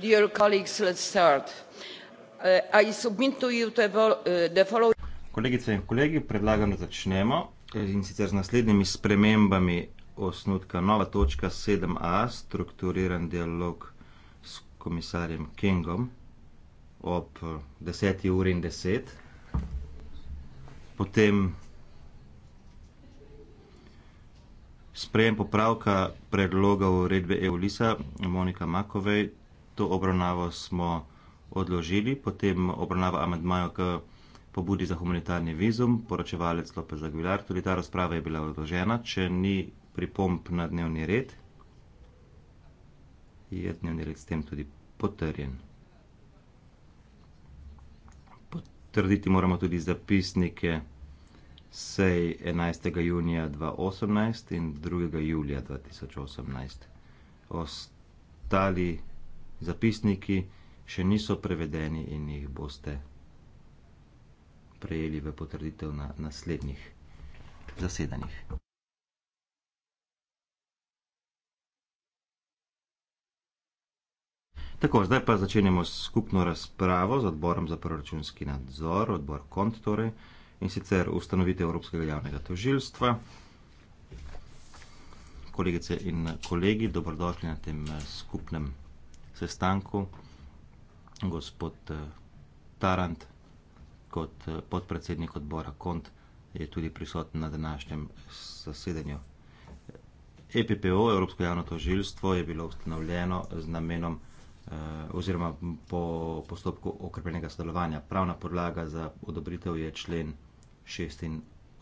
dear colleagues let's start uh, i submit to you uh, the following kolegice in kolegi predlagam da začnemo in sicer z naslednjimi spremembami osnutka nova točka 7a strukturiran dialog s komisarjem Kingom ob 10. Uh, uri in 10. Potem sprejem popravka predloga uredbe EU-LISA Monika Makovej to obravnavo smo odložili, potem obravnava amadmajo k pobudi za humanitarni vizum, poročevalec Lopez Aguilar, tudi ta razprava je bila odložena, če ni pripomp na dnevni red, je dnevni red s tem tudi potrjen. Potrditi moramo tudi zapisnike sej 11. junija 2018 in 2. julija 2018. Ostali zapisniki še niso prevedeni in jih boste prejeli v potrditev na naslednjih zasedanjih. Tako, zdaj pa začenjamo skupno razpravo z odborom za proračunski nadzor, odbor KONT torej, in sicer ustanovite Evropskega javnega tožilstva. Kolegice in kolegi, dobrodošli na tem eh, skupnem razpravu sestanku gospod eh, Tarant kot eh, podpredsednik odbora KONT je tudi prisoten na današnjem zasedanju. EPPO, Evropsko javno tožilstvo, je bilo ustanovljeno z namenom eh, oziroma po postopku okrepljenega sodelovanja. Pravna podlaga za odobritev je člen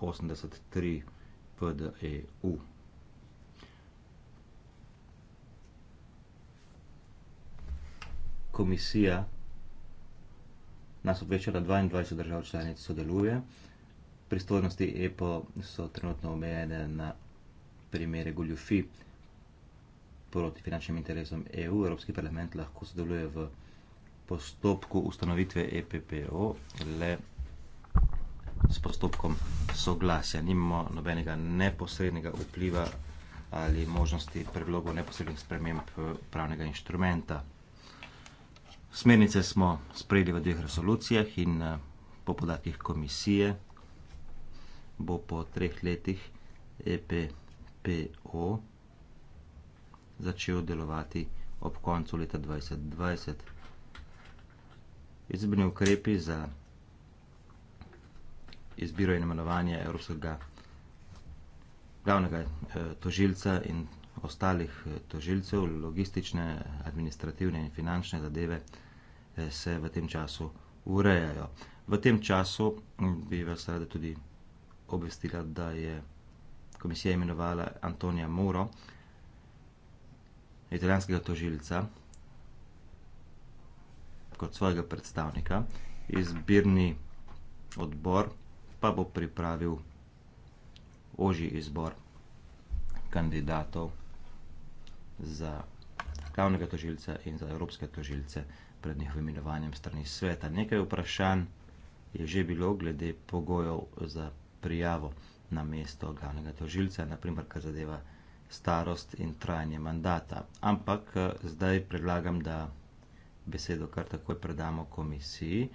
86.3 PDEU. komisija, nas obvečala 22 držav članic sodeluje. Pristojnosti EPO so trenutno omejene na primere goljufi proti finančnim interesom EU. Evropski parlament lahko sodeluje v postopku ustanovitve EPPO le s postopkom soglasja. Nimamo nobenega neposrednega vpliva ali možnosti predlogov neposrednih sprememb eh, pravnega inštrumenta. Smernice smo sprejeli v dveh resolucijah in eh, po podatkih komisije bo po treh letih EPPO začel delovati ob koncu leta 2020. Izbrni ukrepi za izbiro in imenovanje Evropskega glavnega eh, tožilca in ostalih eh, tožilcev, logistične, administrativne in finančne zadeve eh, se v tem času urejajo. V tem času mm, bi vas rada tudi obvestila, da je komisija imenovala Antonija Muro, italijanskega tožilca, kot svojega predstavnika. Izbirni odbor pa bo pripravil oži izbor kandidatov za glavnega tožilca in za evropske tožilce pred njihovim imenovanjem strani sveta. Nekaj vprašanj je že bilo glede pogojev za prijavo na mesto glavnega tožilca, naprimer, kar zadeva starost in trajanje mandata. Ampak eh, zdaj predlagam, da besedo kar takoj predamo komisiji.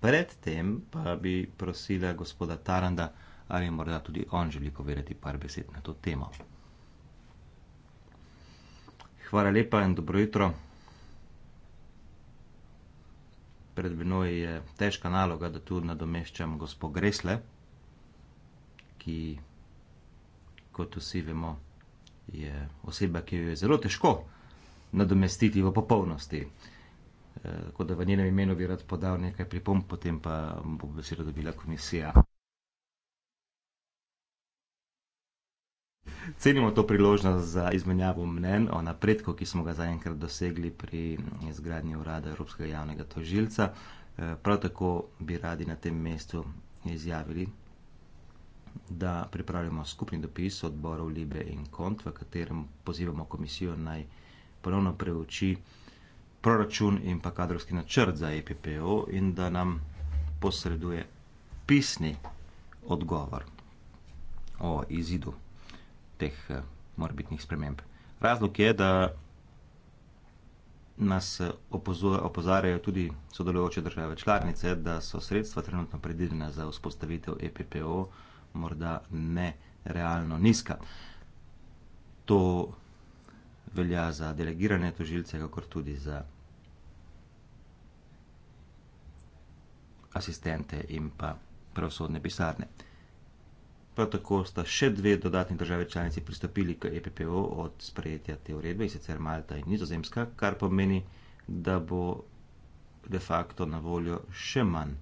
Predtem pa bi prosila gospoda Taranda, ali morda tudi on želi povedati par besed na to temo. Hvala lepa in dobro jutro. Pred menoj je težka naloga, da tu nadomeščam gospo Gresle, ki, kot vsi vemo, je oseba, ki jo je zelo težko nadomestiti v popolnosti. E, tako da v njenem imenu bi rad podal nekaj pripomb, potem pa bo besedo dobila komisija. Cenimo to priložnost za izmenjavo mnen o napredku, ki smo ga zaenkrat dosegli pri izgradnji urada Evropskega javnega tožilca. Eh, prav tako bi radi na tem mestu izjavili, da pripravljamo skupni dopis odborov Libe in Kont, v katerem pozivamo komisijo naj ponovno preuči proračun in pa kadrovski načrt za EPPO in da nam posreduje pisni odgovor o izidu teh eh, morbitnih sprememb. Razlog je, da nas eh, opozarjajo tudi sodelujoče države članice, da so sredstva trenutno predvidena za vzpostavitev EPPO morda ne realno nizka. To velja za delegirane tožilce, kakor tudi za asistente in pa pravosodne pisarne. Prav tako sta še dve dodatni države članici pristopili k EPPO od sprejetja te uredbe, in sicer Malta in Nizozemska, kar pomeni, da bo de facto na voljo še manj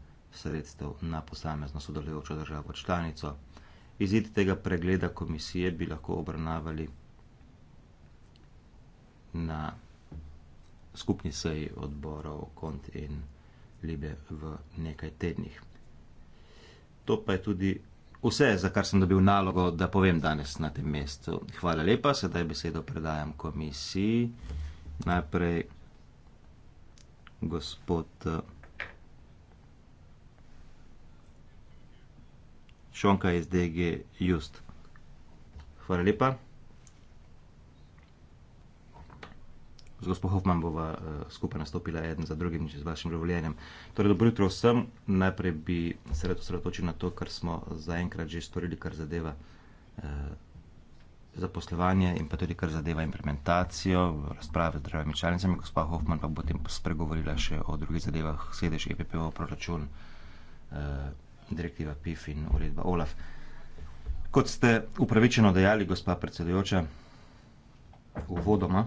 sredstev na posamezno sodelujočo državo članico. Izid tega pregleda komisije bi lahko obravnavali na skupni seji odborov Kont in Libe v nekaj tednih. To pa je tudi vse, za kar sem dobil nalogo, da povem danes na tem mestu. Hvala lepa, sedaj besedo predajam komisiji. Najprej gospod eh, Šonka iz DG Just. Hvala lepa. gospod Hofman bova eh, skupaj nastopila eden za drugim in z vašim dovoljenjem. Torej, dobro jutro vsem. Najprej bi se rad osredotočil na to, kar smo zaenkrat že storili, kar zadeva eh, zaposlovanje in pa tudi kar zadeva implementacijo v razprave z državami članicami. Gospa Hofman pa bo potem spregovorila še o drugih zadevah, sedež EPPO, proračun, eh, direktiva PIF in uredba OLAF. Kot ste upravičeno dejali, gospa predsedujoča, uvodoma,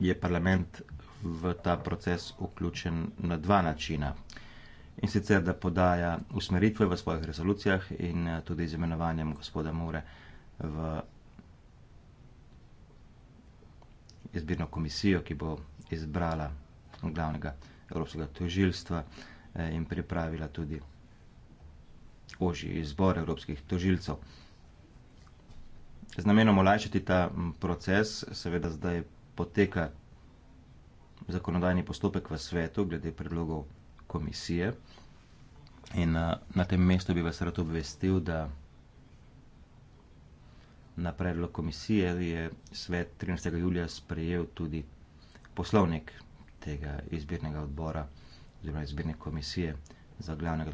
je parlament v ta proces vključen na dva načina. In sicer, da podaja usmeritve v svojih rezolucijah in eh, tudi z imenovanjem gospoda Mure v izbirno komisijo, ki bo izbrala glavnega evropskega tožilstva eh, in pripravila tudi ožji izbor evropskih tožilcev. Z namenom olajšati ta proces, seveda zdaj poteka zakonodajni postopek v svetu glede predlogov komisije. In na, eh, na tem mestu bi vas rad obvestil, da na predlog komisije je svet 13. julija sprejel tudi poslovnik tega izbirnega odbora oziroma izbirne komisije za glavnega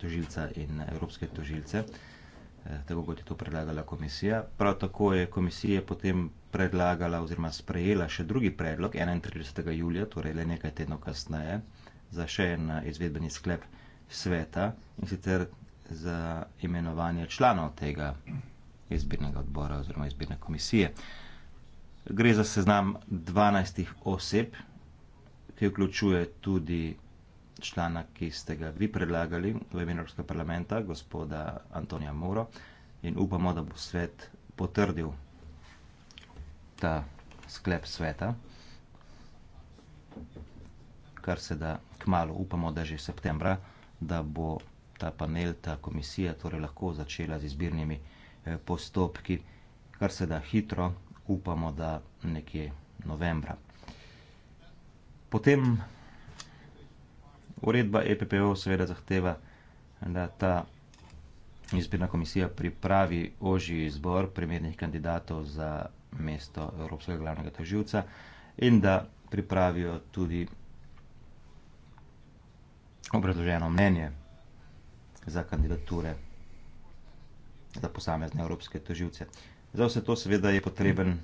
tožilca in evropske tožilce. Eh, tako kot je to predlagala komisija. Prav tako je komisija potem predlagala oziroma sprejela še drugi predlog 31. julija, torej le nekaj tednov kasneje, za še en eh, izvedbeni sklep sveta in sicer za imenovanje članov tega izbirnega odbora oziroma izbirne komisije. Gre za seznam 12 oseb, ki vključuje tudi člana, ki ste ga vi predlagali v imenu Evropskega parlamenta, gospoda Antonija Muro, in upamo, da bo svet potrdil ta sklep sveta, kar se da kmalo, upamo, da že v septembra, da bo ta panel, ta komisija torej lahko začela z izbirnimi eh, postopki, kar se da hitro, upamo, da nekje novembra. Potem uredba EPPO seveda zahteva, da ta izbirna komisija pripravi oži izbor primernih kandidatov za mesto Evropskega glavnega toživca in da pripravijo tudi obrazloženo mnenje za kandidature za posamezne evropske toživce. Za vse to seveda je potreben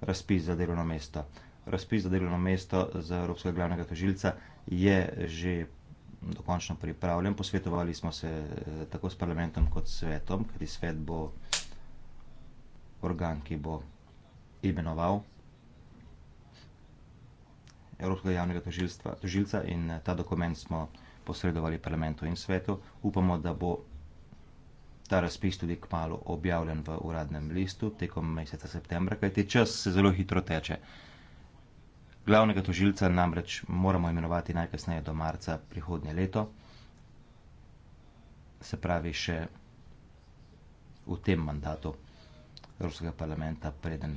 razpis za delovno mesto razpis za delovno mesto za Evropskega glavnega tožilca je že dokončno pripravljen. Posvetovali smo se eh, tako s parlamentom kot svetom, kajti svet bo organ, ki bo imenoval Evropskega javnega tožilstva, tožilca in eh, ta dokument smo posredovali parlamentu in svetu. Upamo, da bo ta razpis tudi kmalo objavljen v uradnem listu tekom meseca septembra, kajti čas se zelo hitro teče. Glavnega tožilca namreč moramo imenovati najkasneje do marca prihodnje leto, se pravi še v tem mandatu Evropskega parlamenta, preden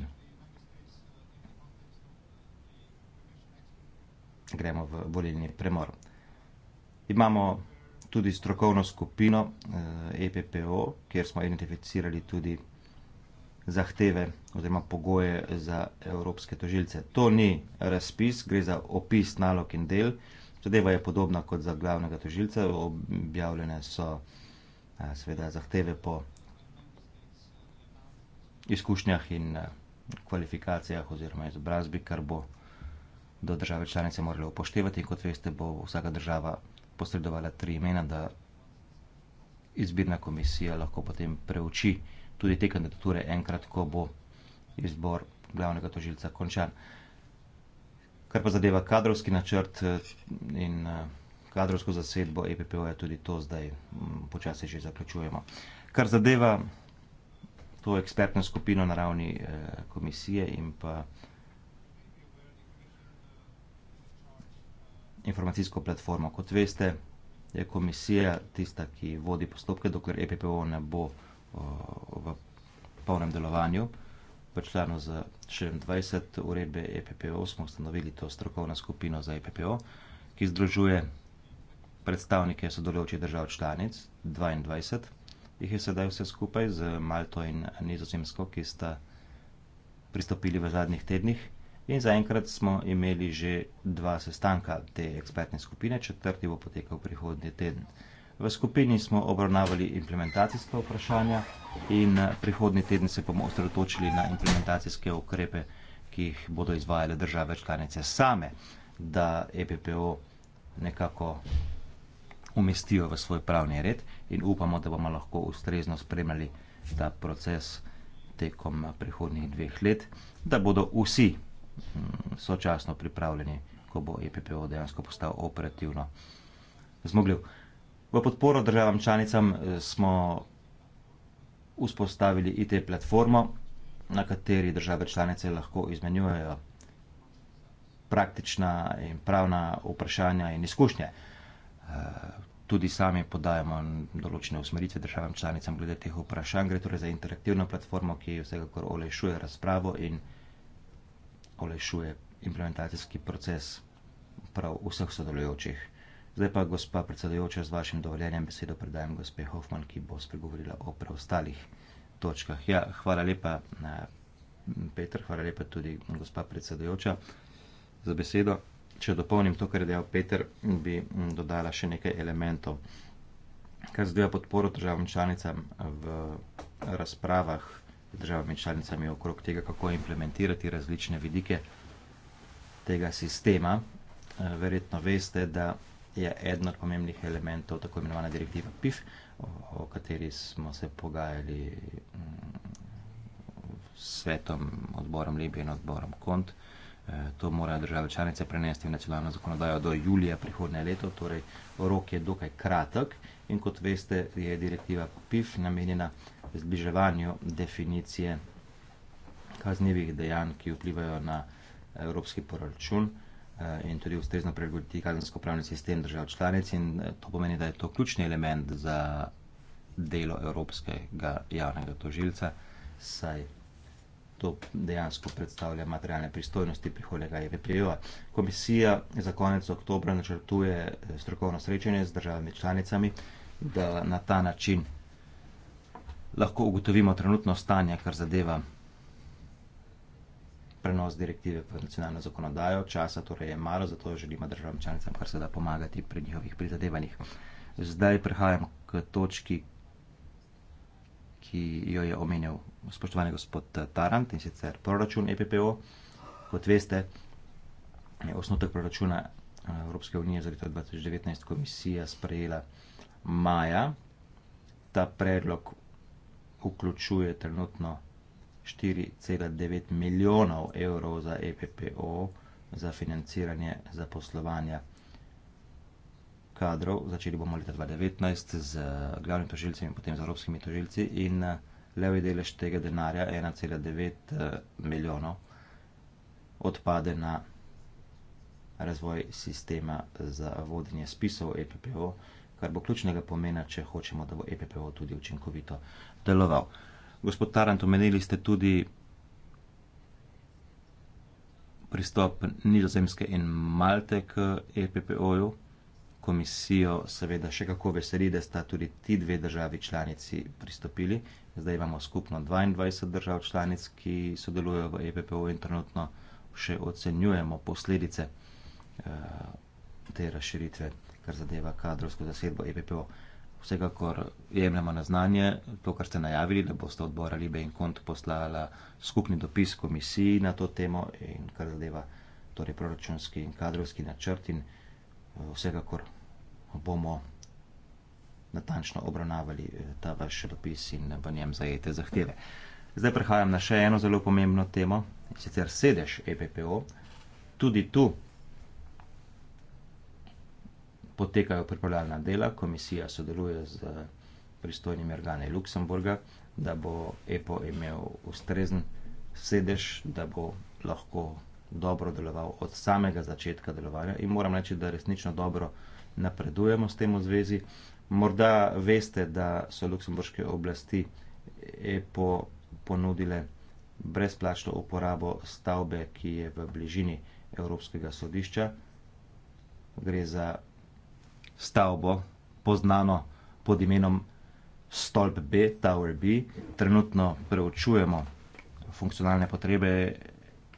gremo v volilni premor. Imamo tudi strokovno skupino EPPO, eh, e kjer smo identificirali tudi zahteve oziroma pogoje za evropske tožilce. To ni razpis, gre za opis nalog in del. Zadeva je podobna kot za glavnega tožilca, objavljene so seveda zahteve po izkušnjah in kvalifikacijah oziroma izobrazbi, kar bo do države članice moralo upoštevati. Kot veste, bo vsaka država posredovala tri imena, da izbirna komisija lahko potem preuči tudi te kandidature, enkrat, ko bo izbor glavnega tožilca končan. Kar pa zadeva kadrovski načrt eh, in eh, kadrovsko zasedbo EPP-ja, tudi to zdaj mm, počasi že zaključujemo. Kar zadeva to ekspertno skupino na ravni eh, komisije in pa informacijsko platformo. Kot veste, je komisija tista, ki vodi postopke, dokler EPP-o ne bo vzpostavljeno v polnem delovanju. V članu za 24 uredbe EPPO smo ustanovili to strokovno skupino za EPPO, ki združuje predstavnike sodelujočih držav članic, 22. Jih je sedaj vse skupaj z Malto in Nizozemsko, ki sta pristopili v zadnjih tednih. In zaenkrat smo imeli že dva sestanka te ekspertne skupine, četrti bo potekal prihodnji teden. V skupini smo obravnavali implementacijska vprašanja in eh, prihodni teden se bomo osredotočili na implementacijske ukrepe, ki jih bodo izvajale države članice same, da EPPO nekako umestijo v svoj pravni red in upamo, da bomo lahko ustrezno spremljali ta proces tekom eh, prihodnjih dveh let, da bodo vsi mm, sočasno pripravljeni, ko bo EPPO dejansko postal operativno zmogljiv. V podporo državam članicam eh, smo vzpostavili IT platformo, na kateri države članice lahko izmenjujejo praktična in pravna vprašanja in izkušnje. Eh, tudi sami podajamo določene usmeritve državam članicam glede teh vprašanj. Gre torej za interaktivno platformo, ki vsekakor olajšuje razpravo in olajšuje implementacijski proces prav vseh sodelujočih. Zdaj pa, gospa predsedujoča, z vašim dovoljenjem besedo predajam gospe Hoffman, ki bo spregovorila o preostalih točkah. Ja, hvala lepa, eh, Petr, hvala lepa tudi, gospa predsedujoča, za besedo. Če dopolnim to, kar je dejal Peter, bi mm, dodala še nekaj elementov. Kar zdaj podporo državam članicam v razpravah z državami članicami okrog tega, kako implementirati različne vidike tega sistema, eh, verjetno veste, da je eden od pomembnih elementov tako imenovane direktive PIF, o, o kateri smo se pogajali mm, s svetom, odborom Libije in odborom KONT. E, to morajo države članice prenesti v nacionalno zakonodajo do julija prihodnje leto, torej rok je dokaj kratek in kot veste, je direktiva PIF namenjena zbliževanju definicije kaznjivih dejanj, ki vplivajo na evropski proračun. Eh, in tudi ustrezno prilagoditi kazensko-pravni sistem držav članic in eh, to pomeni, da je to ključni element za delo evropskega javnega tožilca, saj to dejansko predstavlja materialne pristojnosti prihodnjega EPP-ja. Komisija za konec oktobra načrtuje eh, strokovno srečanje z državami članicami, da na ta način lahko ugotovimo trenutno stanje, kar zadeva prenos direktive v nacionalno zakonodajo, časa torej je malo, zato želimo državam članicam kar se da pomagati pri njihovih prizadevanjih. Zdaj prehajam k točki, ki jo je omenjal spoštovani gospod Tarant in sicer proračun EPPO. Kot veste, je osnotek proračuna eh, Evropske unije za leto 2019 komisija sprejela maja. Ta predlog vključuje trenutno 4,9 milijonov evrov za EPPO za financiranje zaposlovanja kadrov. Začeli bomo leta 2019 z eh, glavnim tožilcem in potem z evropskimi tožilci in eh, levi delež tega denarja 1,9 eh, milijonov odpade na razvoj sistema za vodenje spisov EPPO, kar bo ključnega pomena, če hočemo, da bo EPPO tudi učinkovito deloval. Gospod Tarant, omenili ste tudi pristop Nizozemske in Malte k EPPO-ju. Komisijo seveda še kako veseli, da sta tudi ti dve državi članici pristopili. Zdaj imamo skupno 22 držav članic, ki sodelujejo v EPPO in trenutno še ocenjujemo posledice uh, te razširitve, kar zadeva kadrovsko zasedbo EPPO. -ju vsekakor jemljemo na znanje to, kar ste najavili, da boste odbora Libe in Kont poslala skupni dopis komisiji na to temo in kar zadeva torej proračunski in kadrovski načrt in eh, vsekakor bomo natančno obravnavali eh, ta vaš dopis in v njem zajete zahteve. Zdaj prehajam na še eno zelo pomembno temo, sicer sedež EPPO. Tudi tu potekajo pripravljalna dela, komisija sodeluje z pristojnimi organi Luksemburga, da bo EPO imel ustrezen sedež, da bo lahko dobro deloval od samega začetka delovanja in moram reči, da resnično dobro napredujemo s tem v zvezi. Morda veste, da so luksemburške oblasti EPO ponudile brezplačno uporabo stavbe, ki je v bližini Evropskega sodišča. Gre za stavbo, poznano pod imenom Stolp B, Tower B. Trenutno preučujemo funkcionalne potrebe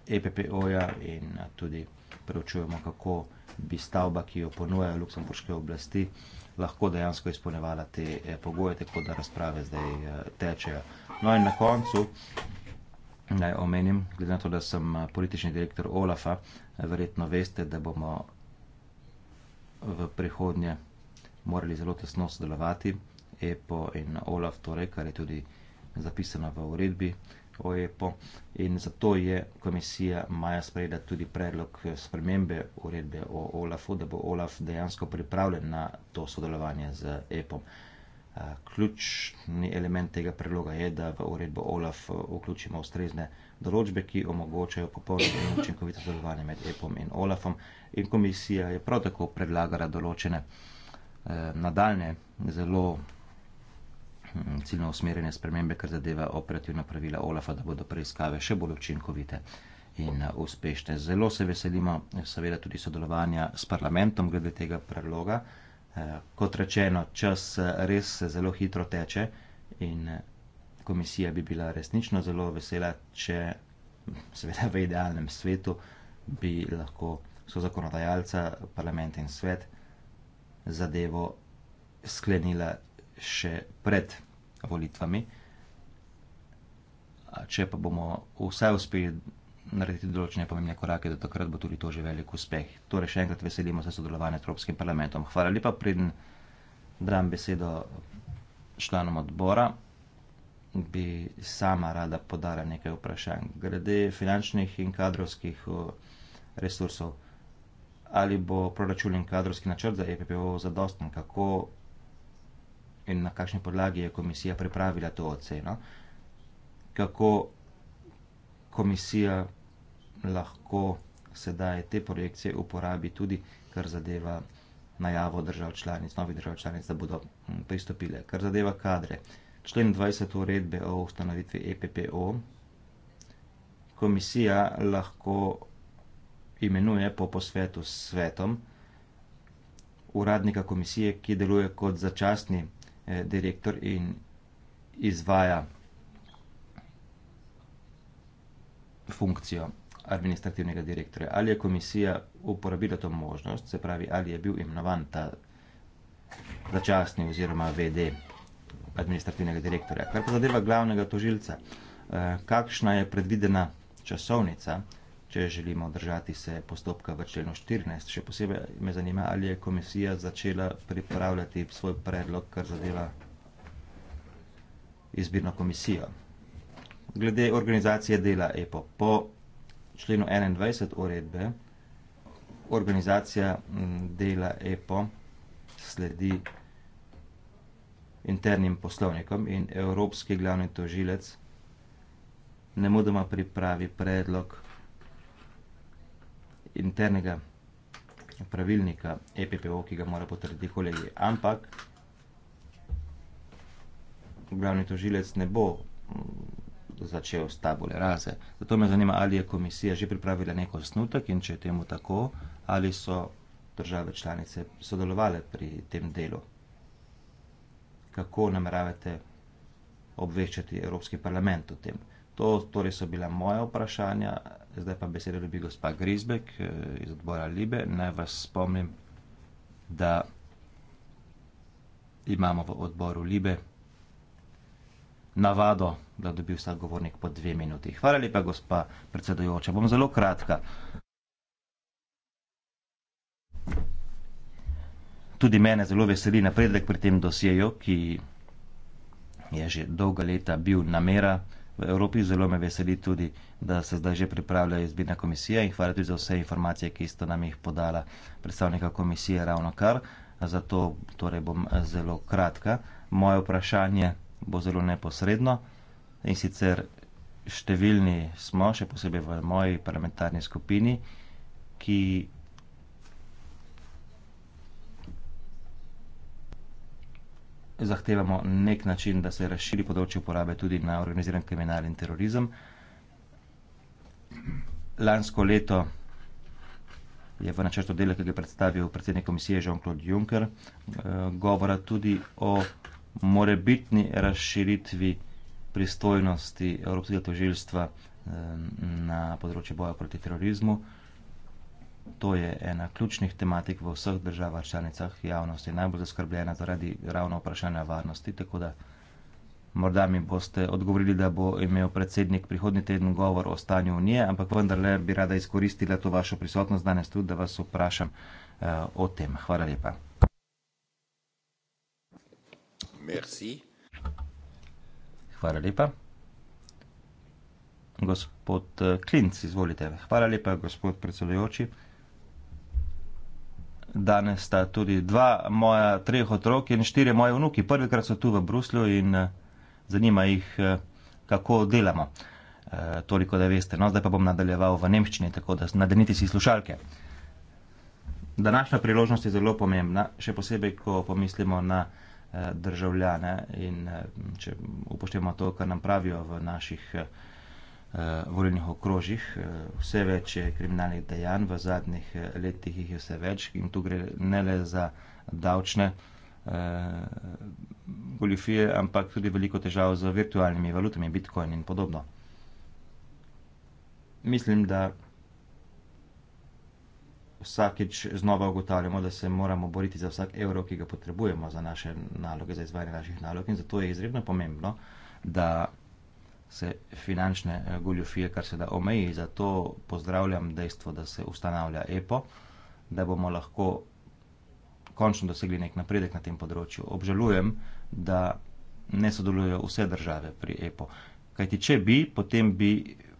EPPO-ja in tudi preučujemo, kako bi stavba, ki jo ponujajo luksemburške oblasti, lahko dejansko izpolnevala te eh, pogoje, tako da razprave zdaj eh, tečejo. No in na koncu naj omenim, glede na to, da sem eh, politični direktor OLAF-a, verjetno veste, da bomo v prihodnje morali zelo tesno sodelovati, EPO in OLAF, torej, kar je tudi zapisano v uredbi o EPO. In zato je komisija maja sprejela tudi predlog spremembe uredbe o OLAF-u, da bo OLAF dejansko pripravljen na to sodelovanje z EPO-om. Ključni element tega predloga je, da v uredbo OLAF eh, vključimo ustrezne določbe, ki omogočajo popolno in učinkovito delovanje med EPOM in OLAFom. In komisija je prav tako predlagala določene eh, nadaljne zelo hm, ciljno usmerjene spremembe, kar zadeva operativna pravila OLAFa, da bodo preiskave še bolj učinkovite in eh, uspešne. Zelo se veselimo seveda tudi sodelovanja s parlamentom glede tega predloga. Eh, kot rečeno, čas eh, res eh, zelo hitro teče in komisija bi bila resnično zelo vesela, če seveda v idealnem svetu bi lahko so zakonodajalca, parlament in svet zadevo sklenila še pred volitvami. Če pa bomo vse uspeli narediti določene pomembne korake, da takrat bo tudi to že velik uspeh. Torej, še enkrat veselimo se sodelovanja s Evropskim parlamentom. Hvala lepa, preden dam besedo članom odbora, bi sama rada podala nekaj vprašanj. Glede finančnih in kadrovskih resursov, ali bo proračun in kadrovski načrt za EPPO zadosten, kako in na kakšni podlagi je komisija pripravila to oceno, kako komisija lahko sedaj te projekcije uporabi tudi, kar zadeva najavo držav članic, novih držav članic, da bodo mm, pristopile. Kar zadeva kadre, člen 20 uredbe o ustanovitvi EPPO, komisija lahko imenuje po posvetu s svetom uradnika komisije, ki deluje kot začasni eh, direktor in izvaja funkcijo administrativnega direktorja. Ali je komisija uporabila to možnost, se pravi, ali je bil imenovan ta začasni oziroma VD administrativnega direktorja. Kar pa zadeva glavnega tožilca, eh, kakšna je predvidena časovnica, če želimo držati se postopka v členu 14. Še posebej me zanima, ali je komisija začela pripravljati svoj predlog, kar zadeva izbirno komisijo. Glede organizacije dela EPO, po členu 21 uredbe organizacija dela EPO sledi internim poslovnikom in Evropski glavni tožilec ne mudoma pripravi predlog internega pravilnika EPPO, ki ga mora potrditi kolegi. Ampak glavni tožilec ne bo začel s tabule raze. Zato me zanima, ali je komisija že pripravila neko osnutek in če je temu tako, ali so države članice sodelovale pri tem delu. Kako nameravate obveščati Evropski parlament o tem? To torej so bila moja vprašanja, zdaj pa besede dobi gospa Grizbek eh, iz odbora Libe. Naj vas spomnim, da imamo v odboru Libe navado, da dobi vsak govornik po dve minuti. Hvala lepa, gospa predsedojoča. Bom zelo kratka. Tudi mene zelo veseli napredek pri tem dosjeju, ki je že dolga leta bil namera v Evropi. Zelo me veseli tudi, da se zdaj že pripravlja izbirna komisija in hvala tudi za vse informacije, ki ste nam jih podala predstavnika komisije ravno kar. Zato torej bom zelo kratka. Moje vprašanje bo zelo neposredno. In sicer številni smo, še posebej v moji parlamentarni skupini, ki zahtevamo nek način, da se razširi področje uporabe tudi na organiziran kriminal in terorizem. Lansko leto je v načrtu dela, ki ga je predstavil predsednik komisije Jean-Claude Juncker, eh, govora tudi o morebitni razširitvi pristojnosti Evropskega toživstva na področju boja proti terorizmu. To je ena ključnih tematik v vseh državah članicah. Javnost je najbolj zaskrbljena zaradi ravno vprašanja varnosti, tako da morda mi boste odgovorili, da bo imel predsednik prihodni teden govor o stanju unije, ampak vendarle bi rada izkoristila to vašo prisotnost danes tudi, da vas vprašam uh, o tem. Hvala lepa. Merci. Hvala lepa. Gospod eh, Klinc, izvolite. Hvala lepa, gospod predsedujoči. Danes sta tudi dva moja treh otrok in štiri moje vnuki. Prvikrat so tu v Bruslju in eh, zanima jih, eh, kako delamo. E, toliko, da veste. No, zdaj pa bom nadaljeval v nemščini, tako da nadenite si slušalke. Današnja priložnost je zelo pomembna, še posebej, ko pomislimo na Eh, državljane. In eh, če upoštevamo to, kar nam pravijo v naših eh, volilnih okrožjih, vse več je kriminalnih dejanj, v zadnjih letih jih je vse več in tu gre ne le za davčne goljufije, ampak tudi veliko težav z virtualnimi valutami, bitcoin in podobno. Mislim, da vsakeč znova ugotavljamo, da se moramo boriti za vsak evro, ki ga potrebujemo za naše naloge, za izvajanje naših nalog. In zato je izredno pomembno, da se finančne eh, goljofije kar se da omeji. Zato pozdravljam dejstvo, da se ustanavlja EPO, da bomo lahko končno dosegli nek napredek na tem področju. Obžalujem, da ne sodelujejo vse države pri EPO. Kajti, če bi, potem bi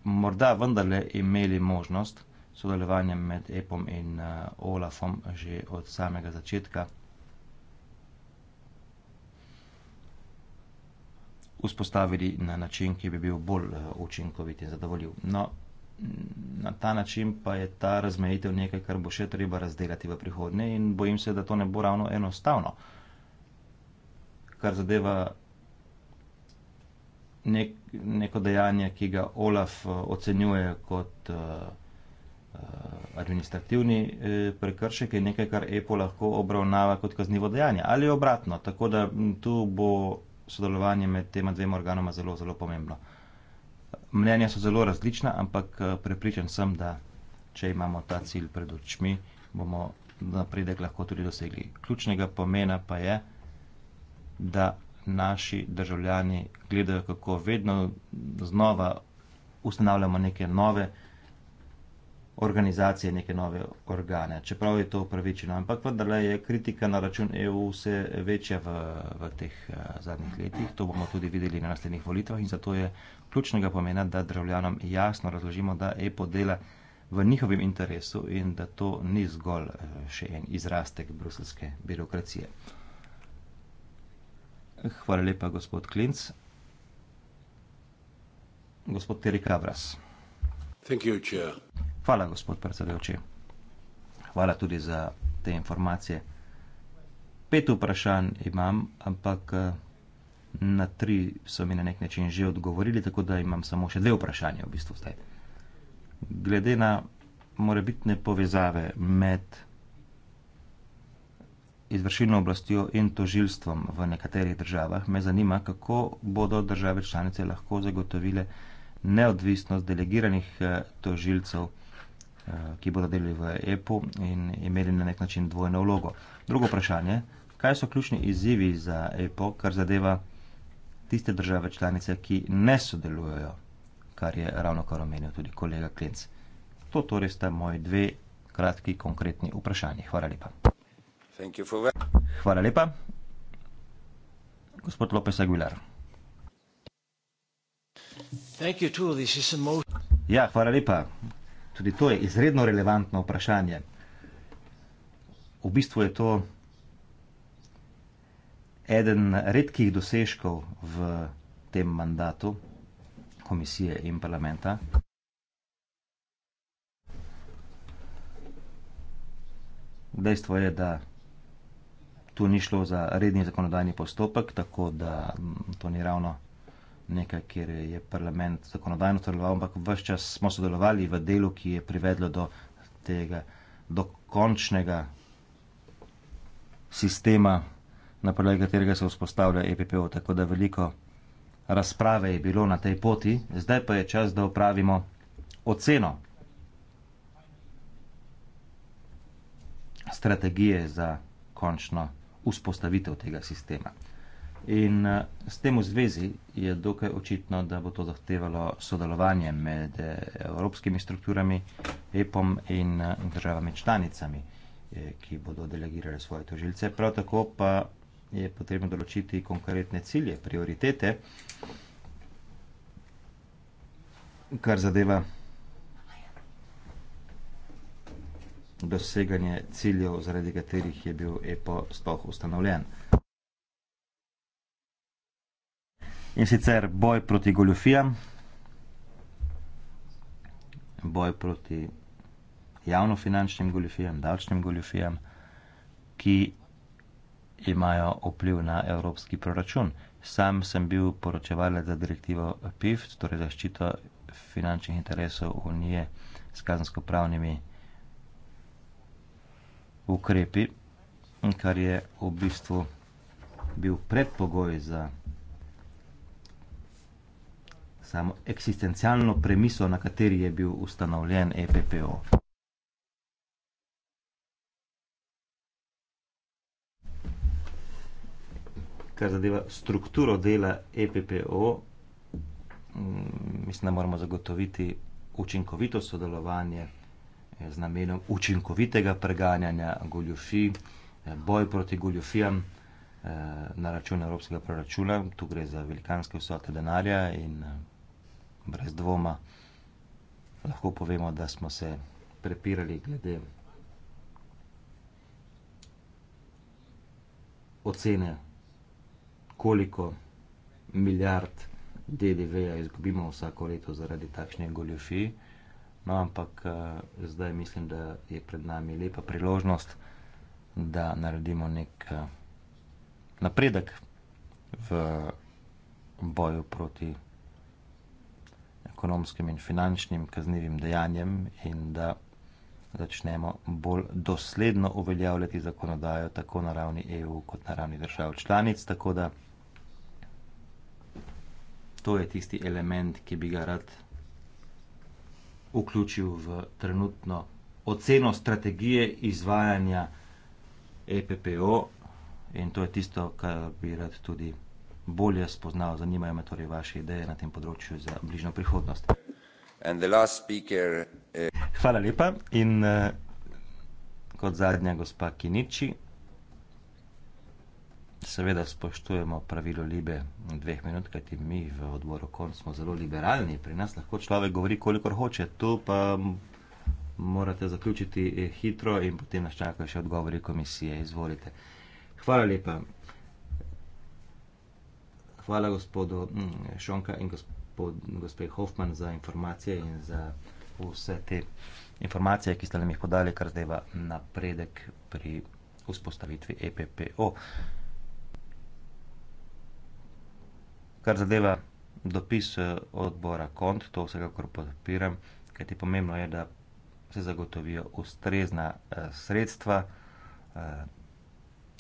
morda vendarle imeli možnost, sodelovanjem med Epom in uh, Olafom že od samega začetka. Vzpostavili na način, ki bi bil bolj uh, učinkovit in zadovoljiv. No, na ta način pa je ta razmejitev nekaj, kar bo še treba razdeliti v prihodnje, in bojim se, da to ne bo ravno enostavno. Kar zadeva nek, neko dejanje, ki ga Olaf uh, ocenjuje kot. Uh, administrativni eh, prekršek je nekaj, kar EPO lahko obravnava kot kaznivo dejanje ali obratno. Tako da tu bo sodelovanje med tema dvema organoma zelo, zelo pomembno. Mnenja so zelo različna, ampak eh, prepričan sem, da če imamo ta cilj pred očmi, bomo napredek lahko tudi dosegli. Ključnega pomena pa je, da naši državljani gledajo, kako vedno znova ustanavljamo neke nove organizacije, neke nove organe, čeprav je to upravičeno. Ampak vendarle je kritika na račun EU vse večja v, v teh uh, zadnjih letih. To bomo tudi videli na naslednjih volitvah in zato je ključnega pomena, da državljanom jasno razložimo, da EPO dela v njihovem interesu in da to ni zgolj uh, še en izrastek bruselske birokracije. Hvala lepa, gospod Klinc. Gospod Terry Kavras. Hvala, gospod predsedujoči. Hvala tudi za te informacije. Pet vprašanj imam, ampak eh, na tri so mi na nek način že odgovorili, tako da imam samo še dve vprašanja v bistvu zdaj. Glede na morebitne povezave med izvršilno oblastjo in tožilstvom v nekaterih državah, me zanima, kako bodo države članice lahko zagotovile, neodvisnost delegiranih eh, tožilcev, eh, ki bodo delili v EPU in imeli na nek način dvojno vlogo. Drugo vprašanje, kaj so ključni izzivi za EPU, kar zadeva tiste države članice, ki ne sodelujejo, kar je ravno kar omenil tudi kolega Klenc. To torej sta moji dve kratki konkretni vprašanji. Hvala lepa. Hvala lepa. Gospod Lopes Aguilar. Ja, hvala lepa. Tudi to je izredno relevantno vprašanje. V bistvu je to eden redkih dosežkov v tem mandatu komisije in parlamenta. Dejstvo je, da tu ni šlo za redni zakonodajni postopek, tako da mm, to ni ravno nekaj, kjer je parlament zakonodajno sodeloval, ampak vse čas smo sodelovali v delu, ki je privedlo do tega do končnega sistema, na podlagi katerega se vzpostavlja EPPO. Tako da veliko razprave je bilo na tej poti, zdaj pa je čas, da upravimo oceno strategije za končno vzpostavitev tega sistema. In eh, s tem v zvezi je dokaj očitno, da bo to zahtevalo sodelovanje med eh, evropskimi strukturami, EPOM in eh, državami članicami, ki bodo delegirale svoje tožilce. Prav tako pa je potrebno določiti konkretne cilje, prioritete, kar zadeva doseganje ciljev, zaradi katerih je bil EPO sploh ustanovljen in sicer boj proti goljofijam, boj proti javnofinančnim goljofijam, davčnim goljofijam, ki imajo vpliv na evropski proračun. Sam sem bil poročevalec za direktivo PIFT, torej zaščito finančnih interesov Unije s kazensko-pravnimi ukrepi, kar je v bistvu bil predpogoj za samo eksistencialno premiso, na kateri je bil ustanovljen EPPO. Kar zadeva strukturo dela EPPO, mm, mislim, da moramo zagotoviti učinkovito sodelovanje eh, z namenom učinkovitega preganjanja goljofij, eh, boj proti goljofijam eh, na račun evropskega proračuna. Tu gre za velikanske vsote denarja in brez dvoma lahko povemo, da smo se prepirali glede ocene, koliko milijard DDV-ja izgubimo vsako leto zaradi takšne goljofi, no ampak eh, zdaj mislim, da je pred nami lepa priložnost, da naredimo nek eh, napredek v boju proti vsega ekonomskim in finančnim kaznivim dejanjem in da začnemo bolj dosledno uveljavljati zakonodajo tako na ravni EU kot na ravni držav članic. Tako da to je tisti element, ki bi ga rad vključil v trenutno oceno strategije izvajanja EPPO in to je tisto, kar bi rad tudi bolje spoznal. Zanimajo me torej vaše ideje na tem področju za bližnjo prihodnost. And the last speaker, uh... Hvala lepa in uh, kot zadnja gospa Kiniči. Seveda spoštujemo pravilo libe dveh minut, kajti mi v odboru KON smo zelo liberalni, pri nas lahko človek govori, kolikor hoče, tu pa morate zaključiti eh, hitro in potem nas čakajo še odgovori komisije. Izvolite. Hvala lepa. Hvala gospodu mm, Šonka in gospe Hoffman za informacije in za vse te informacije, ki ste nam jih podali, kar zdajva napredek pri vzpostavitvi EPPO. Kar zadeva dopis eh, odbora KONT, to vsekakor podpiram, kajti pomembno je, da se zagotovijo ustrezna eh, sredstva eh,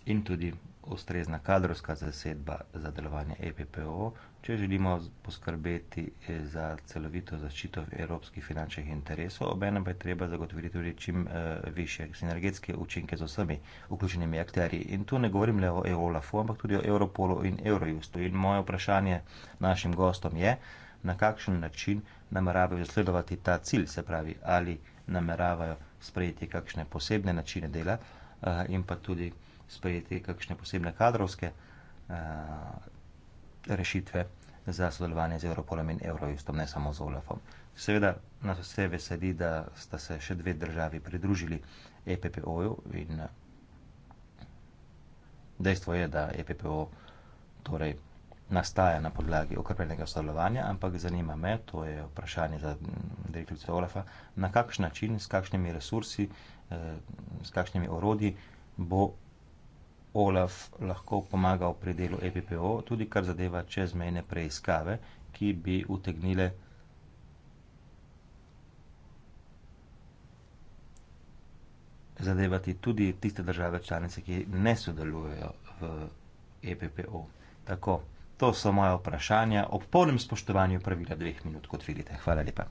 in tudi vsega ustrezna kadrovska zasedba za delovanje EPPO, če želimo poskrbeti eh, za celovito zaščito evropskih finančnih interesov, obenem pa je treba zagotoviti tudi čim eh, više sinergetske učinke z vsemi vključenimi akterji. In tu ne govorim le o EOLAF-u, ampak tudi o Europolu in Eurojustu. In moje vprašanje našim gostom je, na kakšen način nameravajo zasledovati ta cilj, se pravi, ali nameravajo sprejeti kakšne posebne načine dela eh, in pa tudi sprejeti kakšne posebne kadrovske eh, rešitve za sodelovanje z Europolom in Eurojustom, ne samo z Olafom. Seveda nas vse veseli, da sta se še dve državi pridružili EPPO-ju in eh, dejstvo je, da EPPO torej nastaja na podlagi okrepljenega sodelovanja, ampak zanima me, to je vprašanje za mm, direktorice Olafa, na kakšen način, s kakšnimi resursi, eh, s kakšnimi orodji bo OLAF lahko pomagal pri delu EPPO, tudi kar zadeva čezmejne preiskave, ki bi utegnile zadevati tudi tiste države članice, ki ne sodelujejo v EPPO. Tako, to so moje vprašanja ob polnem spoštovanju pravila dveh minut, kot vidite. Hvala lepa.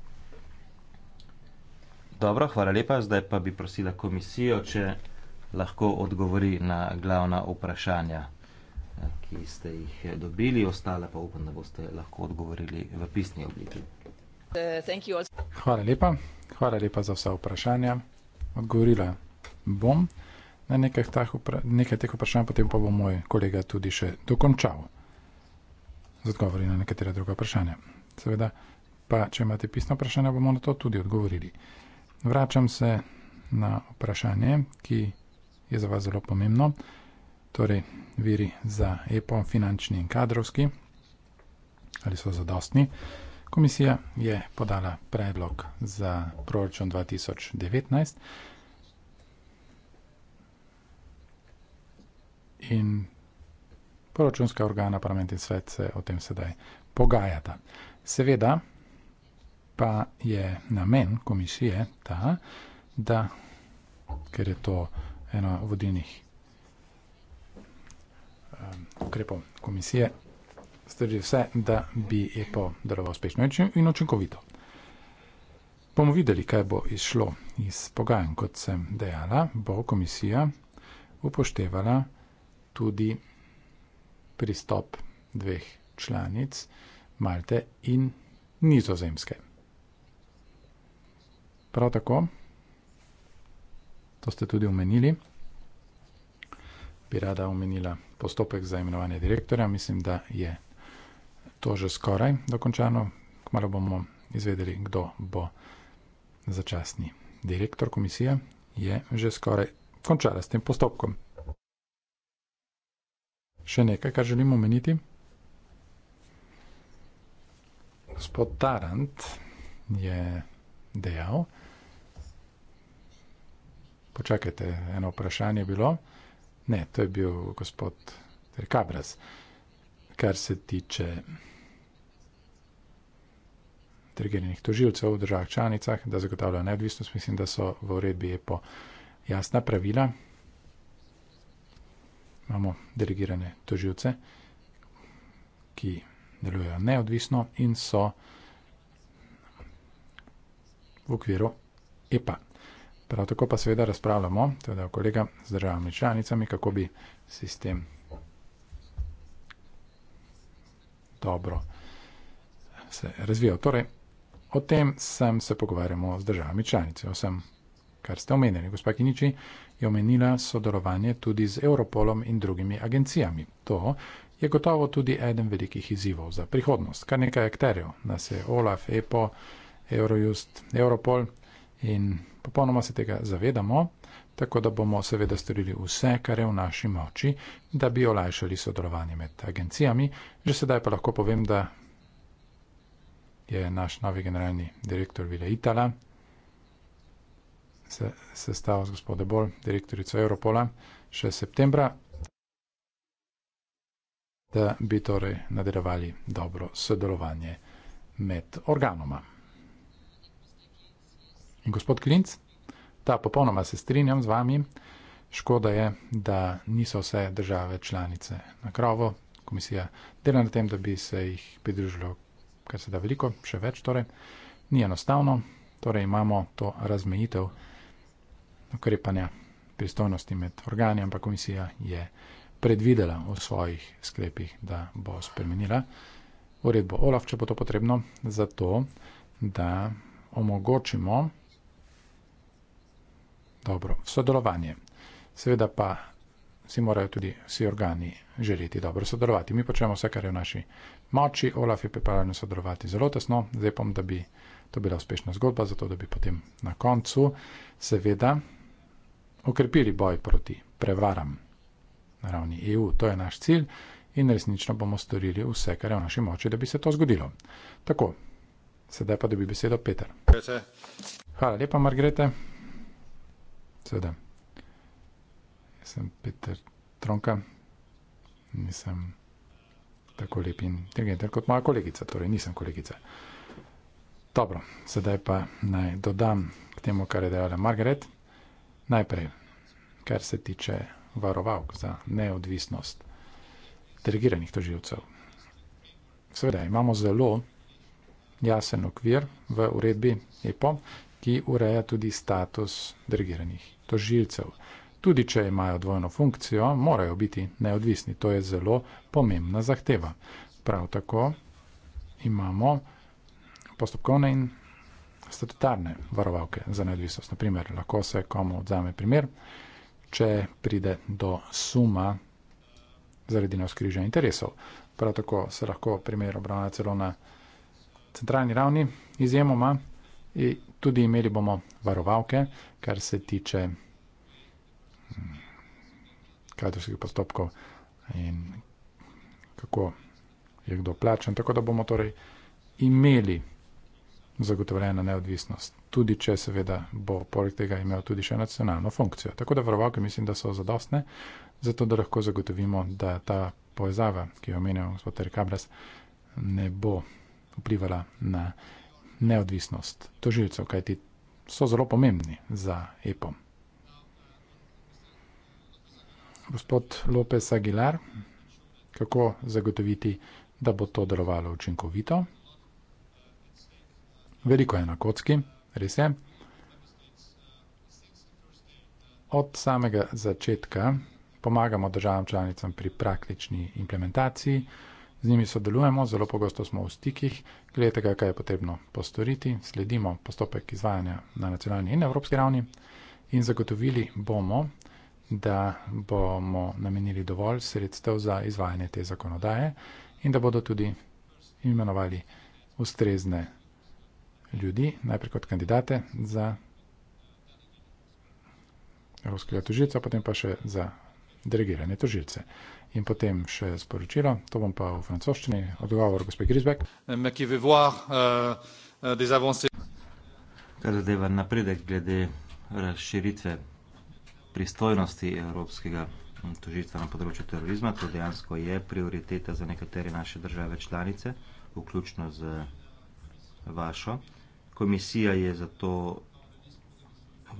Dobro, hvala lepa. Zdaj pa bi prosila komisijo, če lahko odgovori na glavna vprašanja, eh, ki ste jih eh, dobili, ostale pa upam, da boste lahko odgovorili v pisni obliki. Eh, hvala lepa, hvala lepa za vsa vprašanja. Odgovorila bom na nekaj teh vprašanj, potem pa bo moj kolega tudi še dokončal z odgovori na nekatera druga vprašanja. Seveda, pa če imate pisno vprašanje, bomo na to tudi odgovorili. Vračam se na vprašanje, ki je je za vas zelo pomembno. Torej, viri za EPO, finančni in kadrovski, ali so zadostni. Komisija je podala predlog za proračun 2019 in proračunska organa, parlament in svet se o tem sedaj pogajata. Seveda pa je namen komisije ta, da ker je to ena vodilnih ukrepov komisije, strži vse, da bi EPO deloval uspešno in očinkovito. Bomo videli, kaj bo izšlo iz pogajanj, kot sem dejala, bo komisija upoštevala tudi pristop dveh članic Malte in Nizozemske. Prav tako to ste tudi omenili. Bi rada omenila postopek za imenovanje direktorja. Mislim, da je to že skoraj dokončano. Kmalo bomo izvedeli, kdo bo začasni direktor komisije. Je že skoraj končala s tem postopkom. Še nekaj, kar želimo omeniti. Gospod Tarant je dejal, počakajte, eno vprašanje je bilo. Ne, to je bil gospod Terkabras. Kar se tiče trigerjenih tožilcev v državah članicah, da zagotavljajo neodvisnost, mislim, da so v uredbi EPO jasna pravila. Imamo delegirane tožilce, ki delujejo neodvisno in so v okviru EPA. Prav tako pa seveda razpravljamo, teda kolega z državami članicami, kako bi sistem dobro se razvijal. Torej, o tem sem se pogovarjamo z državami članice. O vsem, kar ste omenili, gospa Kiniči, je omenila sodelovanje tudi z Europolom in drugimi agencijami. To je gotovo tudi eden velikih izzivov za prihodnost. Kar nekaj akterjev, nas je Olaf, EPO, Eurojust, Europol in Popolnoma se tega zavedamo, tako da bomo seveda storili vse, kar je v naši moči, da bi olajšali sodelovanje med agencijami. Že sedaj pa lahko povem, da je naš novi generalni direktor Vile Itala se sestavil z gospodom Bol, direktorico Europola, še septembra, da bi torej nadaljevali dobro sodelovanje med organoma. Gospod Klinc, ta popolnoma se strinjam z vami. Škoda je, da niso vse države članice na krovo. Komisija dela na tem, da bi se jih pridružilo kar se da veliko, še več torej. Ni enostavno, torej imamo to razmejitev ukrepanja pristojnosti med organi, ampak komisija je predvidela v svojih sklepih, da bo spremenila uredbo OLAF, če bo to potrebno, zato da omogočimo dobro sodelovanje. Seveda pa si morajo tudi vsi organi želeti dobro sodelovati. Mi počnemo vse, kar je v naši moči. Olaf je pripravljen sodelovati zelo tesno. Zdaj pom, da bi to bila uspešna zgodba, zato da bi potem na koncu seveda okrepili boj proti prevaram na ravni EU. To je naš cilj in resnično bomo storili vse, kar je v naši moči, da bi se to zgodilo. Tako, sedaj pa dobi besedo Peter. Hvala lepa, Margrete. Seveda, jaz sem Peter Tronka, nisem tako lep in inteligenten kot moja kolegica, torej nisem kolegica. Dobro, sedaj pa naj dodam k temu, kar je dejala Margaret. Najprej, kar se tiče varovalk za neodvisnost delegiranih toživcev. Seveda, imamo zelo jasen okvir v uredbi EPO, ki ureja tudi status delegiranih tožilcev. Tudi če imajo dvojno funkcijo, morajo biti neodvisni. To je zelo pomembna zahteva. Prav tako imamo postopkovne in statutarne varovalke za neodvisnost. Naprimer, lahko se komu odzame primer, če pride do suma zaradi navskrižja interesov. Prav tako se lahko primer obravna celo na centralni ravni izjemoma tudi imeli bomo varovalke, kar se tiče mm, kadrovskih postopkov in kako je kdo plačen, tako da bomo torej imeli zagotovljeno neodvisnost, tudi če seveda bo poleg tega imel tudi še nacionalno funkcijo. Tako da varovalke mislim, da so zadostne, zato da lahko zagotovimo, da ta povezava, ki jo omenjal gospod Erik Abras, ne bo vplivala na neodvisnost tožilcev, kajti so zelo pomembni za EPO. Gospod Lopez Aguilar, kako zagotoviti, da bo to delovalo učinkovito? Veliko je na kocki, res je. Od samega začetka pomagamo državam članicam pri praktični implementaciji z njimi sodelujemo, zelo pogosto smo v stikih, gledate ga, kaj je potrebno postoriti, sledimo postopek izvajanja na nacionalni in evropski ravni in zagotovili bomo, da bomo namenili dovolj sredstev za izvajanje te zakonodaje in da bodo tudi imenovali ustrezne ljudi, najprej kot kandidate za evropskega tožilca, potem pa še za delegirane tožilce. In potem še sporočilo, to bom pa v francoščini, odgovor gospe Grisbeck. Euh, euh, Kar zadeva napredek glede razširitve pristojnosti Evropskega mm, tožitva na področju terorizma, to dejansko je prioriteta za nekatere naše države članice, vključno z vašo. Komisija je zato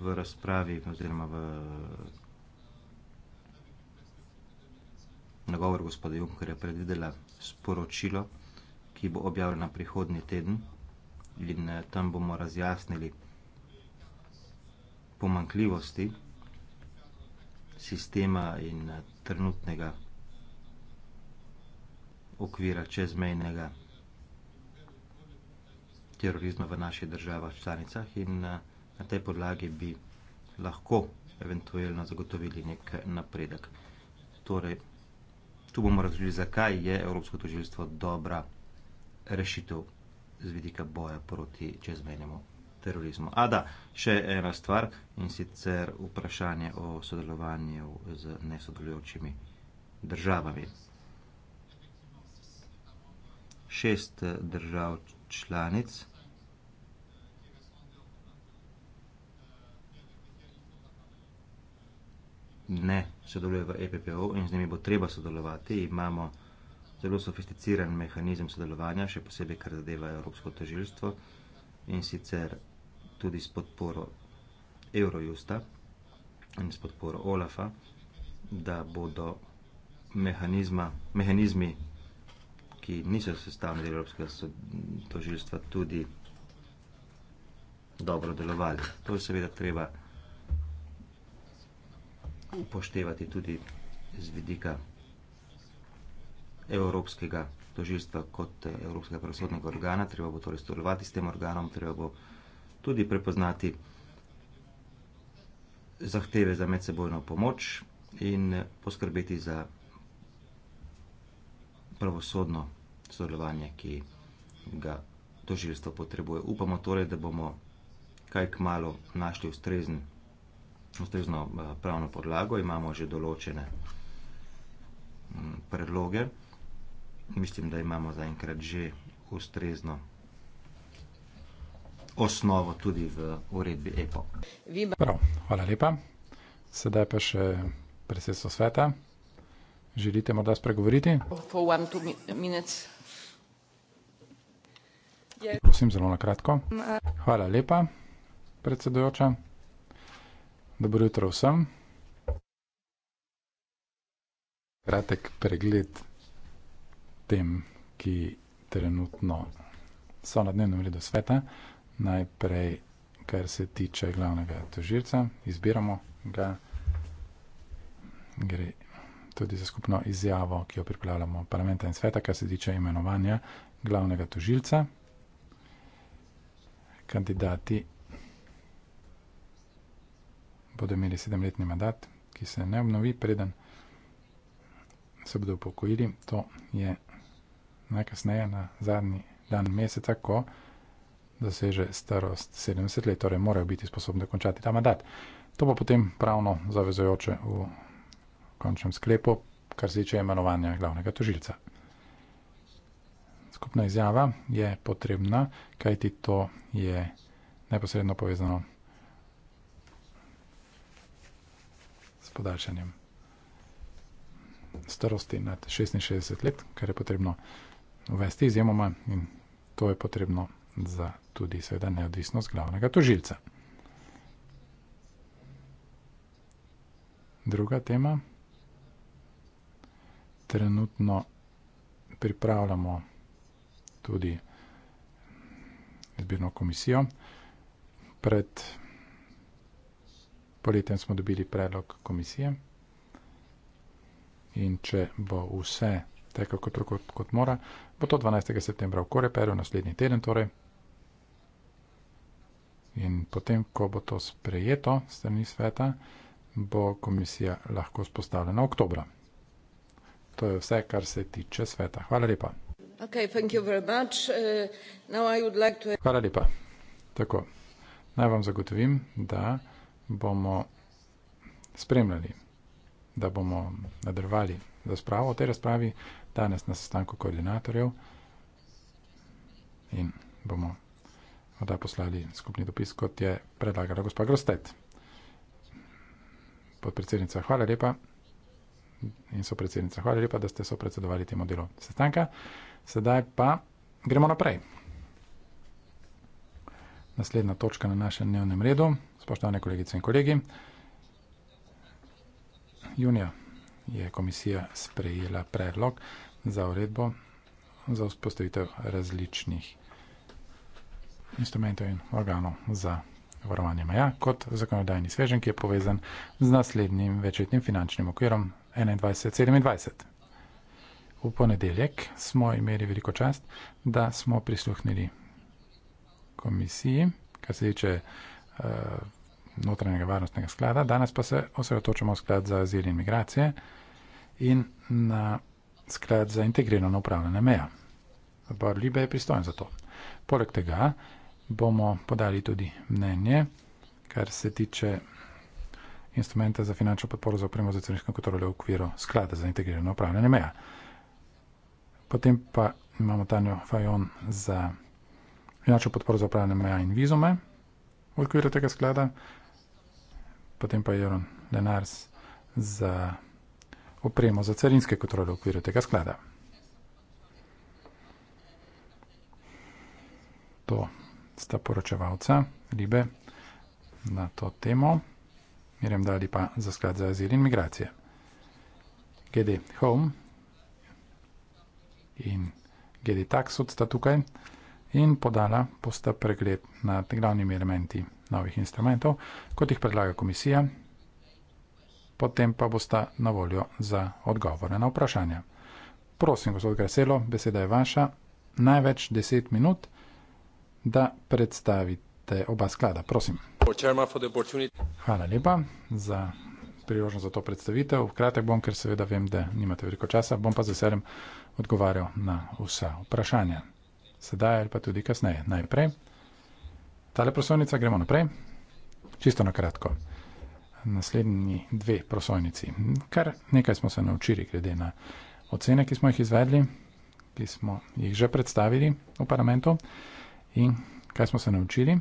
v razpravi oziroma v nagovor gospoda Junckerja predvidela sporočilo, ki bo objavljeno prihodnji teden in eh, tam bomo razjasnili pomankljivosti sistema in eh, trenutnega okvira čezmejnega terorizma v naših državah članicah in eh, na tej podlagi bi lahko eventualno zagotovili nek napredek. Torej, tu bomo razložili, zakaj je Evropsko tožilstvo dobra rešitev z vidika boja proti čezmejnemu terorizmu. A da, še ena stvar in sicer vprašanje o sodelovanju z nesodelujočimi državami. Šest držav članic. ne sodeluje v EPPO in z njimi bo treba sodelovati. Imamo zelo sofisticiran mehanizem sodelovanja, še posebej, kar zadeva Evropsko tožilstvo in sicer tudi s podporo Eurojusta in s podporo OLAFA, da bodo mehanizmi, ki niso sestavni del Evropskega tožilstva, tudi dobro delovali. To je seveda treba vsega upoštevati tudi z vidika evropskega toživstva kot eh, evropskega pravosodnega organa. Treba bo torej sodelovati s tem organom, treba bo tudi prepoznati zahteve za medsebojno pomoč in eh, poskrbeti za pravosodno sodelovanje, ki ga toživstvo potrebuje. Upamo torej, da bomo kaj k malo našli ustrezni ustrezno eh, pravno podlago, imamo že določene mm, predloge. Mislim, da imamo zaenkrat že ustrezno osnovo tudi v uredbi EPO. Prav, hvala lepa. Sedaj pa še predsedstvo sveta. Želite morda spregovoriti? Prosim, zelo na kratko. Hvala lepa, predsedujoča. Dobro jutro vsem. Kratek pregled tem, ki trenutno so na dnevnem redu sveta. Najprej, kar se tiče glavnega tožilca, izbiramo ga. Gre tudi za skupno izjavo, ki jo pripravljamo parlamenta in sveta, kar se tiče imenovanja glavnega tožilca. Kandidati bodo imeli sedemletni mandat, ki se ne obnovi, preden se bodo upokojili. To je najkasneje na zadnji dan meseca, ko doseže starost 70 let, torej morajo biti sposobni dokončati ta mandat. To pa potem pravno zavezojoče v končnem sklepu, kar se tiče imenovanja glavnega tožilca. Skupna izjava je potrebna, kajti to je neposredno povezano s. s podaljšanjem starosti nad 66 let, kar je potrebno uvesti izjemoma in to je potrebno za tudi seveda neodvisnost glavnega tožilca. Druga tema. Trenutno pripravljamo tudi izbirno komisijo pred vsega Pri tem smo dobili predlog komisije. In če bo vse tako, kot, kot, kot mora, bo to 12. septembra v Koreperu, naslednji teden torej. In potem, ko bo to sprejeto strani sveta, bo komisija lahko spostavljena oktobra. To je vse, kar se tiče sveta. Hvala lepa. Okay, thank you very much. Uh, now I would like to... Hvala lepa. Tako. Naj vam zagotovim, da bomo spremljali, da bomo nadrvali razpravo o tej razpravi danes na sestanku koordinatorjev in bomo morda poslali skupni dopis, kot je predlagala gospa Grostet. Podpredsednica, hvala lepa in so predsednica, hvala lepa, da ste so predsedovali temu delu sestanka. Sedaj pa gremo naprej naslednja točka na našem dnevnem redu, spoštovane kolegice in kolegi. Junija je komisija sprejela predlog za uredbo za vzpostavitev različnih instrumentov in organov za varovanje meja kot zakonodajni svežen, ki je povezan z naslednjim večetnim finančnim okvirom 21-27. V ponedeljek smo imeli veliko čast, da smo prisluhnili komisiji, kar se tiče uh, notranjega varnostnega sklada. Danes pa se osredotočamo v sklad za azil in migracije in na sklad za integrirano upravljanje meja. Odbor Libe je pristojen za to. Poleg tega bomo podali tudi mnenje, kar se tiče instrumenta za finančno podporo za opremo za carinsko kontrolo v okviru sklada za integrirano upravljanje meja. Potem pa imamo Tanjo Fajon za finančno podporo za upravljanje meja in vizume v okviru tega sklada, potem pa Jeron Lenars za opremo za carinske kontrole v okviru tega sklada. To sta poročevalca Libe na to temo. Mirjam Dali pa za sklad za azil in migracije. GD Home in GD Tax od sta tukaj in podala posta pregled nad glavnimi elementi novih instrumentov, kot jih predlaga komisija, potem pa bosta na voljo za odgovore na vprašanja. Prosim, gospod Graselo, beseda je vaša, največ deset minut, da predstavite oba sklada. Prosim. Hvala lepa za priložnost za to predstavitev. Kratek bom, ker seveda vem, da nimate veliko časa, bom pa z veseljem odgovarjal na vsa vprašanja sedaj ali pa tudi kasneje. Najprej, ta prosojnica, gremo naprej, čisto na kratko. Naslednji dve prosojnici. Kar nekaj smo se naučili, glede na ocene, ki smo jih izvedli, ki smo jih že predstavili v parlamentu in kaj smo se naučili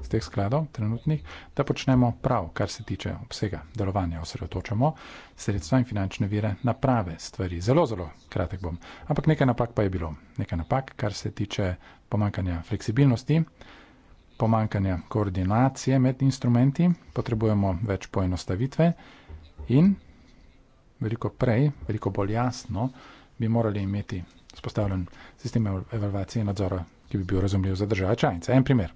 z teh skladov, trenutnih, da počnemo prav, kar se tiče obsega delovanja. Osredotočamo sredstva in finančne vire na prave stvari. Zelo, zelo kratek bom. Ampak nekaj napak pa je bilo. Nekaj napak, kar se tiče pomankanja fleksibilnosti, pomankanja koordinacije med instrumenti, potrebujemo več poenostavitve in veliko prej, veliko bolj jasno bi morali imeti. Spostavljen sistem evalvacije in nadzora, ki bi bil razumljiv za države članice. En primer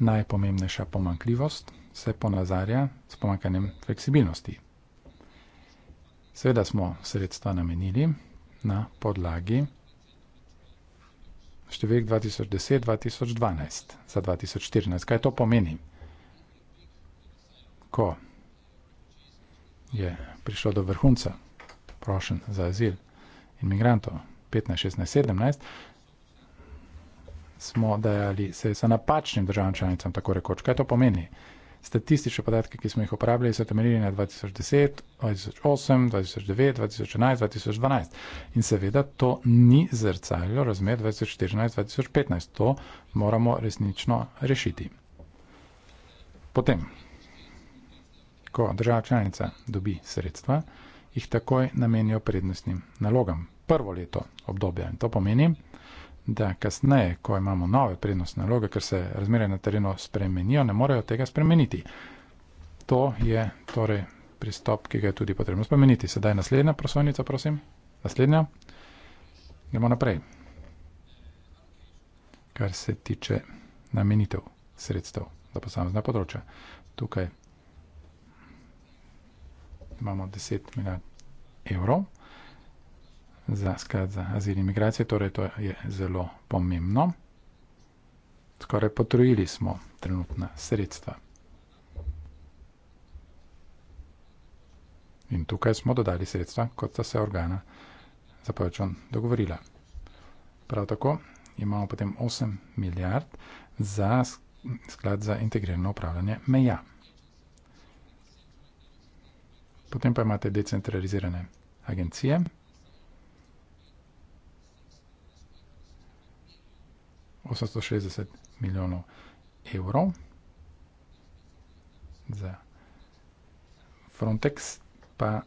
najpomembnejša pomankljivost se ponazarja s pomankanjem fleksibilnosti. Seveda smo sredstva namenili na podlagi številk 2010-2012 za 2014. Kaj to pomeni? Ko je prišlo do vrhunca prošen za azil imigrantov 15, 16, 17, smo dajali sredstva napačnim državam članicam, tako rekoč. Kaj to pomeni? Statistične podatke, ki smo jih uporabljali, so temeljili na 2010, 2008, 2009, 2011, 2012. In seveda to ni zrcaljo razmer 2014-2015. To moramo resnično rešiti. Potem, ko država članica dobi sredstva, jih takoj namenijo prednostnim nalogam. Prvo leto obdobja in to pomeni, da kasneje, ko imamo nove prednostne naloge, ker se razmere na terenu spremenijo, ne morejo tega spremeniti. To je torej pristop, ki ga je tudi potrebno spremeniti. Sedaj naslednja prosojnica, prosim. Naslednja. Gremo naprej. Kar se tiče namenitev sredstev za posamezna področja. Tukaj imamo 10 milijard evrov za sklad za azil in migracije, torej to je zelo pomembno. Skoraj potrojili smo trenutna sredstva. In tukaj smo dodali sredstva, kot sta se organa za proračun dogovorila. Prav tako imamo potem 8 milijard za sklad za integrirano upravljanje meja. Potem pa imate decentralizirane agencije. 860 milijonov evrov za Frontex, pa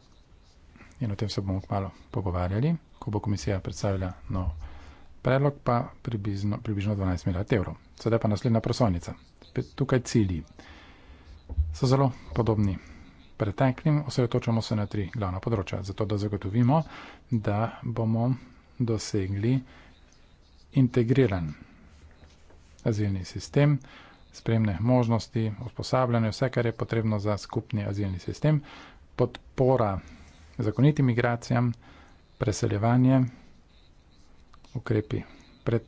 in o tem se bomo kmalo pogovarjali, ko bo komisija predstavila nov predlog, pa približno, približno 12 milijard evrov. Sedaj pa naslednja prosovnica. Tukaj cilji so zelo podobni preteklim, osredotočamo se na tri glavna področja, zato da zagotovimo, da bomo dosegli integriran azilni sistem, spremne možnosti, usposabljanje, vse, kar je potrebno za skupni azilni sistem, podpora zakonitim migracijam, preseljevanje, ukrepi pred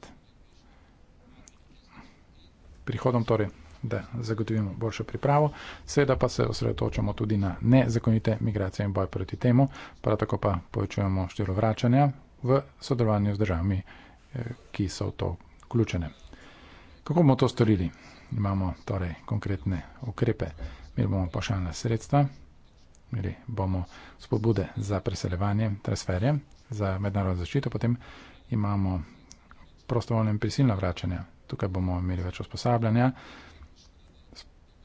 prihodom, torej da zagotovimo boljšo pripravo, seveda pa se osredotočamo tudi na nezakonite migracije in boj proti temu, prav tako pa povečujemo število vračanja v sodelovanju z državami, eh, ki so v to vključene. Kako bomo to storili? Imamo torej konkretne ukrepe, imeli bomo pašalna sredstva, imeli bomo spodbude za preseljevanje, transferje, za mednarodno zaščito, potem imamo prostovoljne in prisilne vračanja. Tukaj bomo imeli več usposabljanja,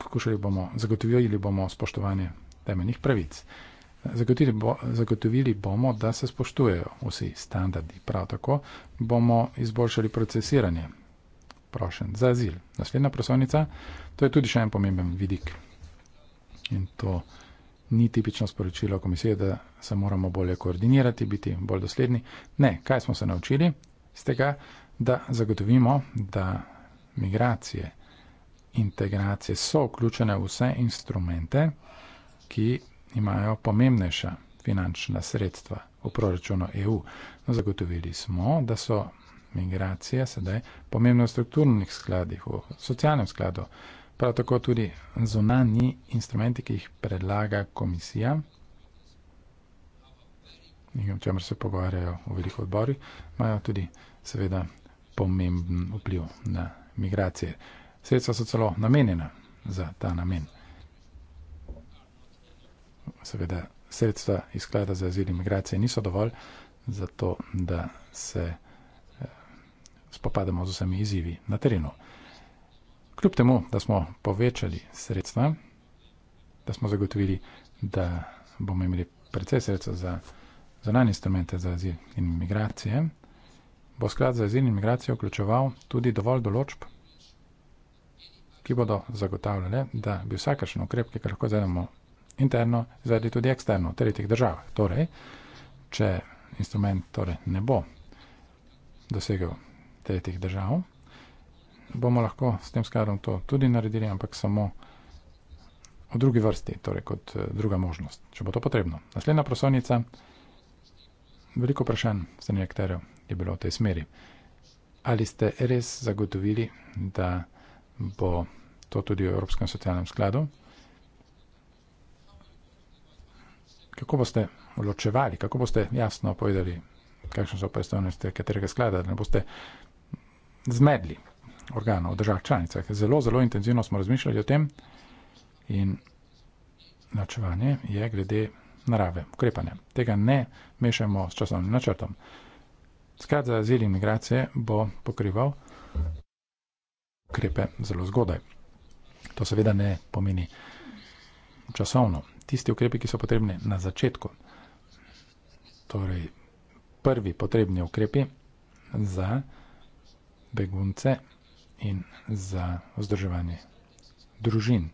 poskušali bomo zagotovili bomo spoštovanje temeljnih pravic. Zagotovili, bo, zagotovili bomo, da se spoštujejo vsi standardi. Prav tako bomo izboljšali procesiranje, prošen za azil. Naslednja prosovnica, to je tudi še en pomemben vidik. In to ni tipično sporočilo komisije, da se moramo bolje koordinirati, biti bolj dosledni. Ne, kaj smo se naučili? Z tega, da zagotovimo, da migracije, integracije so vključene v vse instrumente, ki imajo pomembnejša finančna sredstva v proračunu EU. No, zagotovili smo, da so migracije, sedaj pomembno v strukturnih skladih, v socialnem skladu, prav tako tudi zunanji instrumenti, ki jih predlaga komisija. O čemer se pogovarjajo v veliko odborih, imajo tudi, seveda, pomemben vpliv na migracije. Sredstva so celo namenjena za ta namen. Seveda, sredstva iz sklada za azil in migracije niso dovolj, zato da se spopadamo z vsemi izzivi na terenu. Kljub temu, da smo povečali sredstva, da smo zagotovili, da bomo imeli precej sredstva za zunanje instrumente za azil in migracije, bo sklad za azil in migracijo vključeval tudi dovolj določb, ki bodo zagotavljale, da bi vsakašen ukrep, ki ga lahko zajememo interno, zvedli tudi eksterno, v tretjih državah. Torej, če instrument torej ne bo dosegel tretjih držav. Bomo lahko s tem skladom to tudi naredili, ampak samo v drugi vrsti, torej kot eh, druga možnost, če bo to potrebno. Naslednja prosovnica, veliko vprašanj se nekaterjo je bilo v tej smeri. Ali ste res zagotovili, da bo to tudi v Evropskem socialnem skladu? Kako boste ločevali, kako boste jasno povedali, kakšne so predstavnosti katerega sklada, da ne boste zmedli organov v državah članicah. Zelo, zelo intenzivno smo razmišljali o tem in načevanje je glede narave, ukrepanja. Tega ne mešamo s časovnim načrtom. Sklad za azil in migracije bo pokrival ukrepe zelo zgodaj. To seveda ne pomeni časovno. Tisti ukrepi, ki so potrebni na začetku, torej prvi potrebni ukrepi za begunce in za vzdrževanje družin.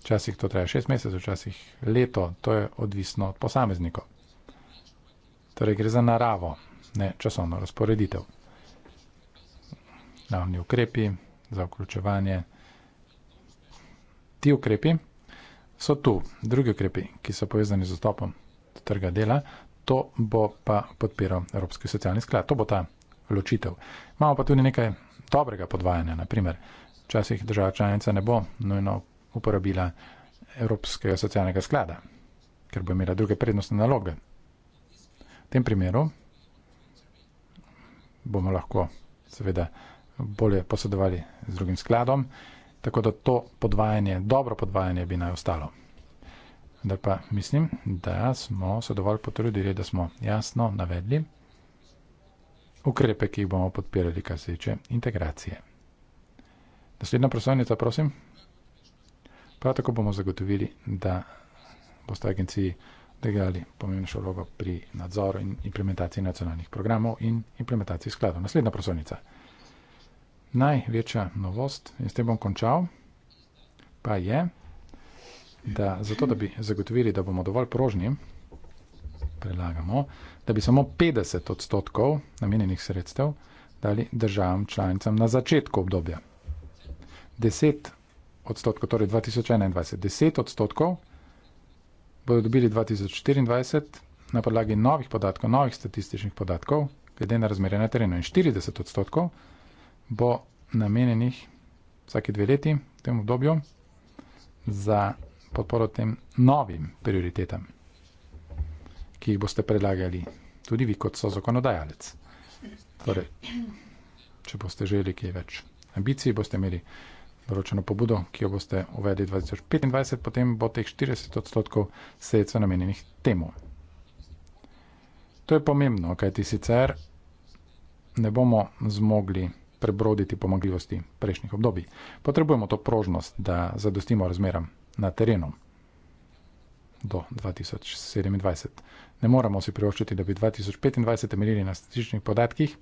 Včasih to traja šest mesecev, včasih leto, to je odvisno od posameznikov. Torej gre za naravo, ne časovno razporeditev. Glavni ukrepi za vključevanje. Ti ukrepi so tu, drugi ukrepi, ki so povezani z dostopom do trga dela, to bo pa podpiral Evropski socialni sklad. To bo ta ločitev. Imamo pa tudi nekaj dobrega podvajanja, naprimer, včasih država članica ne bo nujno uporabila Evropskega socialnega sklada, ker bo imela druge prednostne naloge. V tem primeru bomo lahko seveda bolje posodovali z drugim skladom, tako da to podvajanje, dobro podvajanje bi naj ostalo. Da pa mislim, da smo se dovolj potrudili, da smo jasno navedli, ukrepe, ki jih bomo podpirali, kar se tiče integracije. Naslednja prosojnica, prosim. Prav tako bomo zagotovili, da boste agenciji delali pomembnejšo vlogo pri nadzoru in implementaciji nacionalnih programov in implementaciji skladov. Naslednja prosojnica. Največja novost, in s tem bom končal, pa je, da zato, da bi zagotovili, da bomo dovolj prožni, predlagamo, da bi samo 50 odstotkov namenjenih sredstev dali državam članicam na začetku obdobja. 10 odstotkov, torej 2021, 10 odstotkov bodo dobili 2024 na podlagi novih podatkov, novih statističnih podatkov, glede na razmerje na terenu. In 40 odstotkov bo namenjenih vsake dve leti v tem obdobju za podporo tem novim prioritetam ki jih boste predlagali, tudi vi kot so zakonodajalec. Torej, če boste želeli kaj več ambicij, boste imeli določeno pobudo, ki jo boste uvedli 2025, potem bo teh 40 odstotkov sredstva namenjenih temu. To je pomembno, kajti sicer ne bomo zmogli prebroditi pomagljivosti prejšnjih obdobij. Potrebujemo to prožnost, da zadostimo razmeram na terenu do 2027 ne moremo si privoščiti, da bi 2025 temeljili na statističnih podatkih,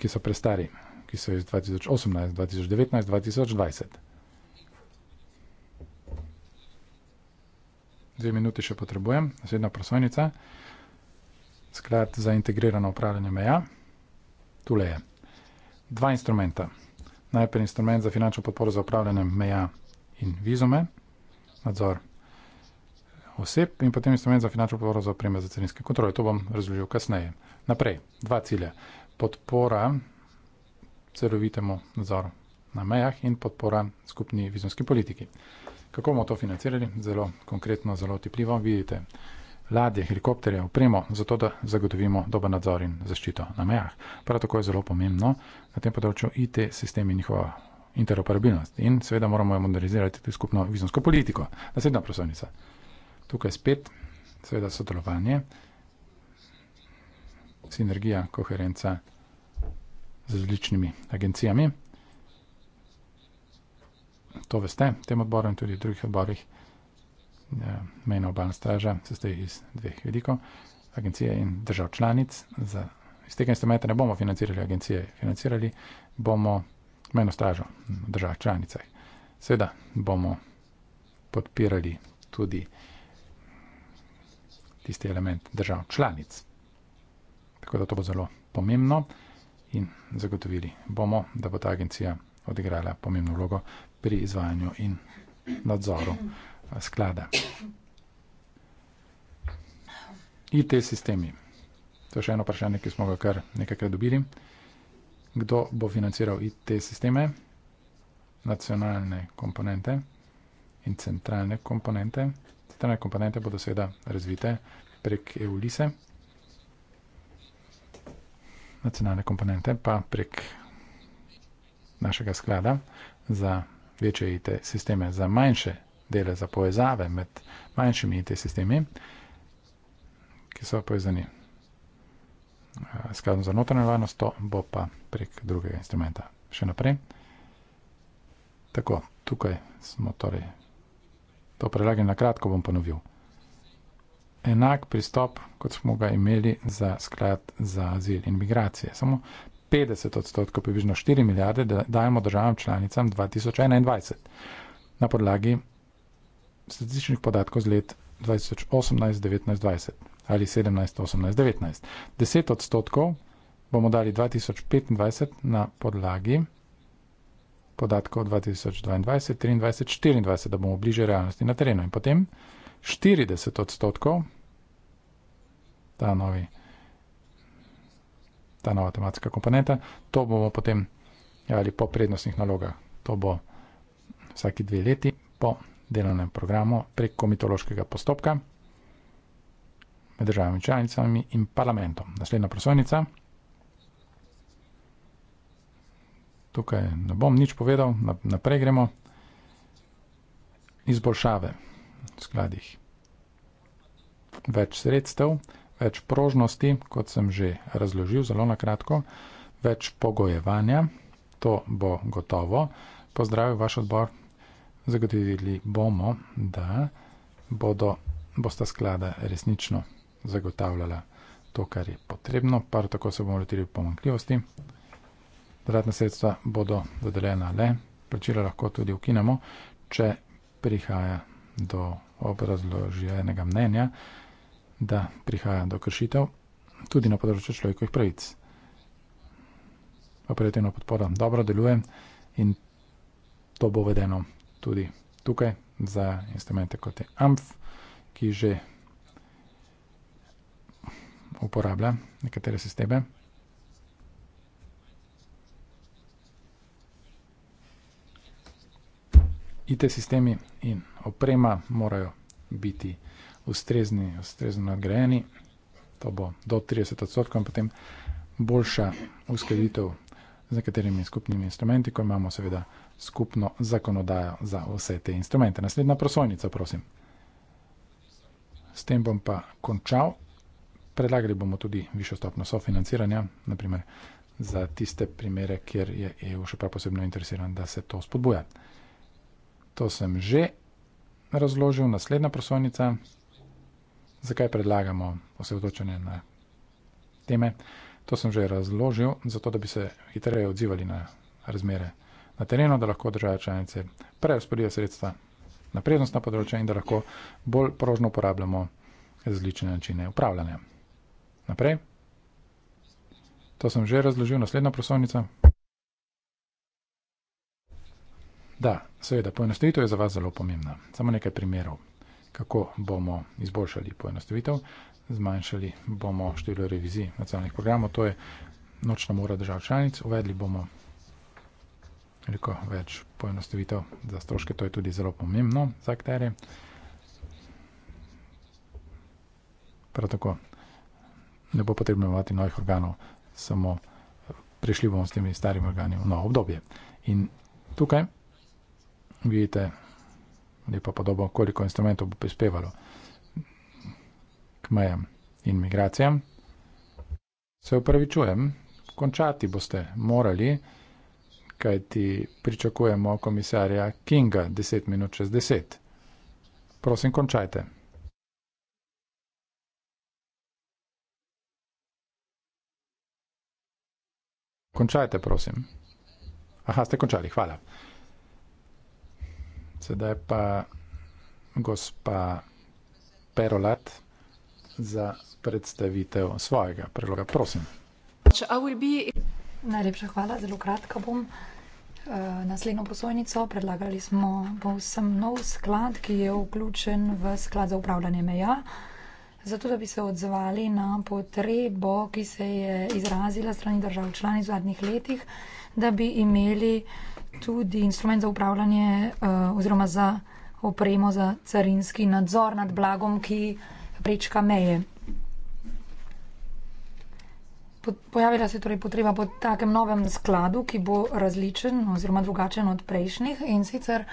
ki so prestari, ki so iz 2018, 2019, 2020. Dve minuti še potrebujem, naslednja prosojnica, sklad za integrirano upravljanje meja. Tule je. Dva instrumenta. Najprej instrument za finančno podporo za upravljanje meja in vizume, nadzor oseb in potem instrument za finančno podporo za opreme za carinske kontrole. To bom razložil kasneje. Naprej, dva cilja. Podpora celovitemu nadzoru na mejah in podpora skupni vizumski politiki. Kako bomo to financirali? Zelo konkretno, zelo otipljivo. Vidite ladje, helikopterje, opremo, zato da zagotovimo dober nadzor in zaščito na mejah. Prav tako je zelo pomembno na tem področju IT sistemi njihova interoperabilnost in seveda moramo modernizirati tudi skupno vizumsko politiko. Naslednja prosovnica tukaj spet, seveda sodelovanje, sinergija, koherenca z različnimi agencijami. To veste, v tem odboru in tudi v drugih odborih ja, mejna obalna straža sestoji iz dveh vidikov, agencije in držav članic. Za, iz tega instrumenta ne bomo financirali agencije, financirali bomo mejno stražo v državah članicah. Seveda bomo podpirali tudi uh, tisti element držav članic. Tako da to bo zelo pomembno in zagotovili bomo, da bo ta agencija odigrala pomembno vlogo pri izvajanju in nadzoru eh, sklada. IT sistemi. To je še eno vprašanje, ki smo ga kar nekajkrat dobili. Kdo bo financiral IT sisteme, nacionalne komponente in centralne komponente? Externe komponente bodo seveda razvite prek EULISE, nacionalne komponente pa prek našega sklada za večje IT sisteme, za manjše dele, za povezave med manjšimi IT sistemi, ki so povezani eh, skladno za notranjo varnost, to bo pa prek drugega instrumenta še naprej. Tako, tukaj smo torej vsega. To prelaganje na kratko bom ponovil. Enak pristop, kot smo ga imeli za sklad za azil in migracije. Samo 50 odstotkov, približno 4 milijarde, dajemo državam članicam 2021 na podlagi statističnih podatkov z let 2018, 19, 20 ali 17, 18, 19. 10 odstotkov bomo dali 2025 na podlagi podatkov 2022, 2023, 2024, da bomo bliže realnosti na terenu. In potem 40 odstotkov, ta, novi, ta nova tematska komponenta, to bomo potem javili po prednostnih nalogah. To bo vsaki dve leti po delovnem programu prek komitološkega postopka med državami članicami in parlamentom. Naslednja prosojnica. tukaj ne bom nič povedal, naprej gremo. Izboljšave v skladih. Več sredstev, več prožnosti, kot sem že razložil, zelo na kratko, več pogojevanja, to bo gotovo. Pozdravljam vaš odbor, zagotovili bomo, da bodo, bosta sklada resnično zagotavljala to, kar je potrebno, pa tako se bomo lotili pomankljivosti. Dodatna sredstva bodo dodeljena le, plačila lahko tudi ukinemo, če prihaja do obrazloženega mnenja, da prihaja do kršitev tudi na področju človekovih pravic. Operativna podpora dobro deluje in to bo vedeno tudi tukaj za instrumente kot je AMF, ki že uporablja nekatere sisteme. IT sistemi in oprema morajo biti ustrezni, ustrezno nadgrajeni. To bo do 30 odstotkov in potem boljša uskladitev z nekaterimi skupnimi instrumenti, ko imamo seveda skupno zakonodajo za vse te instrumente. Naslednja prosojnica, prosim. S tem bom pa končal. Predlagali bomo tudi višjo stopno sofinanciranja, naprimer za tiste primere, kjer je EU še prav posebno interesiran, da se to spodbuja. To sem že razložil. Naslednja prosojnica, zakaj predlagamo osredotočanje na teme. To sem že razložil, zato da bi se hitreje odzivali na razmere na terenu, da lahko države članice prerasporijo sredstva na prednostna področja in da lahko bolj prožno uporabljamo različne načine upravljanja. Naprej. To sem že razložil, naslednja prosovnica. Da, seveda, poenostavitev je za vas zelo pomembna. Samo nekaj primerov, kako bomo izboljšali poenostavitev, zmanjšali bomo število revizij nacionalnih programov, to je nočna mora držav članic, uvedli bomo veliko več poenostavitev za stroške, to je tudi zelo pomembno za akterje. Prav tako ne bo potrebno imati novih organov, samo prišli bomo s temi starimi organi v novo obdobje. In tukaj vidite, lepa podoba, koliko instrumentov bo prispevalo k mejam in migracijam. Se upravičujem, končati boste morali, kajti pričakujemo komisarja Kinga 10 minut čez 10. Prosim, končajte. Končajte, prosim. Aha, ste končali, hvala. Sedaj pa gospa Perolat za predstavitev svojega predloga. Prosim. Najlepša hvala, zelo kratka bom. Eh, naslednjo prosojnico predlagali smo povsem nov sklad, ki je vključen v sklad za upravljanje meja, zato da bi se odzvali na potrebo, ki se je izrazila strani držav članic v zadnjih letih, da bi imeli tudi instrument za upravljanje eh, oziroma za opremo za carinski nadzor nad blagom, ki prečka meje. Pojavila se je torej potreba po takem novem skladu, ki bo različen oziroma drugačen od prejšnjih in sicer,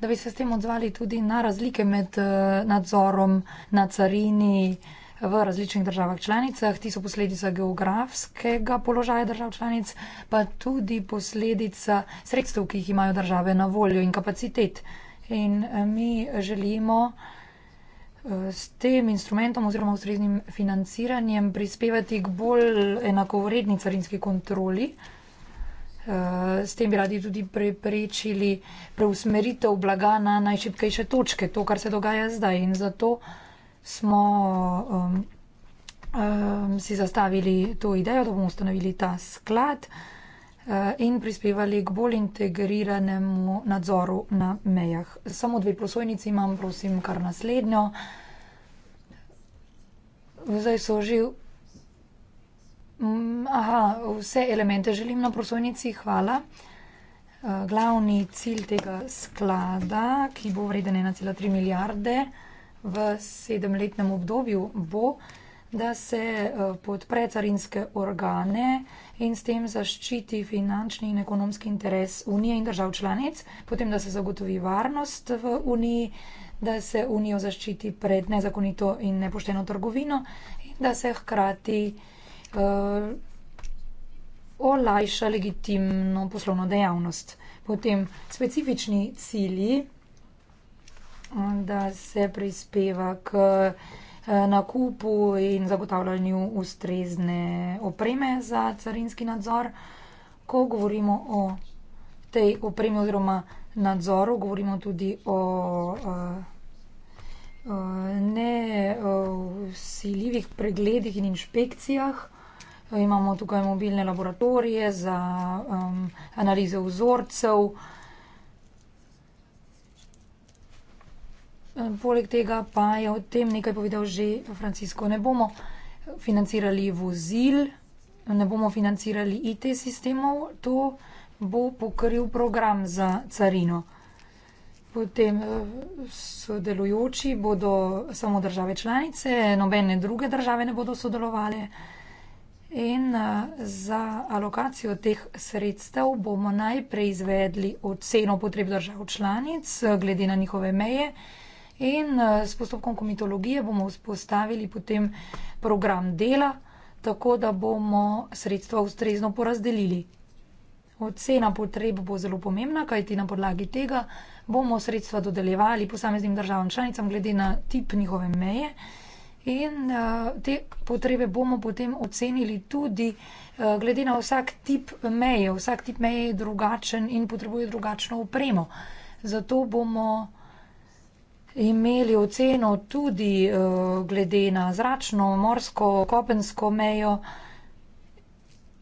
da bi se s tem odzvali tudi na razlike med eh, nadzorom na carini, v različnih državah članicah. Ti so posledica geografskega položaja držav članic, pa tudi posledica sredstev, ki jih imajo države na voljo in kapacitet. In eh, mi želimo eh, s tem instrumentom oziroma ustreznim financiranjem prispevati k bolj enakovredni carinski kontroli. Eh, s tem bi radi tudi preprečili preusmeritev blaga na najšipkejše točke, to, kar se dogaja zdaj. In zato uh, smo um, um, si zastavili to idejo, da bomo ustanovili ta sklad uh, in prispevali k bolj integriranemu nadzoru na mejah. Samo dve prosojnici imam, prosim, kar naslednjo. Zdaj so že. Mm, aha, vse elemente želim na prosojnici, hvala. Uh, glavni cilj tega sklada, ki bo vreden 1,3 milijarde, v sedemletnem obdobju bo, da se eh, podpre carinske organe in s tem zaščiti finančni in ekonomski interes Unije in držav članic, potem da se zagotovi varnost v Uniji, da se Unijo zaščiti pred nezakonito in nepošteno trgovino in da se hkrati uh, olajša legitimno poslovno dejavnost. Potem specifični cilji da se prispeva k eh, nakupu in zagotavljanju ustrezne opreme za carinski nadzor. Ko govorimo o tej opremi oziroma nadzoru, govorimo tudi o eh, nesiljivih pregledih in inšpekcijah. Imamo tukaj mobilne laboratorije za analize vzorcev. Eh, poleg tega pa je o tem nekaj povedal že Francisko. Ne bomo financirali vozil, ne bomo financirali IT sistemov, to bo pokril program za carino. Potem eh, sodelujoči bodo samo države članice, nobene druge države ne bodo sodelovali. In eh, za alokacijo teh sredstev bomo najprej izvedli oceno potreb držav članic glede na njihove meje in eh, s postopkom komitologije bomo vzpostavili potem program dela, tako da bomo sredstva ustrezno porazdelili. Ocena potreb bo zelo pomembna, kajti na podlagi tega bomo sredstva dodeljevali posameznim državam članicam glede na tip njihove meje in eh, te potrebe bomo potem ocenili tudi eh, glede na vsak tip meje. Vsak tip meje je drugačen in potrebuje drugačno opremo. Zato bomo imeli oceno tudi eh, glede na zračno, morsko, kopensko mejo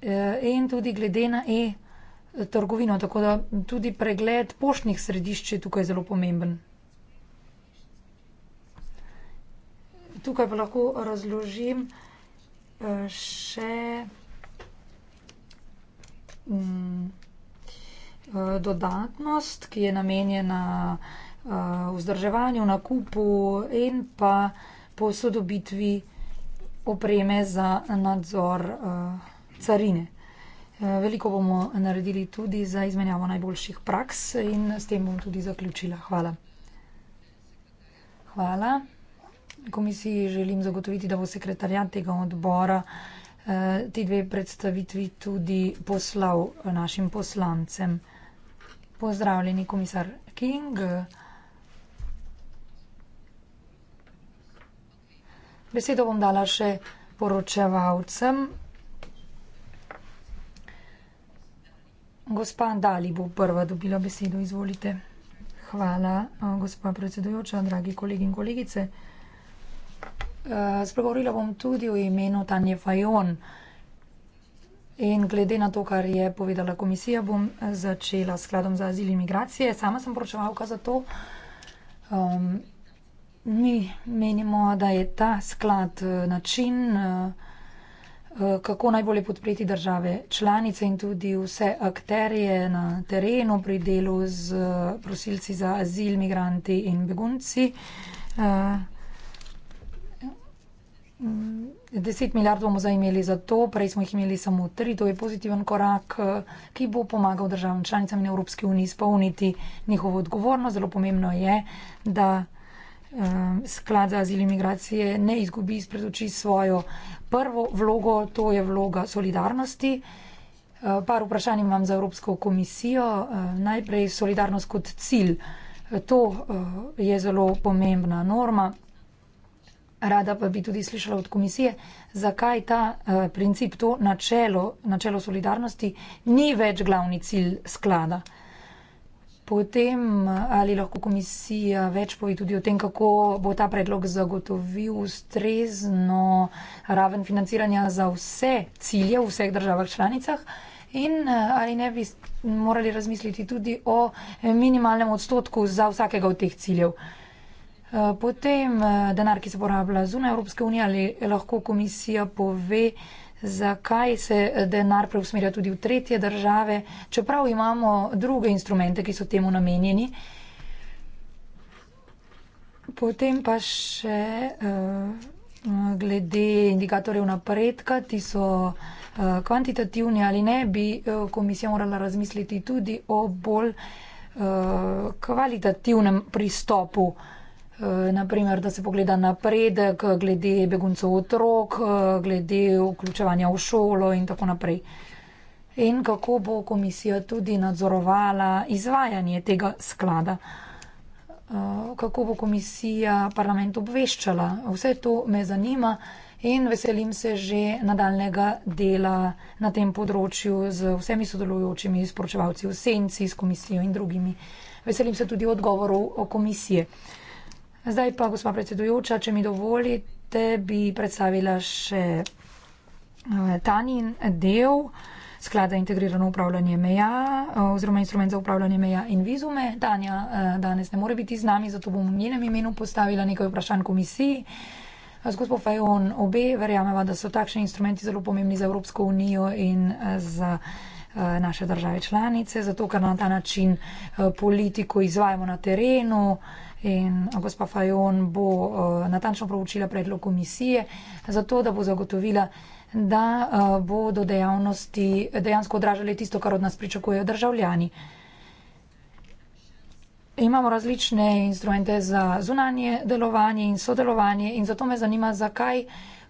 eh, in tudi glede na e-trgovino. Tako da tudi pregled poštnih središč je tukaj zelo pomemben. Tukaj pa lahko razložim eh, še mm, dodatnost, ki je namenjena Eh, vzdrževanju, nakupu in pa posodobitvi opreme za nadzor eh, carine. Eh, veliko bomo naredili tudi za izmenjavo najboljših praks in s tem bom tudi zaključila. Hvala. Hvala. Komisiji želim zagotoviti, da bo sekretarjat tega odbora ti dve predstavitvi tudi poslal našim poslancem. Pozdravljeni, komisar King. Besedo bom dala še poročevalcem. Gospa Dali bo prva dobila besedo, izvolite. Hvala, gospa predsedujoča, dragi kolegi in kolegice. E, spregovorila bom tudi o imenu Tanje Fajon. In glede na to, kar je povedala komisija, bom začela s skladom za azil in migracije. Sama sem poročevalka za to. Um, mi menimo, da je ta sklad eh, način, eh, eh, kako najbolje podpreti države članice in tudi vse akterje na terenu pri delu z prosilci za azil, migranti in begunci. 10 milijard bomo zdaj imeli za to, prej smo jih imeli samo 3, to je pozitiven korak, ki bo pomagal državam članicam in Evropski uniji izpolniti njihovo odgovornost. Zelo pomembno je, da Ehm, sklad za azil in migracije ne izgubi izpred oči svojo prvo vlogo, to je vloga solidarnosti. Ehm, par vprašanj imam za Evropsko komisijo. Ehm, najprej solidarnost kot cilj. E, to e, je zelo pomembna norma. Rada pa bi tudi slišala od komisije, zakaj ta e, princip, to načelo, načelo solidarnosti ni več glavni cilj sklada. Potem ali lahko komisija več pove tudi o tem, kako bo ta predlog zagotovil ustrezno raven financiranja za vse cilje v vseh državah članicah in ali ne bi morali razmisliti tudi o minimalnem odstotku za vsakega od teh ciljev. Potem denar, ki se porablja zunaj Evropske unije, ali lahko komisija pove, zakaj se denar preusmerja tudi v tretje države, čeprav imamo druge instrumente, ki so temu namenjeni. Potem pa še uh, glede indikatorjev napredka, ti so uh, kvantitativni ali ne, bi uh, komisija morala razmisliti tudi o bolj uh, kvalitativnem pristopu uh, Eh, naprimer, da se pogleda napredek glede beguncev otrok, eh, glede vključevanja v šolo in tako naprej. In kako bo komisija tudi nadzorovala izvajanje tega sklada? Eh, kako bo komisija parlament obveščala? Vse to me zanima in veselim se že nadaljnega dela na tem področju z vsemi sodelujočimi sporočevalci v senci, s komisijo in drugimi. Veselim se tudi odgovorov komisije. Zdaj pa, gospa predsedujoča, če mi dovolite, bi predstavila še eh, Tanin del sklada integrirano upravljanje meja eh, oziroma instrument za upravljanje meja in vizume. Tanja eh, danes ne more biti z nami, zato bom v njenem imenu postavila nekaj vprašanj komisiji. Gospod Fajon, obe verjameva, da so takšni instrumenti zelo pomembni za Evropsko unijo in za naše države članice, zato ker na ta način politiko izvajamo na terenu in eh, gospa Fajon bo uh, natančno proučila predlog komisije, zato da bo zagotovila, da uh, bodo dejavnosti dejansko odražali tisto, kar od nas pričakujejo državljani. Imamo različne instrumente za zunanje delovanje in sodelovanje in zato me zanima, zakaj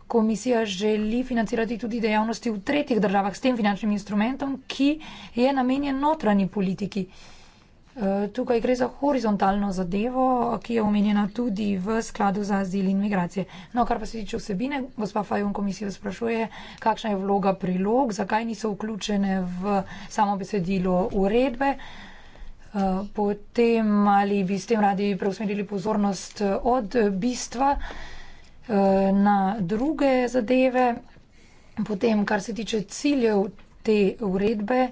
komisija želi financirati tudi dejavnosti v tretjih državah s tem finančnim instrumentom, ki je namenjen notranji politiki. Uh, Eh, tukaj gre za horizontalno zadevo, ki je omenjena tudi v skladu za azil in migracije. No, kar pa se tiče vsebine, gospa Fajon komisijo sprašuje, kakšna je vloga prilog, zakaj niso vključene v samo besedilo uredbe. Eh, potem ali bi s tem radi preusmerili pozornost eh, od bistva na druge zadeve. Potem, kar se tiče ciljev te uredbe.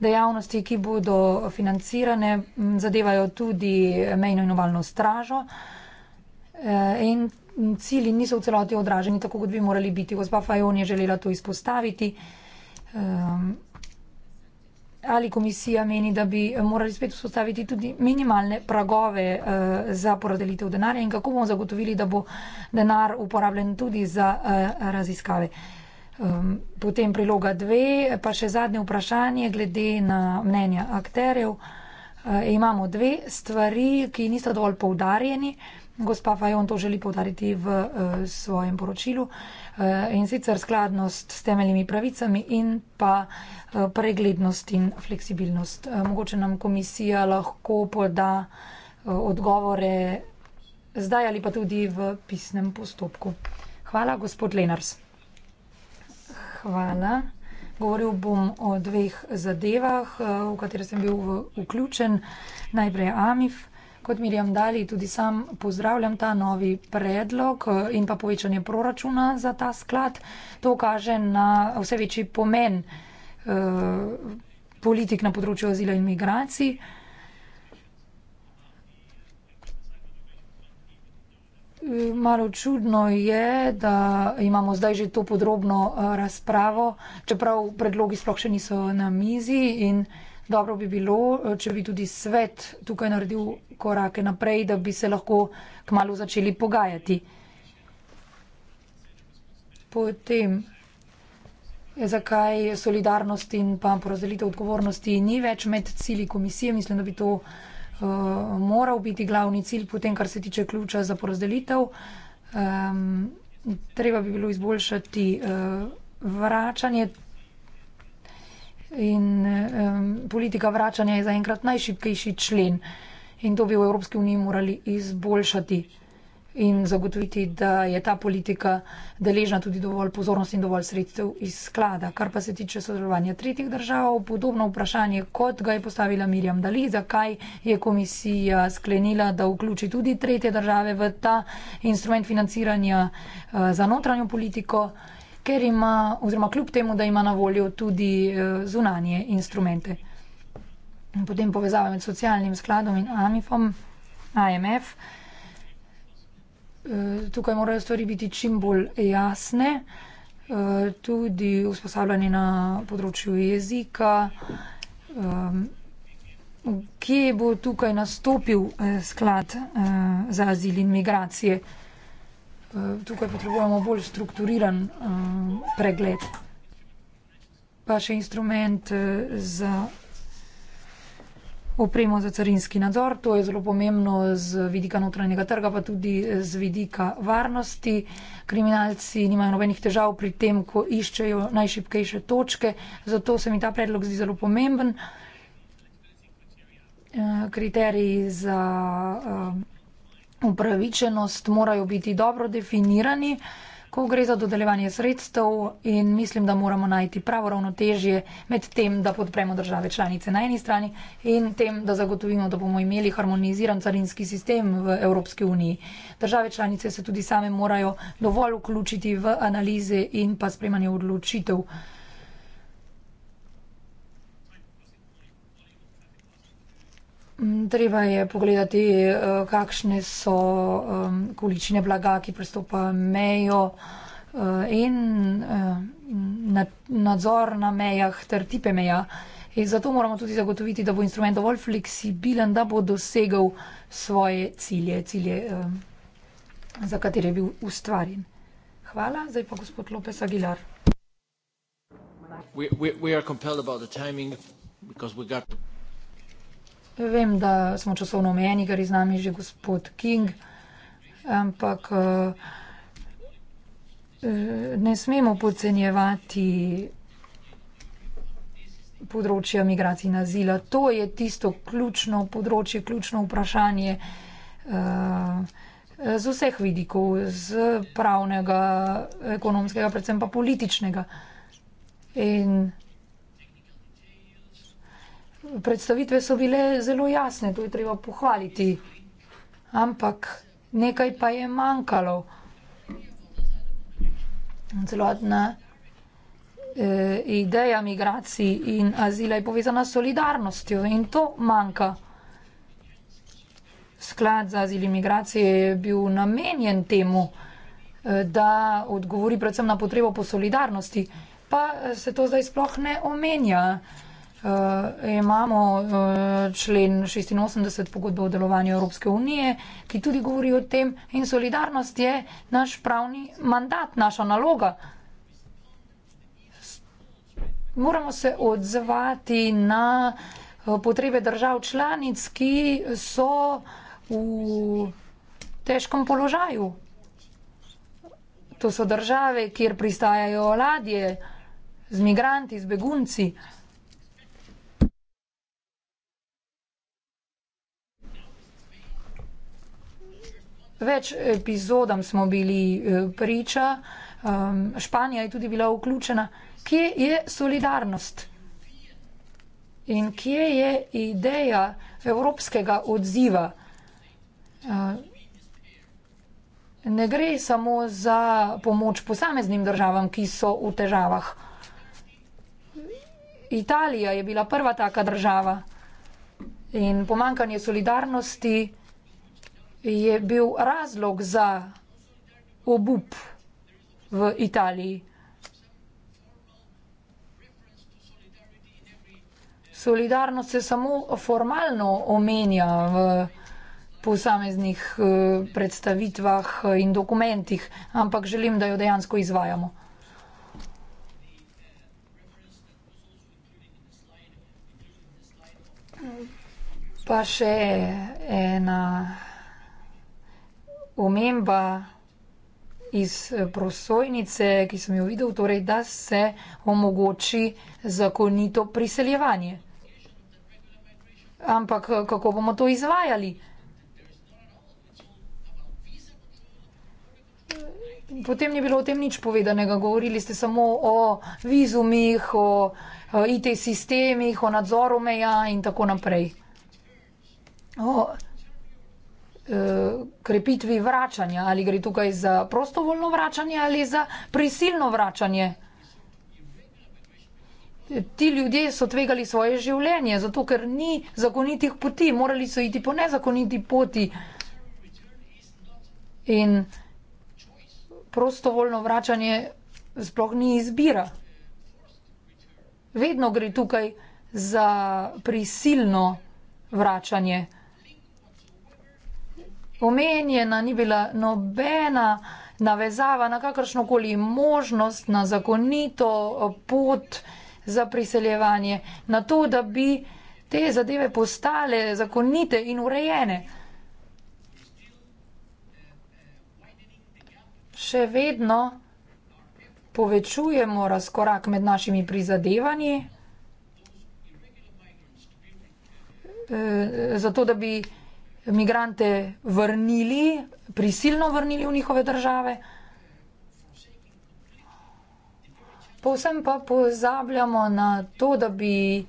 Dejavnosti, ki bodo financirane, zadevajo tudi mejno in obalno stražo. Eh, in cilji niso v celoti odraženi, tako kot bi morali biti. Gospa Fajon je želela to izpostaviti. Ehm, ali komisija meni, da bi morali spet vzpostaviti tudi minimalne pragove eh, za porodelitev denarja in kako bomo zagotovili, da bo denar uporabljen tudi za eh, raziskave. Um, potem priloga dve, pa še zadnje vprašanje glede na mnenja akterjev. Uh, imamo dve stvari, ki niso dovolj poudarjeni. Gospa Fajon to želi poudariti v uh, svojem poročilu uh, in sicer skladnost s temeljnimi pravicami in pa uh, preglednost in fleksibilnost. Uh, mogoče nam komisija lahko poda uh, odgovore zdaj ali pa tudi v pisnem postopku. Hvala, gospod Lenars hvala. Govoril bom o dveh zadevah, eh, v katere sem bil vključen. Najprej Amif. Kot Mirjam Dali, tudi sam pozdravljam ta novi predlog eh, in pa povečanje proračuna za ta sklad. To kaže na vse večji pomen eh, politik na področju azila in migracij. Eh, Malo čudno je, da imamo zdaj že to podrobno eh, razpravo, čeprav predlogi sploh še niso na mizi in dobro bi bilo, eh, če bi tudi svet tukaj naredil korake naprej, da bi se lahko kmalo začeli pogajati. Potem, eh, zakaj solidarnost in pa porazdelitev odgovornosti ni več med cili komisije, mislim, da bi to. Eh, moral biti glavni cilj, potem kar se tiče ključa za porazdelitev. Um, treba bi bilo izboljšati uh, vračanje in um, politika vračanja je zaenkrat najšipkejši člen in to bi v Evropski uniji morali izboljšati in zagotoviti, da je ta politika deležna tudi dovolj pozornosti in dovolj sredstev iz sklada. Kar pa se tiče sodelovanja tretjih držav, podobno vprašanje, kot ga je postavila Mirjam Dali, zakaj je komisija sklenila, da vključi tudi tretje države v ta instrument financiranja eh, za notranjo politiko, ker ima, oziroma kljub temu, da ima na voljo tudi eh, zunanje instrumente. Potem povezave med socialnim skladom in AMIF-om, AMF. -om, AMF tukaj morajo stvari biti čim bolj jasne, eh, tudi usposabljanje na področju jezika, ehm, kje bo tukaj nastopil eh, sklad eh, za azil in migracije. Tukaj potrebujemo bolj strukturiran pregled. Pa še instrument za opremo za carinski nadzor. To je zelo pomembno z vidika notranjega trga, pa tudi z vidika varnosti. Kriminalci nimajo nobenih težav pri tem, ko iščejo najšipkejše točke, zato se mi ta predlog zdi zelo pomemben. Eh, kriteriji za eh, upravičenost morajo biti dobro definirani ko gre za dodeljevanje sredstev in mislim, da moramo najti pravo ravnotežje med tem, da podpremo države članice na eni strani in tem, da zagotovimo, da bomo imeli harmoniziran carinski sistem v Evropski uniji. Države članice se tudi same morajo dovolj vključiti v analize in pa spremanje odločitev. Treba je pogledati, eh, kakšne so um, količine blaga, ki prestopajo mejo uh, in uh, nad, nadzor na mejah ter tipe meja. In zato moramo tudi zagotoviti, da bo instrument dovolj fleksibilen, da bo dosegal svoje cilje, cilje um, za katere je bil ustvarjen. Hvala, zdaj pa gospod Lopes Aguilar. We, we, we Vem, da smo časovno omejeni, kar je z nami že gospod King, ampak eh, ne smemo podcenjevati področja migracij in azila. To je tisto ključno področje, ključno vprašanje eh, z vseh vidikov, z pravnega, ekonomskega, predvsem pa političnega. In predstavitve so bile zelo jasne, to je treba pohvaliti. Ampak nekaj pa je manjkalo. Celotna eh, ideja migracij in azila je povezana s solidarnostjo in to manjka. Sklad za azil in migracije je bil namenjen temu, eh, da odgovori predvsem na potrebo po solidarnosti, pa se to zdaj sploh ne omenja. Eh, Eh, imamo eh, člen 86 pogodbe o delovanju Evropske unije, ki tudi govori o tem in solidarnost je naš pravni mandat, naša naloga. Moramo se odzvati na eh, potrebe držav članic, ki so v težkem položaju. To so države, kjer pristajajo ladje z migranti, z begunci. Več epizodam smo bili eh, priča, ehm, Španija je tudi bila vključena. Kje je solidarnost? In kje je ideja evropskega odziva? Eh, ne gre samo za pomoč posameznim državam, ki so v težavah. Italija je bila prva taka država in pomankanje solidarnosti je bil razlog za obup v Italiji. Solidarnost se samo formalno omenja v posameznih eh, predstavitvah eh, in dokumentih, ampak želim, da jo dejansko izvajamo. Pa še ena omemba iz eh, prosojnice, ki sem jo videl, torej, da se omogoči zakonito priseljevanje. Ampak eh, kako bomo to izvajali? Potem ni bilo o tem nič povedanega, govorili ste samo o vizumih, o eh, IT sistemih, o nadzoru meja in tako naprej. O, krepitvi vračanja, ali gre tukaj za prostovoljno vračanje ali za prisilno vračanje. Ti ljudje so tvegali svoje življenje, zato ker ni zakonitih poti, morali so iti po nezakoniti poti. In prostovoljno vračanje sploh ni izbira. Vedno gre tukaj za prisilno vračanje omenjena ni bila nobena navezava na kakršno koli možnost, na zakonito pot za priseljevanje, na to, da bi te zadeve postale zakonite in urejene. Še vedno povečujemo razkorak med našimi prizadevanji, eh, zato da bi migrante vrnili, prisilno vrnili v njihove države. Povsem pa pozabljamo na to, da bi eh,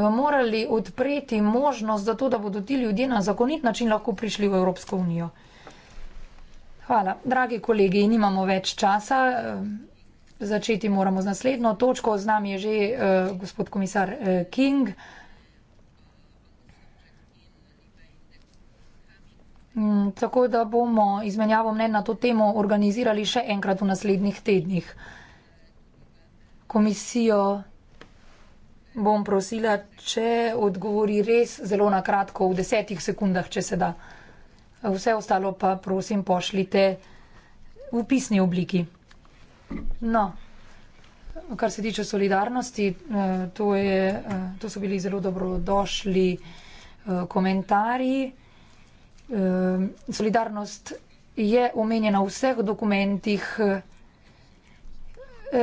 morali odpreti možnost za to, da bodo ti ljudje na zakonit način lahko prišli v Evropsko unijo. Hvala. Dragi kolegi, nimamo več časa. Eh, začeti moramo z naslednjo točko. Z nami je že uh, gospod komisar uh, King. Mm, tako da bomo izmenjavo mnen na to temo organizirali še enkrat v naslednjih tednih. Komisijo bom prosila, če odgovori res zelo na kratko, v desetih sekundah, če se da. Vse ostalo pa prosim pošljite v pisni obliki. No, kar se tiče solidarnosti, eh, to, je, eh, to so bili zelo dobrodošli eh, komentarji. Eh, solidarnost je omenjena v vseh dokumentih. Eh,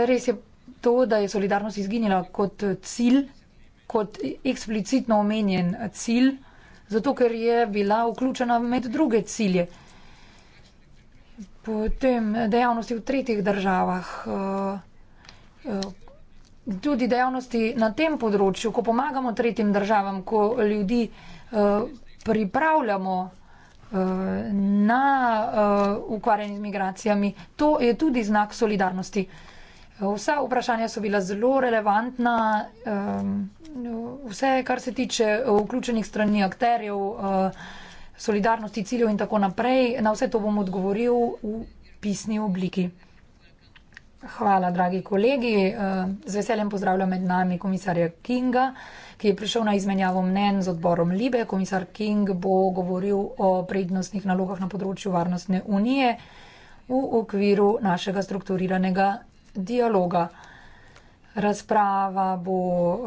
res je to, da je solidarnost izginila kot cilj, kot eksplicitno omenjen cilj, zato ker je bila vključena med druge cilje. Potem dejavnosti v tretjih državah, eh, tudi dejavnosti na tem področju, ko pomagamo tretjim državam, ko ljudi pripravljamo na eh, ukvarjanje z migracijami. To je tudi znak solidarnosti. Vsa vprašanja so bila zelo relevantna, eh, vse, kar se tiče vključenih strani akterjev, eh, solidarnosti, ciljev in tako naprej, na vse to bom odgovoril v pisni obliki. Hvala, dragi kolegi, z veseljem pozdravljam med nami komisarja Kinga ki je prišel na izmenjavo mnen z odborom Libe. Komisar King bo govoril o prednostnih nalogah na področju varnostne unije v okviru našega strukturiranega dialoga. Razprava bo uh,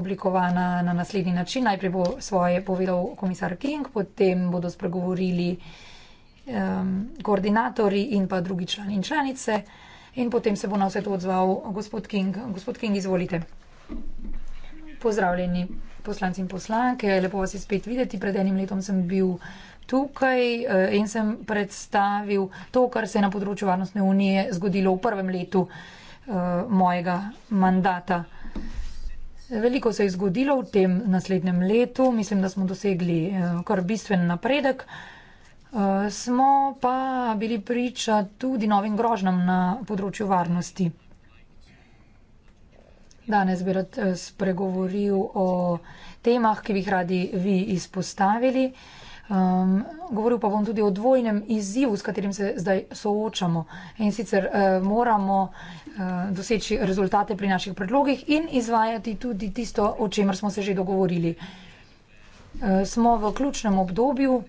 oblikovana na naslednji način. Najprej bo svoje povedal komisar King, potem bodo spregovorili um, ehm, koordinatori in pa drugi člani in članice in potem se bo na vse to odzval gospod King. Gospod King, izvolite. Pozdravljeni, poslanci in poslanke, lepo vas je spet videti. Pred enim letom sem bil tukaj eh, in sem predstavil to, kar se je na področju Varnostne unije zgodilo v prvem letu eh, mojega mandata. Veliko se je zgodilo v tem naslednjem letu, mislim, da smo dosegli eh, kar bistven napredek. Smo pa bili priča tudi novim grožnjam na področju varnosti. Danes bi rad eh, spregovoril o temah, ki bi jih radi vi izpostavili. Um, govoril pa bom tudi o dvojnem izzivu, s katerim se zdaj soočamo. In sicer uh, moramo uh, doseči rezultate pri naših predlogih in izvajati tudi tisto, o čemer smo se že dogovorili. Uh, smo v ključnem obdobju,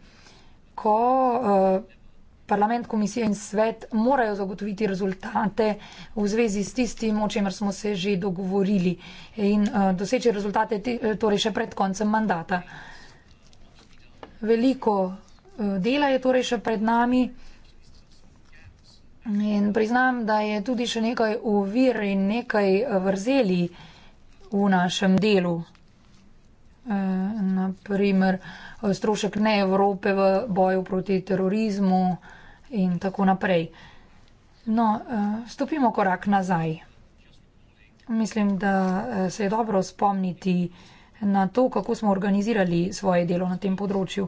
ko uh, parlament, komisija in svet morajo zagotoviti rezultate v zvezi s tistim, o čemer smo se že dogovorili in eh, doseči rezultate eh, torej še pred koncem mandata. Veliko eh, dela je torej še pred nami in priznam, da je tudi še nekaj ovir in nekaj vrzeli v našem delu. Naprimer, strošek ne Evrope v boju proti terorizmu, in tako naprej. No, eh, stopimo korak nazaj. Mislim, da eh, se je dobro spomniti na to, kako smo organizirali svoje delo na tem področju.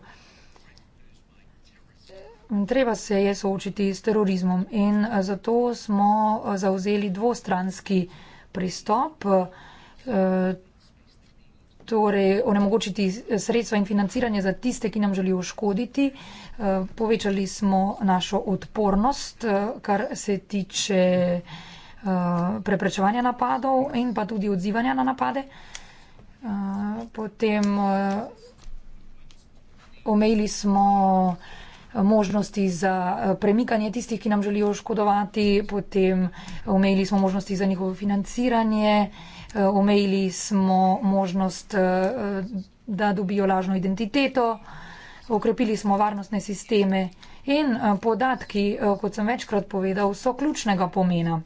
Treba se je soočiti s terorizmom in eh, zato smo zauzeli dvostranski pristop torej onemogočiti sredstva in financiranje za tiste, ki nam želijo škoditi. Eh, povečali smo našo odpornost, eh, kar se tiče eh, preprečevanja napadov in pa tudi odzivanja na napade. Potem omejili smo možnosti za premikanje tistih, ki nam želijo škodovati, potem omejili smo možnosti za njihovo financiranje, uh, Eh, omejili smo možnost, eh, da dobijo lažno identiteto, okrepili smo varnostne sisteme in eh, podatki, kot sem večkrat povedal, so ključnega pomena.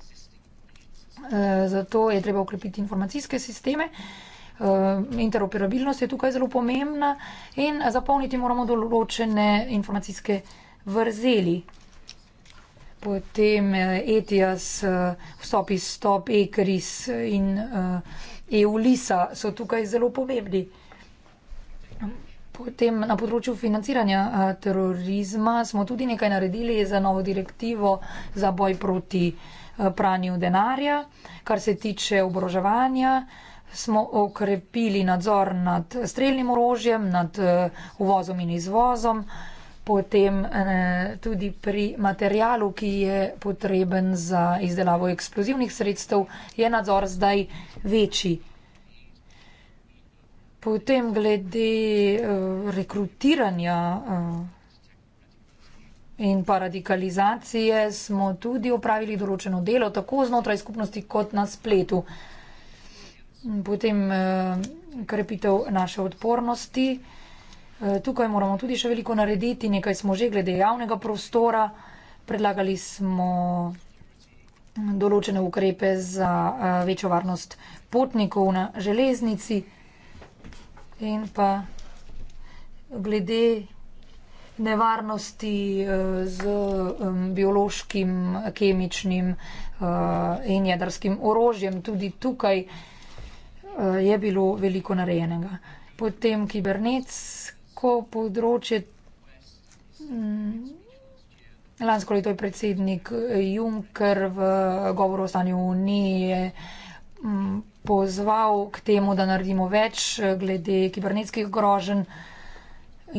Zato je treba okrepiti informacijske sisteme. Interoperabilnost je tukaj zelo pomembna in zapolniti moramo določene informacijske vrzeli potem eh, Etias, eh, vstop iz stop, Ekris in Eulisa eh, e so tukaj zelo pomembni. Potem na področju financiranja terorizma smo tudi nekaj naredili za novo direktivo za boj proti pranju denarja. Kar se tiče obroževanja, smo okrepili nadzor nad streljnim orožjem, nad uvozom in izvozom potem eh, tudi pri materialu, ki je potreben za izdelavo eksplozivnih sredstev, je nadzor zdaj večji. Potem glede eh, rekrutiranja eh, in pa radikalizacije smo tudi opravili določeno delo, tako znotraj skupnosti kot na spletu. Potem krepitev naše odpornosti. Eh, tukaj moramo tudi še veliko narediti, nekaj smo že glede javnega prostora, predlagali smo določene ukrepe za eh, večjo varnost potnikov na železnici in pa glede nevarnosti eh, z biološkim, kemičnim in jedrskim orožjem. Tudi tukaj je bilo veliko narejenega. Potem kibernetska neko področje. Mm, lansko leto je predsednik Juncker v govoru o stanju unije mm, pozval k temu, da naredimo več glede kibernetskih grožen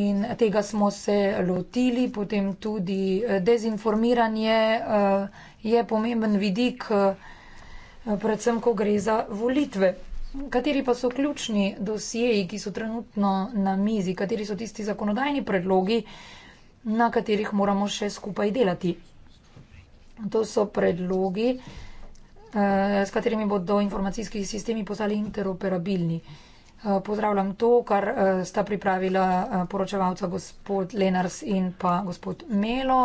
in tega smo se lotili. Potem tudi dezinformiranje eh, je pomemben vidik, eh, predvsem, ko gre za volitve. Kateri pa so ključni dosjeji, ki so trenutno na mizi, kateri so tisti zakonodajni predlogi, na katerih moramo še skupaj delati? To so predlogi, eh, s katerimi bodo informacijski sistemi postali interoperabilni. Eh, pozdravljam to, kar eh, sta pripravila poročevalca gospod Lenars in pa gospod Melo.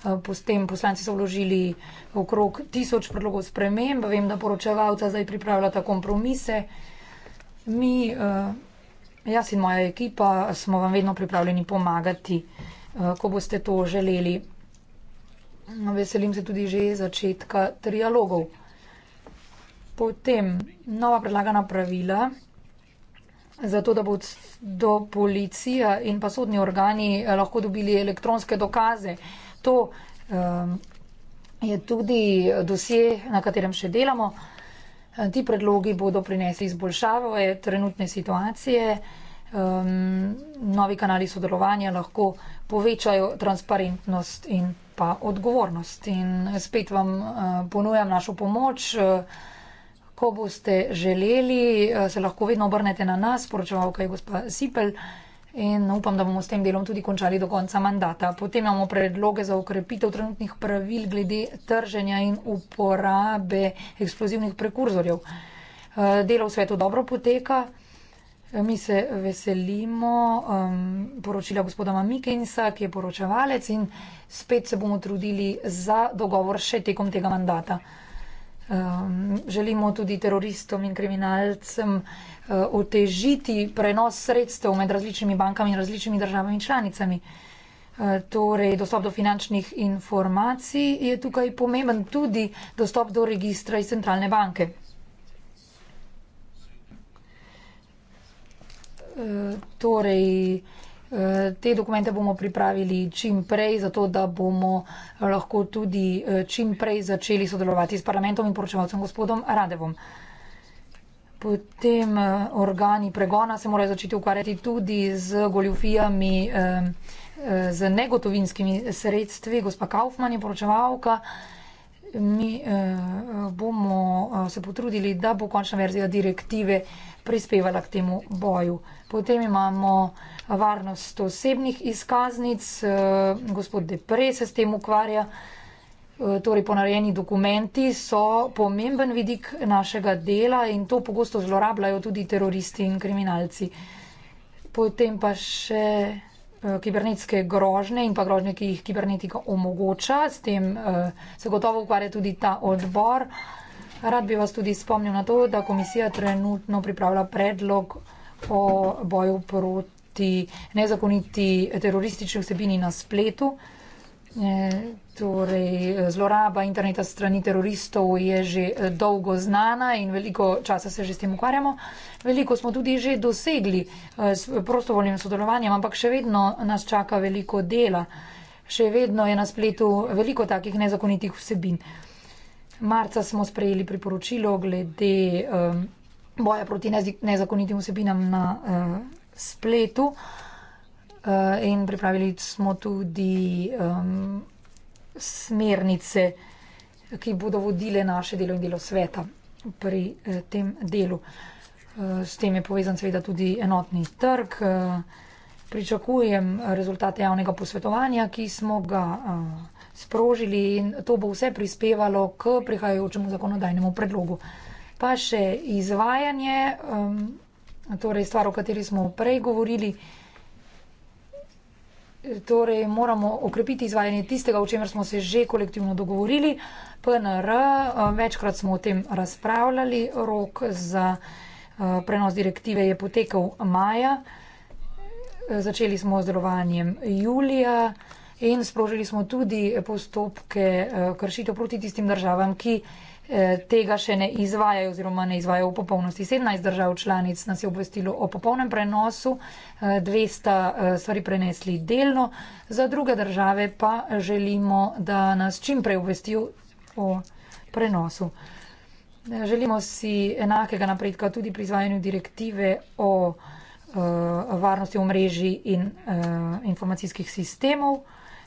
Eh, s tem poslanci so vložili okrog tisoč predlogov sprememb. Vem, da poročevalca zdaj pripravljata kompromise. Mi, eh, jaz in moja ekipa, smo vam vedno pripravljeni pomagati, eh, ko boste to želeli. Veselim se tudi že začetka trialogov. Potem nova predlagana pravila. Zato, da bodo policija in pa sodni organi lahko dobili elektronske dokaze, uh, to um, je tudi dosje, na katerem še delamo. Ti predlogi bodo prinesli izboljšave trenutne situacije. Um, novi kanali sodelovanja lahko povečajo transparentnost in pa odgovornost. In spet vam uh, ponujam našo pomoč. Uh, ko boste želeli, uh, se lahko vedno obrnete na nas, poročevalka je gospa Sipel. Uh, in upam, da bomo s tem delom tudi končali do konca mandata. Potem imamo predloge za ukrepitev trenutnih pravil glede trženja in uporabe eksplozivnih prekurzorjev. Eh, delo v svetu dobro poteka. Mi se veselimo um, poročila gospoda Mikensa, ki je poročevalec in spet se bomo trudili za dogovor še tekom tega mandata. Um, želimo tudi teroristom in kriminalcem uh, otežiti prenos sredstev med različnimi bankami in različnimi državami in članicami. Eh, torej, dostop do finančnih informacij je tukaj pomemben, tudi dostop do registra iz centralne banke. Eh, torej, Eh, te dokumente bomo pripravili čim prej, zato da bomo lahko tudi eh, čim prej začeli sodelovati s parlamentom in poročevalcem gospodom Radevom. Potem eh, organi pregona se morajo začeti ukvarjati tudi z goljufijami, z negotovinskimi sredstvi. Gospa Kaufman je poročevalka mi eh, bomo eh, se potrudili, da bo končna verzija direktive prispevala k temu boju. Potem imamo varnost osebnih izkaznic, eh, gospod Depre se s tem ukvarja, torej ponarejeni dokumenti so pomemben vidik našega dela in to pogosto zlorabljajo tudi teroristi in kriminalci. Potem pa še Eh, kibernetske grožnje in pa grožnje, ki jih kibernetika omogoča. S tem eh, se gotovo ukvarja tudi ta odbor. Rad bi vas tudi spomnil na to, da komisija trenutno pripravlja predlog o boju proti nezakoniti teroristični vsebini na spletu. Eh, Torej, zloraba interneta strani teroristov je že eh, dolgo znana in veliko časa se že s tem ukvarjamo. Veliko smo tudi že dosegli eh, s prostovoljnim sodelovanjem, ampak še vedno nas čaka veliko dela. Še vedno je na spletu veliko takih nezakonitih vsebin. Marca smo sprejeli priporočilo glede um, boja proti nezakonitim vsebinam na uh, spletu uh, in pripravili smo tudi. Um, smernice, ki bodo vodile naše delo in delo sveta pri eh, tem delu. Eh, s tem je povezan seveda tudi enotni trg. Eh, pričakujem rezultate javnega posvetovanja, ki smo ga sprožili in to bo vse prispevalo k prihajajočemu zakonodajnemu predlogu. Pa še izvajanje, ehm, torej stvar, o kateri smo prej govorili, Torej, moramo okrepiti izvajanje tistega, o čemer smo se že kolektivno dogovorili. PNR, eh, večkrat smo o tem razpravljali, rok za eh, prenos direktive je potekal maja, začeli smo z delovanjem julija in sprožili smo tudi postopke eh, kršitev proti tistim državam, ki tega še ne izvajajo oziroma ne izvajajo v popolnosti. 17 držav članic nas je obvestilo o popolnem prenosu, 200 eh, eh, stvari prenesli delno, za druge države pa želimo, da nas čim prej obvestijo o prenosu. Eh, želimo si enakega napredka tudi pri izvajanju direktive o varnosti v mreži in informacijskih sistemov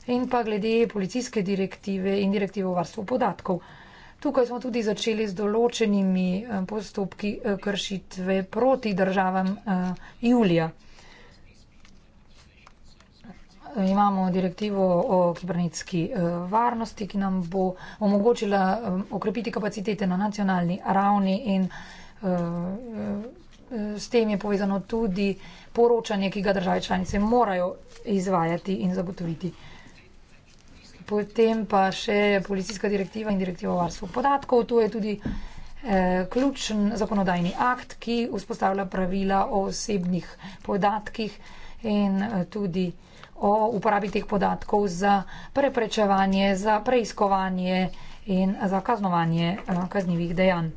in pa glede policijske direktive in direktive o varstvu podatkov. Tukaj smo tudi začeli z določenimi eh, postopki eh, kršitve proti državam eh, julija. Imamo direktivo o kibernetski varnosti, ki nam bo omogočila okrepiti kapacitete na nacionalni ravni in s tem je povezano tudi poročanje, ki ga države članice morajo izvajati in zagotoviti. Potem pa še policijska direktiva in direktiva o varstvu podatkov. To je tudi eh, ključen zakonodajni akt, ki vzpostavlja pravila o osebnih podatkih in eh, tudi o uporabi teh podatkov za preprečevanje, za preiskovanje in za kaznovanje eh, kaznjivih dejanj.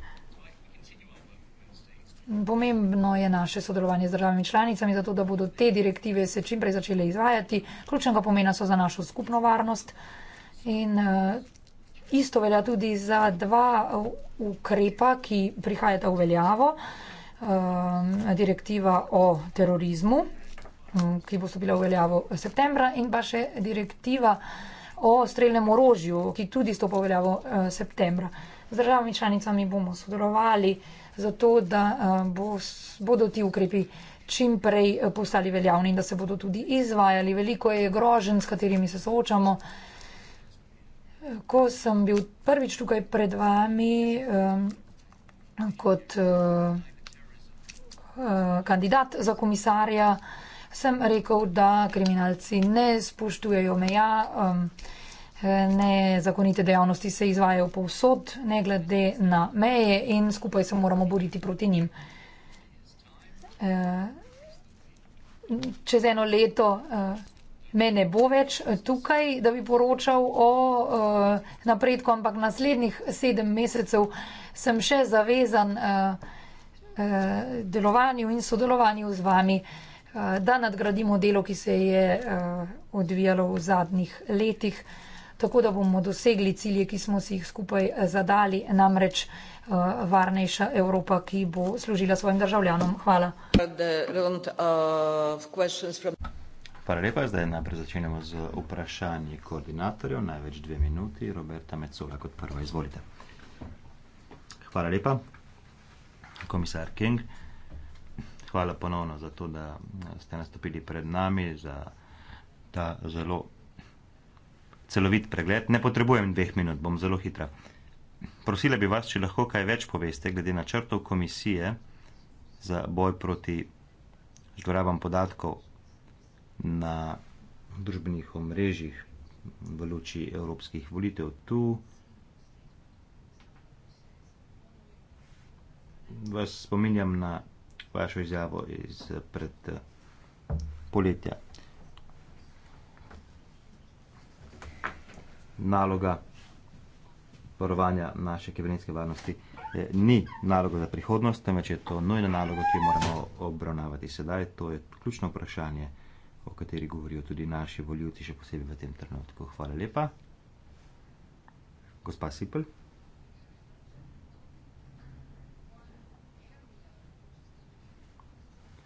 Pomembno je naše sodelovanje z državami članicami, zato da bodo te direktive se čimprej začele izvajati. Ključnega pomena so za našo skupno varnost. In uh, isto velja tudi za dva eh, ukrepa, ki prihajata v veljavo. Uh, direktiva o terorizmu, mm, ki bo stopila v veljavo v septembra, in pa še direktiva o streljnem orožju, ki tudi stopa v veljavo v uh, septembra. Z državami članicami bomo sodelovali zato da eh, bos, bodo ti ukrepi čim prej eh, postali veljavni in da se bodo tudi izvajali. Veliko je grožen, s katerimi se soočamo. Ko sem bil prvič tukaj pred vami um, kot uh, uh, kandidat za komisarja, sem rekel, da kriminalci ne spoštujejo meja. Um, nezakonite dejavnosti se izvajajo povsod, ne glede na meje in skupaj se moramo boriti proti njim. Eh, čez eno leto eh, me ne bo več tukaj, da bi poročal o eh, napredku, ampak naslednjih sedem mesecev sem še zavezan delovanju in sodelovanju z vami, da nadgradimo delo, ki se je odvijalo v zadnjih letih tako da bomo dosegli cilje, ki smo si jih skupaj eh, zadali, namreč uh, varnejša Evropa, ki bo služila svojim državljanom. Hvala. Hvala lepa. Zdaj najprej začenjamo z vprašanji koordinatorjev. Največ dve minuti. Roberta Mecola kot prva. Izvolite. Hvala lepa, komisar King. Hvala ponovno za to, da eh, ste nastopili pred nami, za ta zelo celovit pregled. Ne potrebujem dveh minut, bom zelo hitra. Prosila bi vas, če lahko kaj več poveste glede načrtov komisije za boj proti zlorabam podatkov na družbenih omrežjih v luči evropskih volitev. Tu vas spominjam na vašo izjavo iz pred eh, poletja. naloga varovanja naše kibernetske varnosti eh, ni naloga za prihodnost, temveč je to nujna naloga, ki jo moramo obravnavati sedaj. To je ključno vprašanje, o kateri govorijo tudi naši voljivci, še posebej v tem trenutku. Hvala lepa. Gospa Sipel.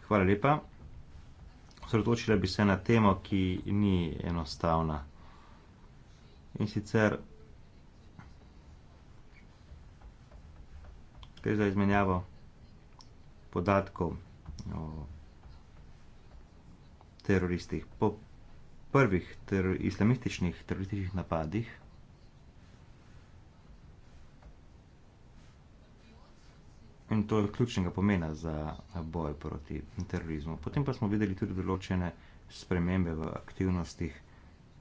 Hvala lepa. Sredotočila bi se na temo, ki ni enostavna. In sicer gre za izmenjavo podatkov o teroristih. Po prvih ter islamističnih terorističnih napadih In to je ključnega pomena za boj proti terorizmu. Potem pa smo videli tudi določene spremembe v aktivnostih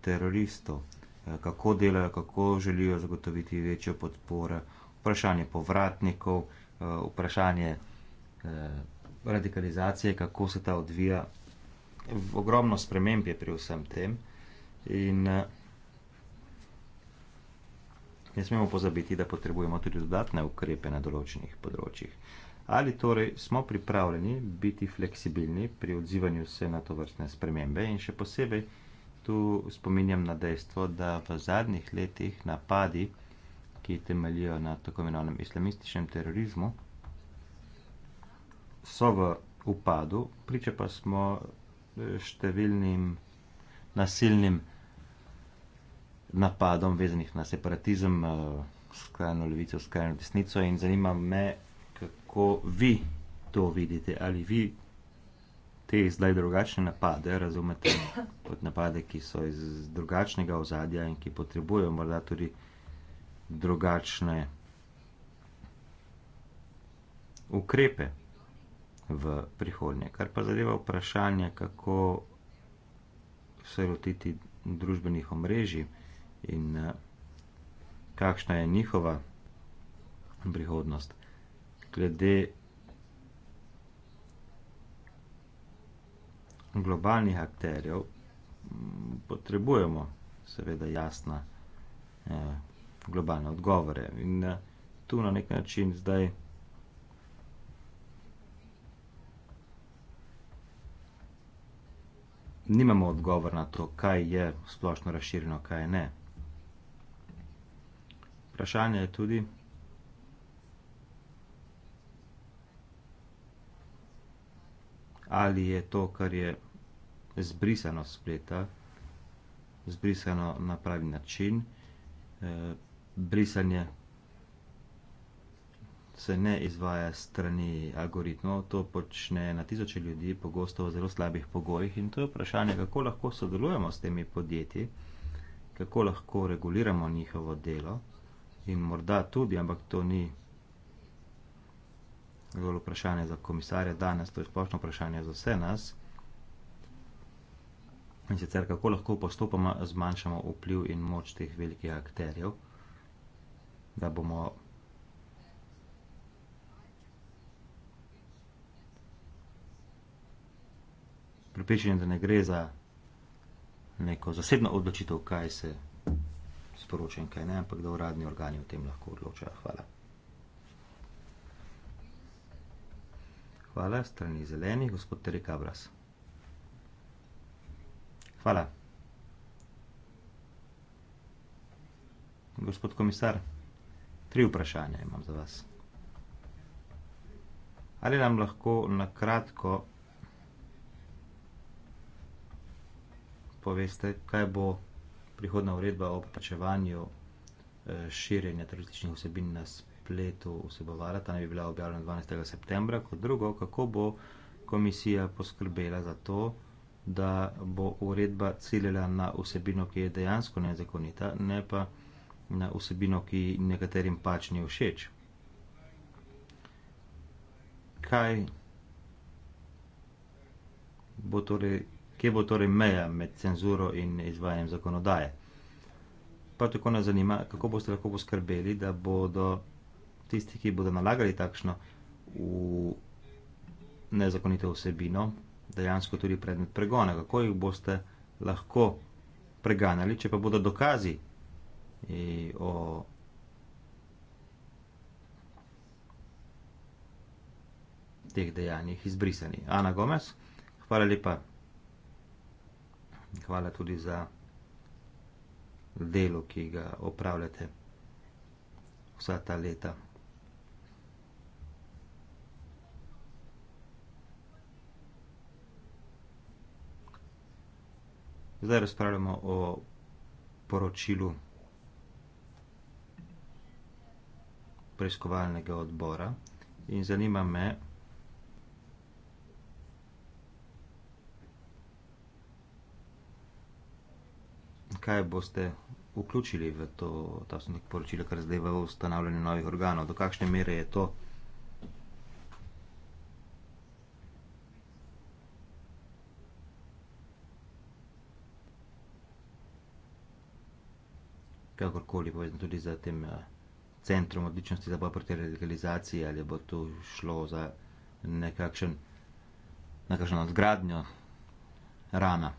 teroristov. Eh, kako delajo, kako želijo zagotoviti večjo podporo, vprašanje povratnikov, eh, vprašanje eh, radikalizacije, kako se ta odvija. Ogromno sprememb je pri vsem tem in ne smemo pozabiti, da potrebujemo tudi dodatne ukrepe na določenih področjih. Ali torej smo pripravljeni biti fleksibilni pri odzivanju vse na to vrstne spremembe in še posebej tu spominjam na dejstvo, da v zadnjih letih napadi, ki temeljijo na tako imenovanem islamističnem terorizmu, so v upadu, priča pa smo e, številnim nasilnim napadom vezanih na separatizem, e, skrajno levico, skrajno desnico in zanima me, kako vi to vidite, ali vi te zdaj drugačne napade, razumete, kot napade, ki so iz drugačnega ozadja in ki potrebujejo morda tudi drugačne ukrepe v prihodnje. Kar pa zadeva vprašanje, kako se lotiti družbenih omrežij in eh, kakšna je njihova prihodnost. Glede globalnih akterjev potrebujemo seveda jasna eh, globalna odgovore. In eh, tu na nek način zdaj nimamo odgovor na to, kaj je splošno razširjeno, kaj ne. Vprašanje je tudi, ali je to, kar je zbrisano spleta, zbrisano na pravi način. E, brisanje se ne izvaja strani algoritmov, to počne na tisoče ljudi, pogosto v zelo slabih pogojih in to je vprašanje, kako lahko sodelujemo s temi podjetji, kako lahko reguliramo njihovo delo in morda tudi, ampak to ni zgolj vprašanje za komisarja danes, to je splošno vprašanje za vse nas. In sicer, kako lahko postopoma zmanjšamo vpliv in moč teh velikih akterjev, da bomo pripričani, da ne gre za neko zasebno odločitev, kaj se sporoča in kaj ne, ampak da uradni organi o tem lahko odločajo. Hvala. Hvala, strani zeleni, gospod Terek Abras. Hvala. Gospod komisar, tri vprašanja imam za vas. Ali nam lahko nakratko poveste, kaj bo prihodna uredba o plačevanju eh, širjenja terorističnih vsebin na spet? spletu vsebovala, ta naj bi bila objavljena 12. septembra, kot drugo, kako bo komisija poskrbela za to, da bo uredba ciljala na vsebino, ki je dejansko nezakonita, ne pa na vsebino, ki nekaterim pač ni všeč. Kaj bo torej, kje bo torej meja med cenzuro in izvajanjem zakonodaje? Pa tako nas zanima, kako boste lahko poskrbeli, da bodo tisti, ki bodo nalagali takšno nezakonito vsebino, dejansko tudi predmet pregona. Kako jih boste lahko preganjali, če pa bodo dokazi e, o teh dejanjih izbrisani. Ana Gomez, hvala lepa. Hvala tudi za delo, ki ga opravljate vsa ta leta. Zdaj razpravljamo o poročilu preiskovalnega odbora in zanima me, kaj boste vključili v to, ta osnutek poročila, kar zadeva ustanavljanje novih organov. Do kakšne mere je to kakorkoli povezan tudi z tem uh, centrom odličnosti za boj proti radikalizaciji, ali bo to šlo za nekakšen, nekakšen odgradnjo rana.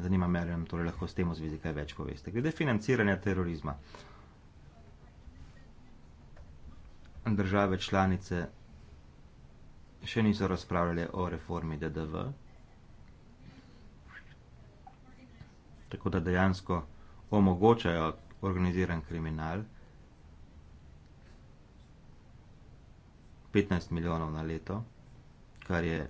Zanima me, ali nam torej lahko s tem v zvezi kaj več poveste. Glede financiranja terorizma. Države članice še niso razpravljale o reformi DDV, tako da dejansko omogočajo organiziran kriminal. 15 milijonov na leto, kar je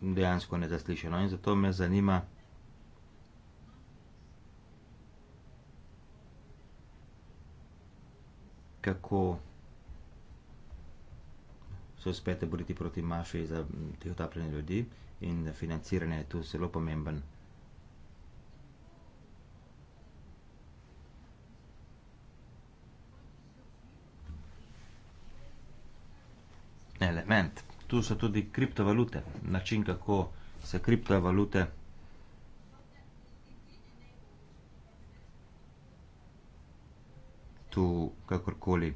dejansko nezaslišeno. In zato me zanima, kako se uspete boriti proti maši za teh utapljenih ljudi in financiranje je tu zelo pomemben. Element. Tu so tudi kriptovalute, način kako se kriptovalute tu kakorkoli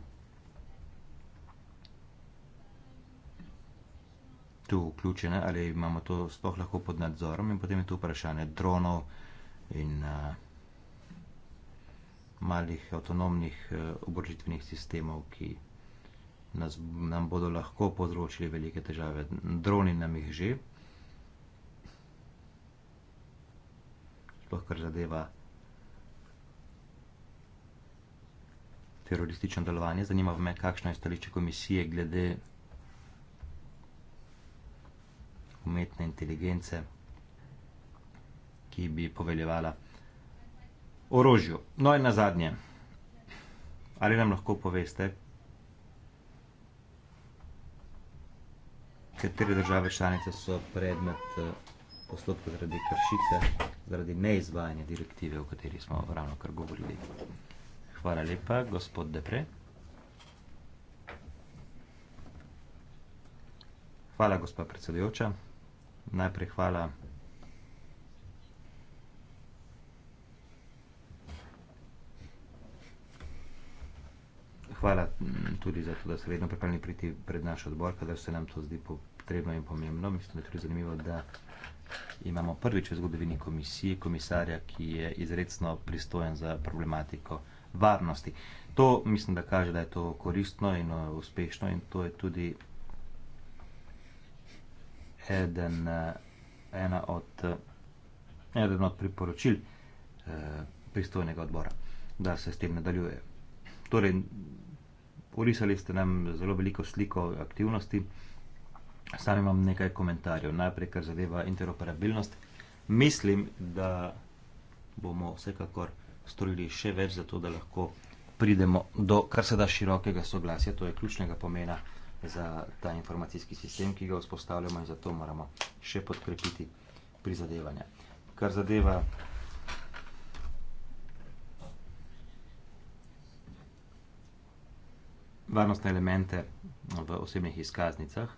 tu vključene, ali imamo to sploh lahko pod nadzorom, in potem je tu vprašanje dronov in uh, malih avtonomnih uh, oborožitvenih sistemov, ki nas, nam bodo lahko povzročili velike težave. Droni nam jih že, sploh kar zadeva. Teroristično delovanje. Zanima me, kakšno je stališče komisije glede umetne inteligence, ki bi poveljevala orožju. No in na zadnje, ali nam lahko poveste, katere države članice so predmet eh, postopka zaradi kršice, zaradi neizvajanja direktive, o kateri smo ravno kar govorili. Hvala lepa, gospod Depre. Hvala, gospod predsedujoča. Najprej hvala. Hvala mm, tudi za to, da ste vedno pripravljeni priti pred naš odbor, kadar se nam to zdi potrebno in pomembno. Mislim, da je tudi zanimivo, da imamo prvič v zgodovini komisije komisarja, ki je izredno pristojen za problematiko varnosti. To mislim, da kaže, da je to koristno in uh, uspešno in to je tudi eden, eh, ena od, eh, eden od priporočil eh, pristojnega odbora, da se s tem nadaljuje. Torej, porisali ste nam zelo veliko sliko aktivnosti. Sam imam nekaj komentarjev. Najprej, kar zadeva interoperabilnost. Mislim, da bomo vsekakor storili še več za to, da lahko pridemo do kar se da širokega soglasja, to je ključnega pomena za ta informacijski sistem, ki ga vzpostavljamo in zato moramo še podkrepiti prizadevanja. Kar zadeva varnostne elemente v osebnih izkaznicah,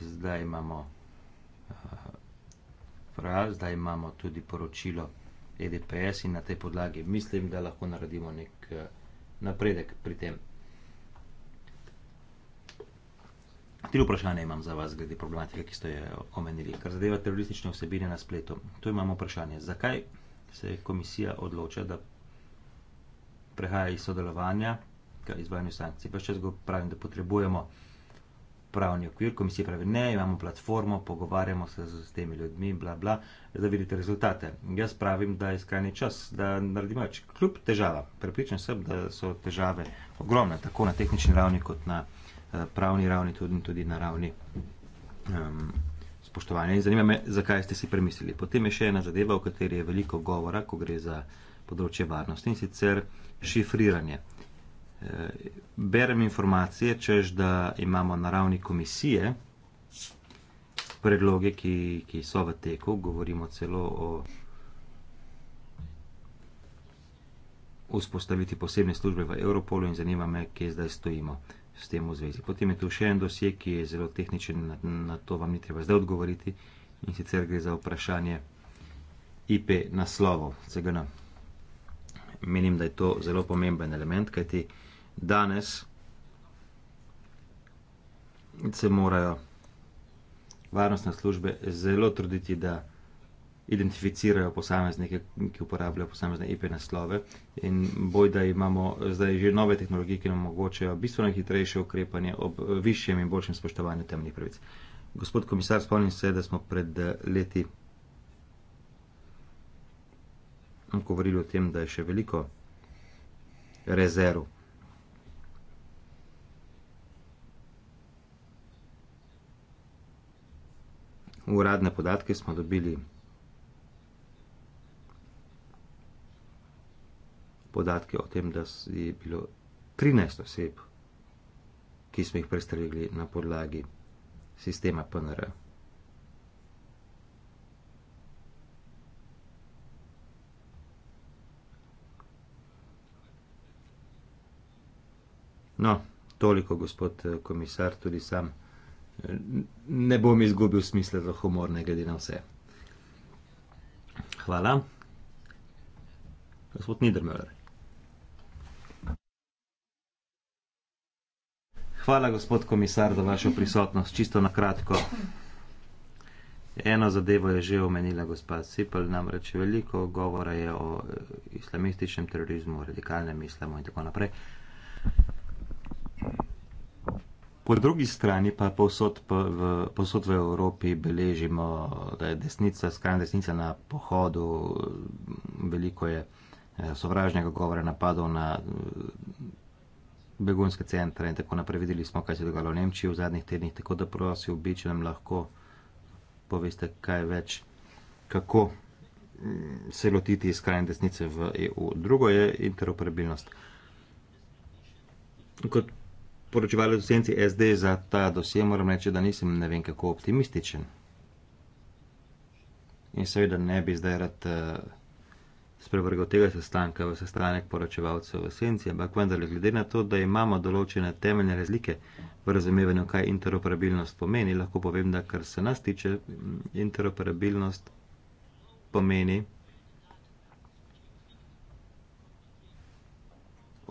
zdaj imamo eh, zdaj imamo tudi poročilo EDPS in na tej podlagi mislim, da lahko naredimo nek eh, napredek pri tem. tri vprašanja imam za vas, glede problematike, ki ste jo omenili. Kar zadeva teroristične vsebine na spletu. Tu imamo vprašanje, zakaj se komisija odloča, da prehaja iz sodelovanja k izvajanju sankcij. Pa še zgolj pravim, da potrebujemo pravni okvir, komisija pravi ne, imamo platformo, pogovarjamo se z, z temi ljudmi, bla, bla, da vidite rezultate. Jaz pravim, da je skrajni čas, da naredimo več. Kljub težava, prepričan sem, da so težave ogromne, tako na tehnični ravni kot na. Eh, pravni ravni, tudi, tudi na ravni um, spoštovanja. In zanima me, zakaj ste si premislili. Potem je še ena zadeva, o kateri je veliko govora, ko gre za področje varnosti in sicer šifriranje. E, berem informacije, čež da imamo na ravni komisije predloge, ki, ki so v teku, govorimo celo o. Vzpostaviti posebne službe v Evropolu in zanima me, kje zdaj stojimo s tem v zvezi. Potem je tu še en dosje, ki je zelo tehničen, na, na to vam ni treba zdaj odgovoriti in sicer gre za vprašanje IP naslovov CGN. Menim, da je to zelo pomemben element, kajti danes se morajo varnostne službe zelo truditi, da identificirajo posameznike, ki uporabljajo posamezne IP naslove in boj, da imamo zdaj že nove tehnologije, ki nam omogočajo bistveno hitrejše ukrepanje ob višjem in boljšem spoštovanju temnih pravic. Gospod komisar, spomnim se, da smo pred eh, leti govorili o tem, da je še veliko rezerv. Uradne podatke smo dobili podatke o tem, da je bilo 13 oseb, ki smo jih prestregli na podlagi sistema PNR. No, toliko, gospod eh, komisar, tudi sam eh, ne bom izgubil smisla za humor, ne glede na vse. Hvala. Gospod Niedermüller. Hvala, gospod komisar, za vašo prisotnost. Čisto na kratko. Eno zadevo je že omenila gospa Cipel, namreč veliko govora je o eh, islamističnem terorizmu, radikalnem islamu in tako naprej. Po drugi strani pa posod, v, posod v Evropi beležimo, da je desnica, skrajna desnica na pohodu, veliko je eh, sovražnega govora, napadov na begunske centre in tako naprej. Videli smo, kaj se je dogajalo v Nemčiji v zadnjih tednih, tako da prosim, bi če nam lahko poveste kaj več, kako mm, se lotiti skrajne desnice v EU. Drugo je interoperabilnost. Kot poročevali v senci SD za ta dosje, moram reči, da nisem ne vem kako optimističen. In seveda ne bi zdaj rad uh, spremenil tega sestanka v sestanek poročevalcev v senci, ampak vendar, glede na to, da imamo določene temeljne razlike v razumevanju, kaj interoperabilnost pomeni, lahko povem, da kar se nas tiče, interoperabilnost pomeni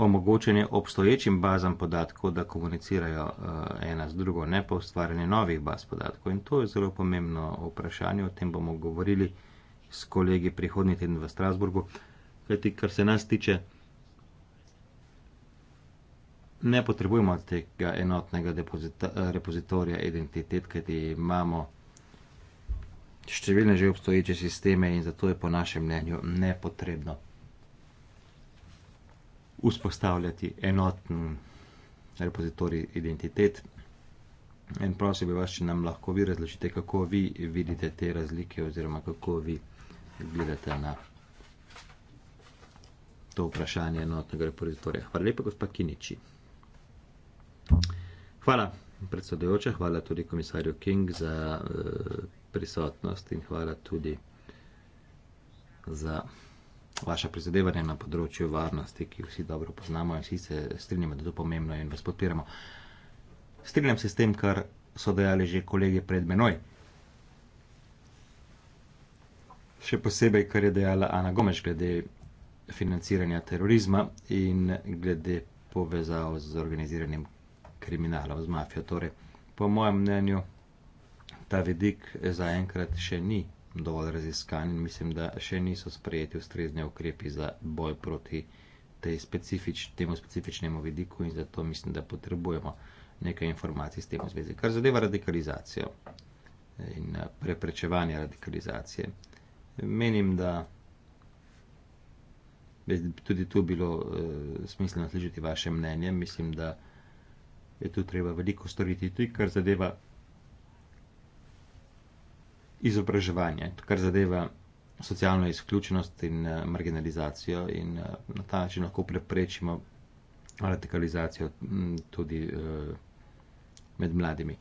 omogočanje obstoječim bazam podatkov, da komunicirajo eh, ena z drugo, ne pa ustvarjanje novih baz podatkov. In to je zelo pomembno vprašanje, o tem bomo govorili s kolegi prihodnji teden v Strasburgu. Kajti, kar se nas tiče, ne potrebujemo tega enotnega repozitorija identitet, kajti imamo številne že obstoječe sisteme in zato je po našem mnenju nepotrebno vzpostavljati enoten repozitorij identitet. In prosim bi vas, če nam lahko vi razložite, kako vi vidite te razlike oziroma kako vi odbirate na to vprašanje enotnega repozitorija. Hvala lepa, gospod Kiniči. Hvala, predsedujoča, hvala tudi komisarju King za uh, prisotnost in hvala tudi za vaša prizadevanja na področju varnosti, ki vsi dobro poznamo in vsi se strinjamo, da je to pomembno in vas podpiramo. Strinjam se s tem, kar so dejali že kolegi pred menoj. še posebej, kar je dejala Ana Gomeš glede financiranja terorizma in glede povezav z organiziranim kriminalom, z mafijo. Torej, po mojem mnenju, ta vidik zaenkrat še ni dovolj raziskan in mislim, da še niso sprejeti ustrezne ukrepi za boj proti specifič, temu specifičnemu vidiku in zato mislim, da potrebujemo nekaj informacij s tem v zvezi. Kar zadeva radikalizacijo in eh, preprečevanje radikalizacije menim, da bi tudi tu bilo uh, smiselno slišati vaše mnenje. Mislim, da je tu treba veliko storiti, tudi kar zadeva izobraževanje, kar zadeva socialno izključenost in uh, marginalizacijo in uh, na ta način lahko preprečimo radikalizacijo mm, tudi uh, med mladimi.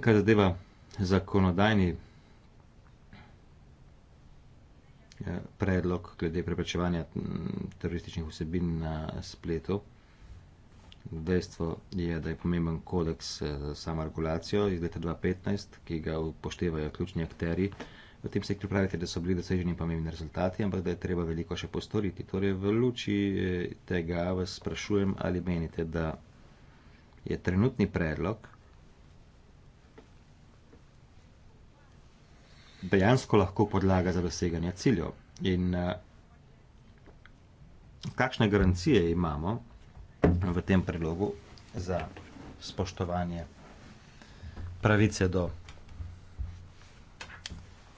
Kar zadeva zakonodajni. Eh, predlog glede preprečevanja terorističnih vsebin na spletu. Dejstvo je, da je pomemben kodeks eh, za samoregulacijo iz leta 2015, ki ga upoštevajo ključni akteri. V tem sektorju pravite, da so bili doseženi pomembni rezultati, ampak da je treba veliko še postoriti. Torej, v luči eh, tega vas sprašujem, ali menite, da je trenutni predlog dejansko lahko podlaga za doseganje ciljev. In eh, kakšne garancije imamo v tem predlogu za spoštovanje pravice do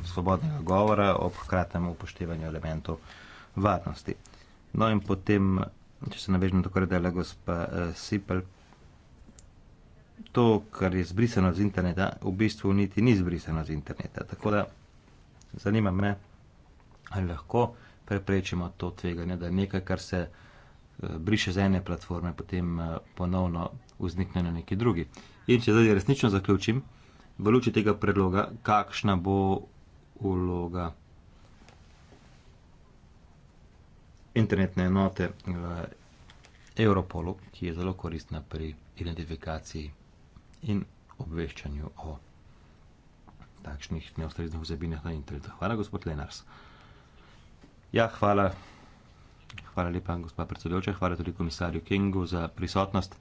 svobodnega govora ob hkratnem upoštevanju elementov varnosti. No in potem, če se navežem tako redela gospa eh, Sipel, to, kar je zbrisano z interneta, v bistvu niti ni zbrisano z interneta. Tako da zanima me, ali lahko preprečimo to tveganje, da nekaj, kar se eh, briše z ene platforme, potem eh, ponovno vznikne na neki drugi. In če zdaj resnično zaključim, v luči tega predloga, kakšna bo uloga internetne enote v Europolu, ki je zelo koristna pri identifikaciji in obveščanju o takšnih neostreznih vsebinah na internetu. Hvala, gospod Lenars. Ja, hvala. Hvala lepa, gospod predsedujoča. Hvala tudi komisarju Kingu za prisotnost.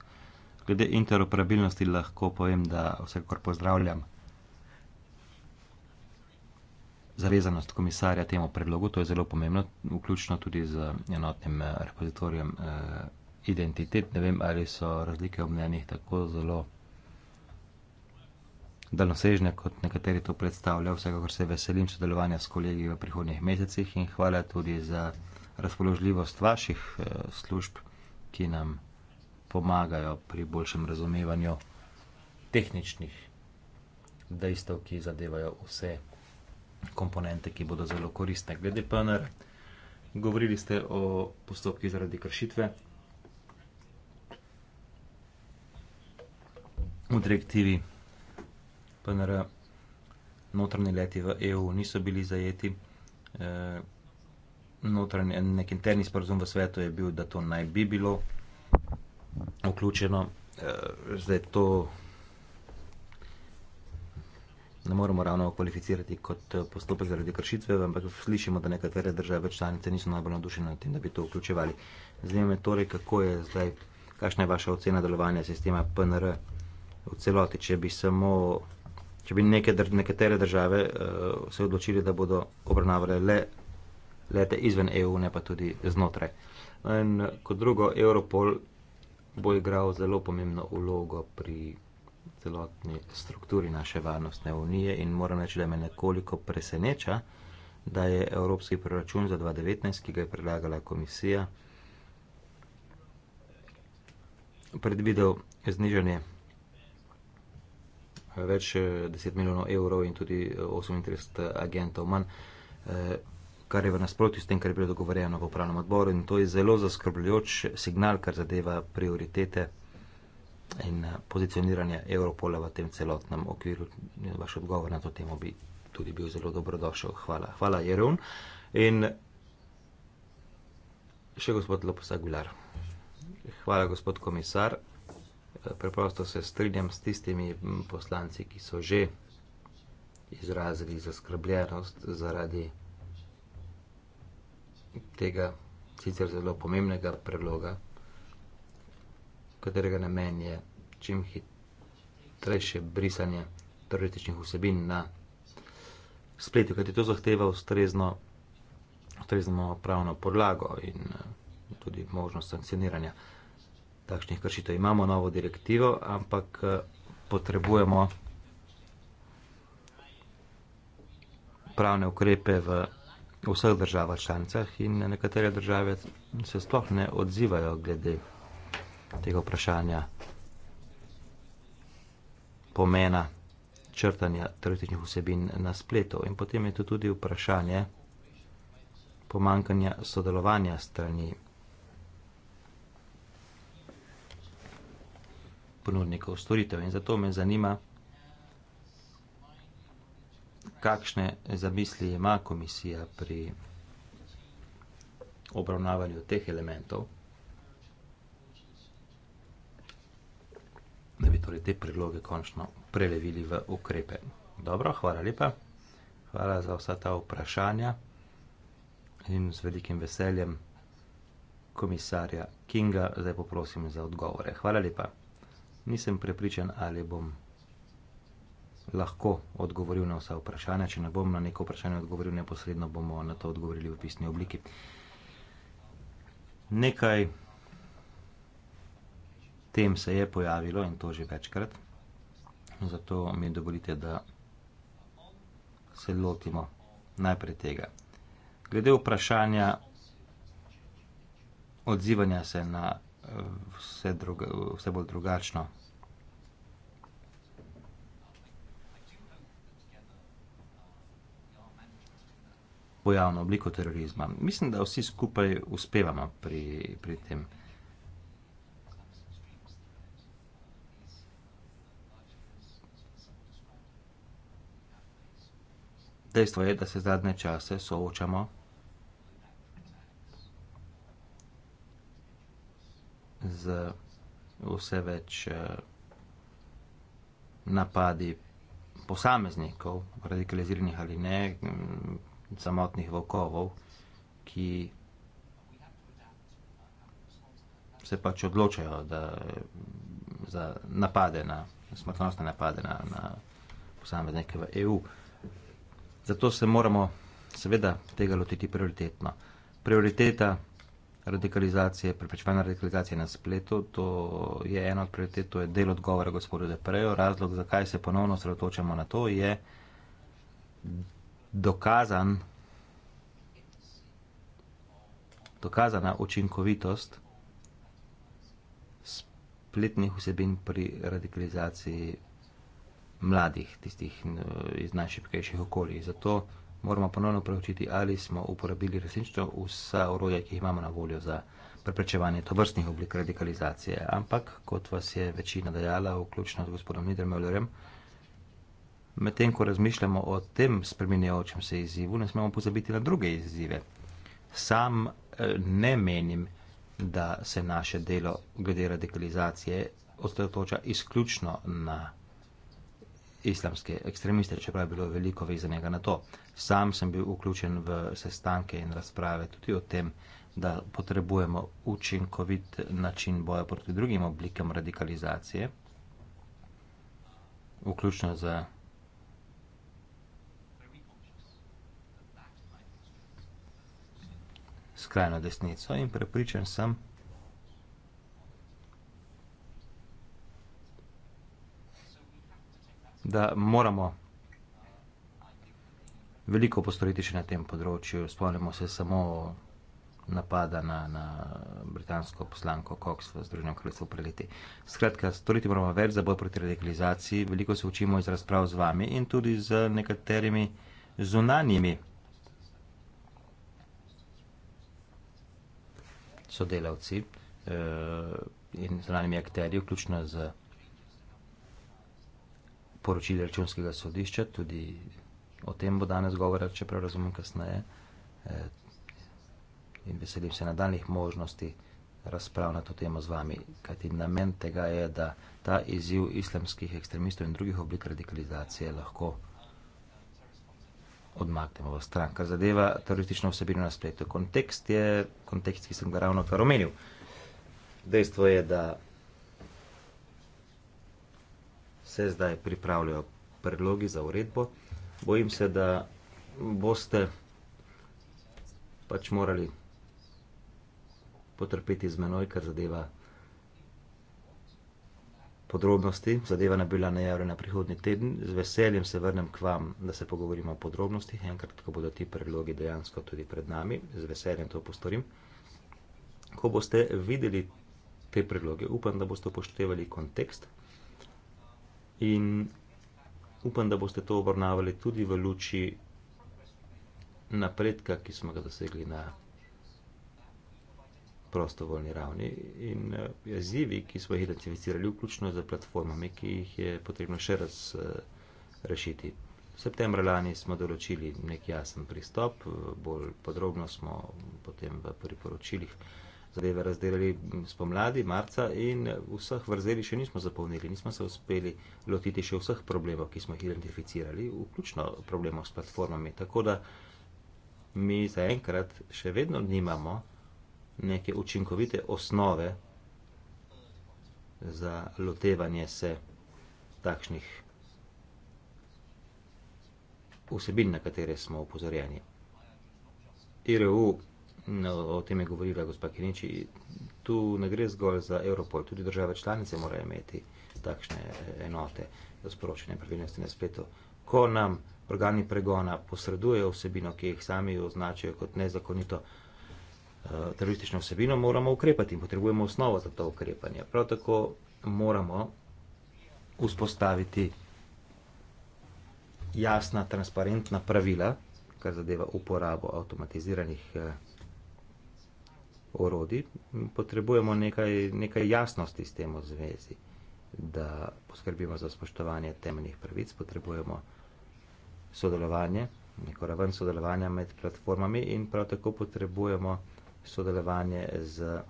Glede interoperabilnosti lahko povem, da vsekakor pozdravljam zavezanost komisarja temu predlogu. To je zelo pomembno, vključno tudi z enotnim eh, repozitorijem eh, identitet. Ne vem, ali so razlike v mnenjih tako zelo daljnosežne, kot nekateri to predstavljajo. Vsekakor se veselim sodelovanja s kolegi v prihodnjih mesecih in hvala tudi za razpoložljivost vaših eh, služb, ki nam pomagajo pri boljšem razumevanju tehničnih dejstev, ki zadevajo vse komponente, ki bodo zelo koristne. Glede PNR, govorili ste o postopki zaradi kršitve. V direktivi PNR, notranji leti v EU niso bili zajeti. Eh, Notranje, nek interni sporozum v svetu je bil, da to naj bi bilo vključeno. Eh, zdaj to ne moramo ravno kvalificirati kot eh, postopek zaradi kršitve, ampak slišimo, da nekatere države članice niso najbolj nadušene na tem, da bi to vključevali. Zdaj me torej, kako je zdaj, kakšna je vaša ocena delovanja sistema PNR v celoti, če bi samo če bi neke, nekatere države uh, se odločili, da bodo obravnavale le lete izven EU, ne pa tudi znotraj. In kot drugo, Europol bo igral zelo pomembno vlogo pri celotni strukturi naše varnostne unije in moram reči, da me nekoliko preseneča, da je Evropski proračun za 2019, ki ga je predlagala komisija, predvidel znižanje več 10 eh, milijonov evrov in tudi 38 eh, eh, agentov manj, kar je v nasprotju s tem, kar je bilo dogovorjeno v upravnem odboru. In to je zelo zaskrbljujoč signal, kar zadeva prioritete in pozicioniranje Evropola v tem celotnem okviru. Vaš odgovor na to temo bi tudi bil zelo dobrodošel. Hvala. Hvala, Jerun. In še gospod Loposagular. Hvala, gospod komisar preprosto se strinjam s tistimi poslanci, ki so že izrazili zaskrbljenost zaradi tega sicer zelo pomembnega predloga, katerega namen je čim hitrejše brisanje terorističnih vsebin na spletu, kajti to zahteva ustrezno, ustrezno pravno podlago in eh, tudi možnost sankcioniranja takšnih kršitev. Imamo novo direktivo, ampak eh, potrebujemo pravne ukrepe v vseh državah članicah in nekatere države se sploh ne odzivajo glede tega vprašanja pomena črtanja terorističnih vsebin na spletu. In potem je to tudi vprašanje pomankanja sodelovanja strani ponudnikov storitev. In zato me zanima, kakšne zamisli ima komisija pri obravnavanju teh elementov, da bi torej te predloge končno prelevili v ukrepe. Dobro, hvala lepa. Hvala za vsa ta vprašanja in z velikim veseljem komisarja Kinga zdaj poprosim za odgovore. Hvala lepa. Nisem prepričan, ali bom lahko odgovoril na vsa vprašanja. Če ne bom na neko vprašanje odgovoril neposredno, bomo na to odgovorili v pisni obliki. Nekaj tem se je pojavilo in to že večkrat, zato mi dovolite, da se lotimo najprej tega. Glede vprašanja odzivanja se na eh, vse, druge, vse bolj drugačno pojavno obliko terorizma. Mislim, da vsi skupaj uspevamo pri, pri tem. Dejstvo je, da se zadnje čase soočamo z vse več eh, napadi posameznikov, radikaliziranih ali ne, samotnih volkovov, ki se pač odločajo da, za napade na, smrtonosne napade na, na posameznike v EU. Zato se moramo seveda tega lotiti prioritetno. Prioriteta radikalizacije, preprečevanja radikalizacije na spletu, to je ena od prioritet, to je del odgovora gospodu Deprejo. Razlog, zakaj se ponovno sredotočamo na to, je dokazan, dokazana učinkovitost spletnih vsebin pri radikalizaciji mladih, tistih iz najšipkejših okolij. Zato moramo ponovno preučiti, ali smo uporabili resnično vsa orodja, ki jih imamo na voljo za preprečevanje tovrstnih oblik radikalizacije. Ampak, kot vas je večina dejala, vključno z gospodom Nidermöllerjem, Medtem ko razmišljamo o tem spremenjajočem se izzivu, ne smemo pozabiti na druge izzive. Sam eh, ne menim, da se naše delo glede radikalizacije osredotoča izključno na islamske ekstremiste, čeprav je bilo veliko vezanega na to. Sam sem bil vključen v sestanke in razprave tudi o tem, da potrebujemo učinkovit način boja proti drugim oblikam radikalizacije, vključno za skrajno desnico in prepričan sem, da moramo veliko postoriti še na tem področju. Spomnimo se samo napada na, na britansko poslanko Cox v Združenem kraljestvu preleti. Skratka, storiti moramo več za boj proti radikalizaciji, veliko se učimo iz razprav z vami in tudi z nekaterimi zunanjimi. sodelavci uh, in zranjimi akterji, vključno z poročili računskega sodišča, tudi o tem bo danes govora, če prav razumem kasneje, uh, in veselim se nadaljnih možnosti razprav na to temo z vami, kajti namen tega je, da ta izziv islamskih ekstremistov in drugih oblik radikalizacije lahko odmaknemo v stran, kar zadeva teroristično vsebino na spletu. Kontekst je kontekst, ki sem ga ravno kar omenil. Dejstvo je, da se zdaj pripravljajo predlogi za uredbo. Bojim se, da boste pač morali potrpeti z menoj, kar zadeva podrobnosti. Zadeva ne bila najavljena prihodnji teden. Z veseljem se vrnem k vam, da se pogovorimo o podrobnostih, enkrat, ko bodo ti predlogi dejansko tudi pred nami. Z veseljem to postorim. Ko boste videli te predloge, upam, da boste upoštevali kontekst in upam, da boste to obravnavali tudi v luči napredka, ki smo ga dosegli na prostovoljni ravni in eh, izzivi, ki smo jih identificirali, vključno z platformami, ki jih je potrebno še raz rešiti. V septembru lani smo določili nek jasen pristop, bolj podrobno smo potem v priporočilih zadeve razdelili spomladi, marca in vseh vrzeli še nismo zapolnili, nismo se uspeli lotiti še vseh problemov, ki smo jih identificirali, vključno problemov s platformami. Tako da mi zaenkrat še vedno nimamo neke učinkovite osnove za lotevanje se takšnih vsebin, na katere smo upozorjeni. IRU, no, o tem je govorila gospa Kiniči, tu ne gre zgolj za Europol, tudi države članice morajo imeti takšne eh, enote za sporočanje pravilnosti na spletu. Ko nam organi pregona posredujejo vsebino, ki jih sami označijo kot nezakonito, Eh, teroristično vsebino, moramo ukrepati in potrebujemo osnovo za to ukrepanje. Prav tako moramo vzpostaviti jasna, transparentna pravila, kar zadeva uporabo avtomatiziranih eh, orodi. Potrebujemo nekaj, nekaj jasnosti s tem v zvezi, da poskrbimo za spoštovanje temeljnih pravic, potrebujemo sodelovanje, neko raven sodelovanja med platformami in prav tako potrebujemo sodelovanje z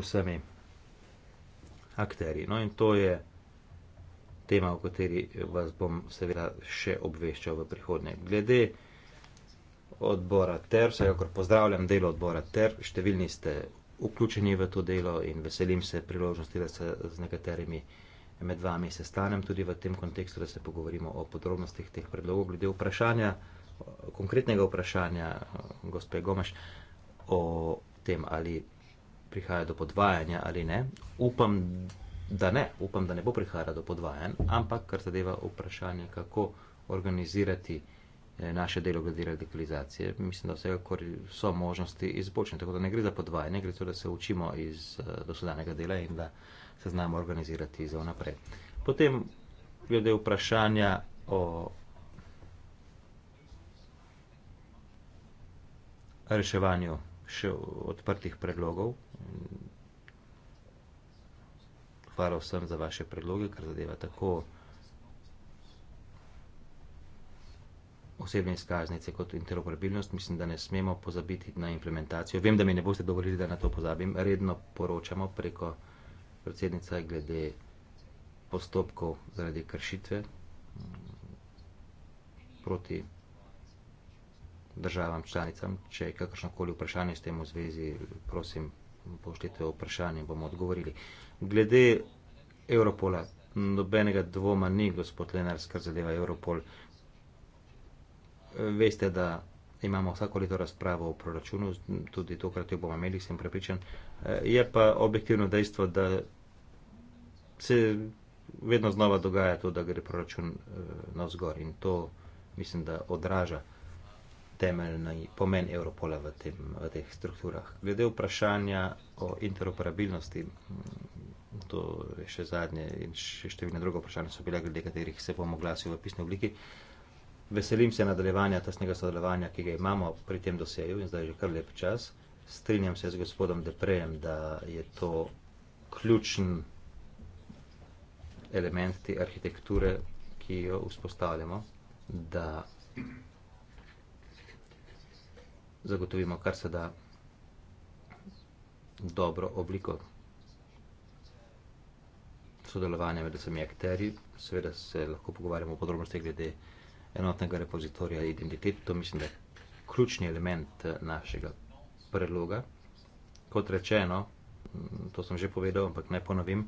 vsemi akterji. No in to je tema, o kateri vas bom seveda še obveščal v prihodnje. Glede odbora TER, vsekakor pozdravljam delo odbora TER, številni ste vključeni v to delo in veselim se priložnosti, da se z nekaterimi vsemi med vami sestanem tudi v tem kontekstu, da se pogovorimo o podrobnostih teh predlogov, glede vprašanja, konkretnega vprašanja gospe Gomaš o tem, ali prihaja do podvajanja ali ne. Upam, da ne, upam, da ne bo prihajala do podvajanja, ampak kar zadeva vprašanje, kako organizirati eh, naše delo glede radikalizacije, mislim, da vsekakor so možnosti izboljšanja. Tako da ne gre za podvajanje, gre za to, da se učimo iz eh, dosedanjega dela in da se znamo organizirati za naprej. Potem glede vprašanja o reševanju še odprtih predlogov. Hvala vsem za vaše predloge, kar zadeva tako osebne izkaznice kot interoperabilnost. Mislim, da ne smemo pozabiti na implementacijo. Vem, da mi ne boste dovolili, da na to pozabim. Redno poročamo preko predsednica glede postopkov zaradi kršitve proti državam članicam. Če je kakršnokoli vprašanje s tem v zvezi, prosim, pošljite vprašanje in bomo odgovorili. Glede Europola, nobenega dvoma ni, gospod Lenar, skrzadeva Europol. Veste, da imamo vsako leto razpravo o proračunu, tudi tokrat jo bomo imeli, sem prepričan. Eh, je pa objektivno dejstvo, da se vedno znova dogaja to, da gre proračun eh, navzgor in to mislim, da odraža temeljni pomen Evropola v, tem, v teh strukturah. Glede vprašanja o interoperabilnosti, mm, to je še zadnje in še številne druge vprašanja so bile, glede katerih se bomo glasili v pisni obliki veselim se nadaljevanja tesnega sodelovanja, ki ga imamo pri tem dosegu in zdaj že kar lep čas. Strinjam se z gospodom Deprejem, da je to ključen element te arhitekture, ki jo vzpostavljamo, da zagotovimo kar se da dobro obliko sodelovanja med vsemi akterji. Seveda se lahko pogovarjamo o podrobnostih glede tega, enotnega repozitorija identitet. To mislim, da je ključni element eh, našega predloga. Kot rečeno, mm, to sem že povedal, ampak ne ponovim,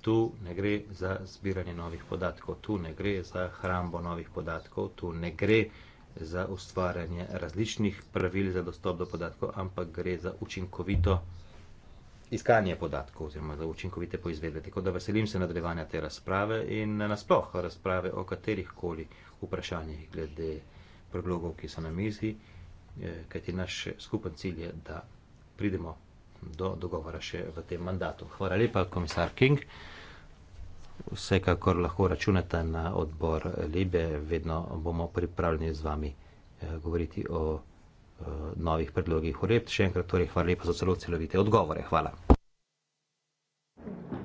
tu ne gre za zbiranje novih podatkov, tu ne gre za hrambo novih podatkov, tu ne gre za ustvarjanje različnih pravil za dostop do podatkov, ampak gre za učinkovito iskanje podatkov oziroma za učinkovite poizvedbe. Tako da veselim se nadaljevanja te razprave in eh, nasploh razprave o katerih koli vprašanjih glede predlogov, ki so na mizi, eh, kajti naš skupen cilj je, da pridemo do dogovora še v tem mandatu. Hvala lepa, komisar King. Vsekakor lahko računate na odbor Libe, vedno bomo pripravljeni z vami eh, govoriti o eh, novih predlogih ureb. Še enkrat torej hvala lepa za celo celovite odgovore. Hvala. Thank you.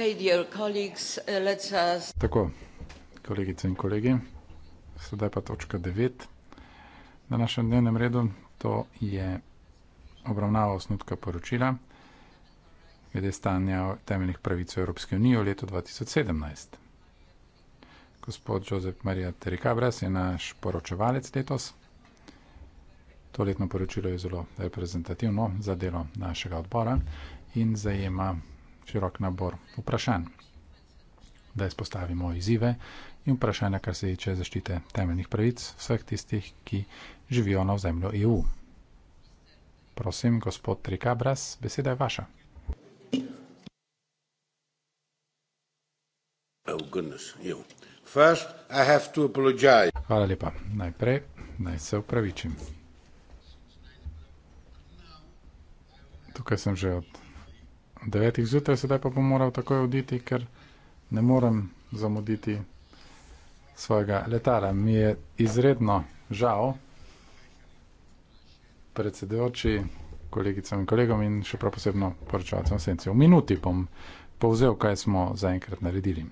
Okay, dear colleagues, uh, let's us... Uh, Tako, kolegice in kolegi, sedaj pa točka 9 na našem dnevnem redu, to je obravnava osnutka poročila glede stanja temeljnih pravic v Evropski uniji v letu 2017. Gospod Jozef Marija Terikabras je naš poročevalec letos. To letno poročilo je zelo reprezentativno za delo našega odbora in zajema širok nabor vprašanj, da izpostavimo izzive in vprašanja, kar se tiče zaščite temeljnih pravic vseh tistih, ki živijo na ozemlju EU. Prosim, gospod Trikabras, beseda je vaša. Oh, Hvala lepa. Najprej naj se upravičim. Tukaj sem že od devetih zjutraj, sedaj pa bom moral takoj oditi, ker ne morem zamuditi svojega letala. Mi je izredno žal predsedujoči kolegicam in kolegom in še prav posebno poročevalcem senci. V minuti bom povzel, kaj smo zaenkrat naredili.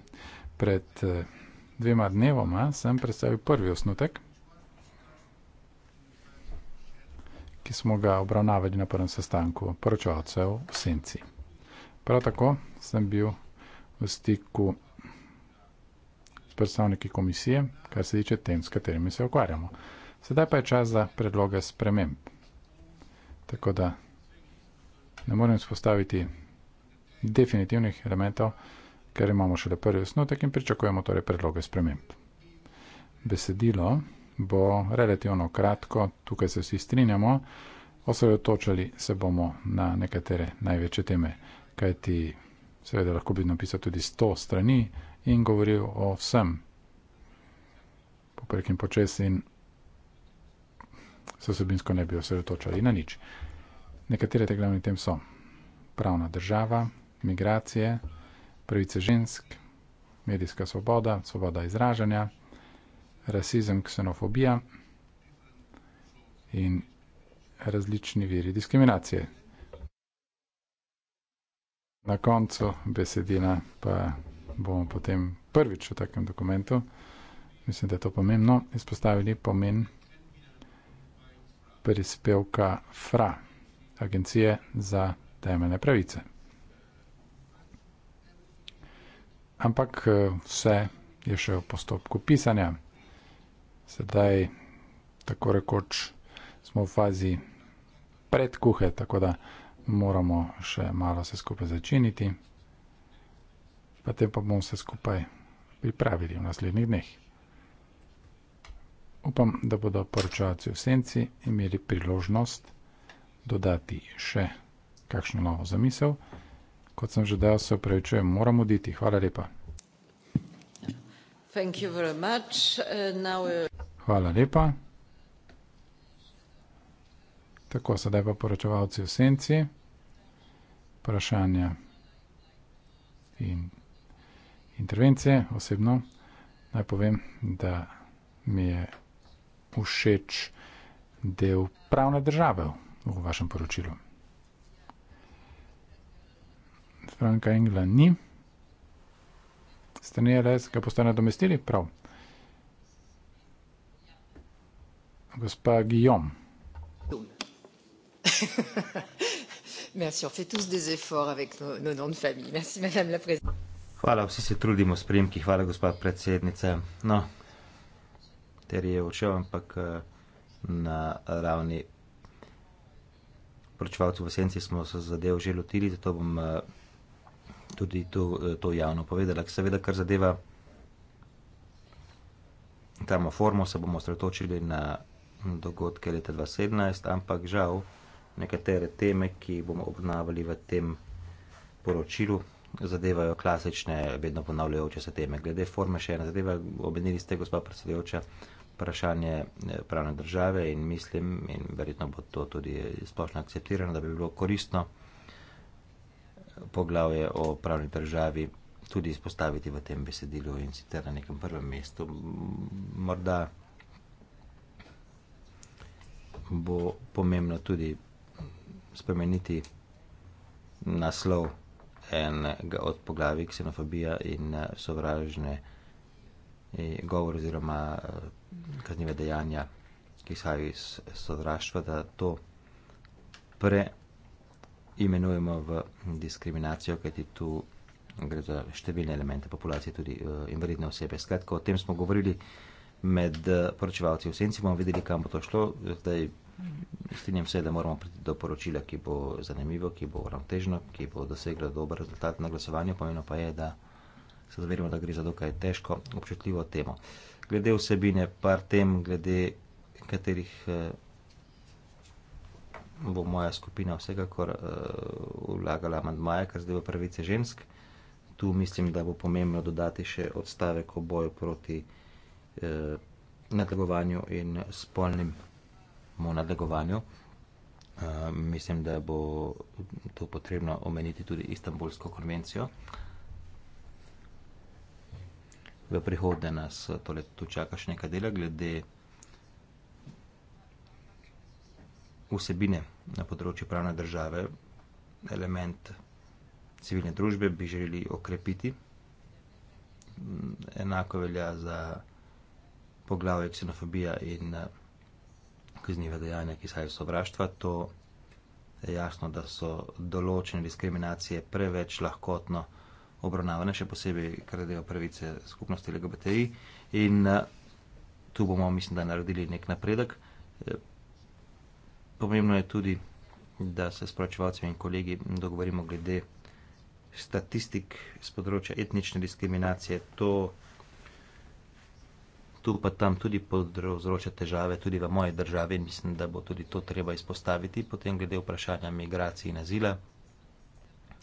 Pred eh, dvema dnevoma sem predstavil prvi osnutek, ki smo ga obravnavali na prvem sestanku poročevalcev v senci. Prav tako sem bil v stiku s predstavniki komisije, kar se tiče tem, s katerimi se ukvarjamo. Sedaj pa je čas za predloge sprememb. Tako da ne morem spostaviti definitivnih elementov, ker imamo šele prvi osnutek in pričakujemo torej predloge sprememb. Besedilo bo relativno kratko, tukaj se vsi strinjamo, osredotočali se bomo na nekatere največje teme kajti seveda lahko bi napisal tudi sto strani in govoril o vsem, poprek in počes in se osebinsko ne bi osredotočali na nič. Nekatere te glavne tem so pravna država, migracije, pravice žensk, medijska svoboda, svoboda izražanja, rasizem, ksenofobija in različni viri diskriminacije na koncu besedila, pa bomo potem prvič v takem dokumentu, mislim, da je to pomembno, izpostavili pomen prispevka FRA, Agencije za temeljne pravice. Ampak eh, vse je še v postopku pisanja. Sedaj, tako rekoč, smo v fazi predkuhe, tako da moramo še malo se skupaj začiniti, potem pa bomo vse skupaj pripravili v naslednjih dneh. Upam, da bodo poročevalci v senci imeli priložnost dodati še kakšno novo zamisel. Kot sem že dejal, se upravičujem, moram oditi. Hvala lepa. Uh, Hvala lepa. Tako, sedaj pa poročevalci v senci vprašanja in intervencije osebno, naj povem, da mi je všeč del pravne države v vašem poročilu. Franka Engla ni. Strani LS ga boste nadomestili? Prav. Gospa Guillaume. Bien sûr, on fait tous des efforts avec nos, nos noms de famille. Merci, Madame la Présidente. Hvala, vsi se trudimo s primki, hvala, gospod predsednice. No, ter je očel, ampak eh, na ravni poročevalcev v Senci smo se zadev že lotili, zato bom eh, tudi to, eh, to javno povedala. Seveda, kar zadeva tamo formo, se bomo sredotočili na dogodke leta 2017, ampak žal nekatere teme, ki bomo obnavljali v tem poročilu, zadevajo klasične, vedno ponavljajoče se teme. Glede forme še ena zadeva, obenili ste, gospod predsedujoča, vprašanje eh, pravne države in mislim, in verjetno bo to tudi splošno akceptirano, da bi bilo koristno eh, poglavje o pravni državi tudi izpostaviti v tem besedilu in sicer na nekem prvem mestu. Morda bo pomembno tudi spremeniti naslov enega od poglavij, ksenofobija in eh, sovražne eh, govor oziroma eh, kaznive dejanja, ki izhajajo iz sovraštva, da to preimenujemo v diskriminacijo, kajti tu gre za številne elemente populacije, tudi invalidne osebe. Skratka, o tem smo govorili med poročevalci v senci, bomo videli, kam bo to šlo. Zdaj Strinjam se, da moramo priti do poročila, ki bo zanimivo, ki bo ravnotežno, ki bo doseglo dober rezultat na glasovanju. Pomembno pa je, da se zaverimo, da gre za dokaj težko, občutljivo temo. Glede vsebine, par tem, glede katerih eh, bo moja skupina vsekakor eh, vlagala amantmaja, kar zdaj bo pravice žensk. Tu mislim, da bo pomembno dodati še odstavek o boju proti eh, nadlegovanju in spolnim mu nadlegovanju. Uh, mislim, da bo tu potrebno omeniti tudi Istanbulsko konvencijo. V prihodnje nas eh, tole, tu čaka še nekaj dela, glede vsebine na področju pravne države, element civilne družbe bi želeli okrepiti. Mm, enako velja za poglavje ksenofobija in. Uh, kazniva dejanja, ki sajo sovraštva, to je jasno, da so določene diskriminacije preveč lahkotno obravnavane, še posebej, kar delajo pravice skupnosti LGBTI. In eh, tu bomo, mislim, da naredili nek napredek. Eh, pomembno je tudi, da se s pročevalcem in kolegi dogovorimo glede statistik z področja etnične diskriminacije. To je tu pa tam tudi povzroča težave, tudi v moji državi in mislim, da bo tudi to treba izpostaviti. Potem glede vprašanja migracij in azila,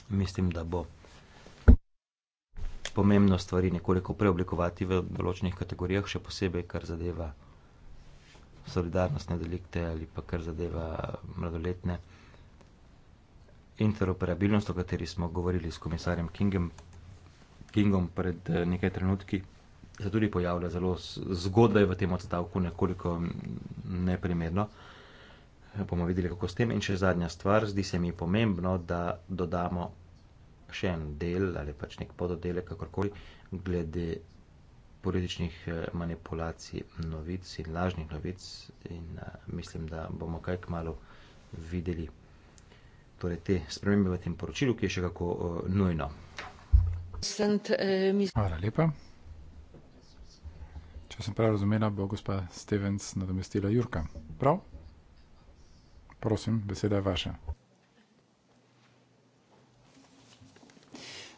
mislim, da bo pomembno stvari nekoliko preoblikovati v določenih kategorijah, še posebej, kar zadeva solidarnostne delikte ali pa kar zadeva mladoletne interoperabilnost, o kateri smo govorili s komisarjem Kingem, Kingom pred eh, nekaj trenutki se tudi pojavlja zelo zgodaj v tem odstavku, nekoliko neprimerno. Bomo videli, kako s tem. In še zadnja stvar, zdi se mi pomembno, da dodamo še en del ali pač nek pododelek, kakorkoli, glede političnih eh, manipulacij novic in lažnih novic. In uh, mislim, da bomo kaj kmalo videli torej, te spremembe v tem poročilu, ki je še kako uh, nujno. Hvala lepa. Če sem prav razumela, bo gospa Stevens nadomestila Jurka. Prav? Prosim, beseda je vaša.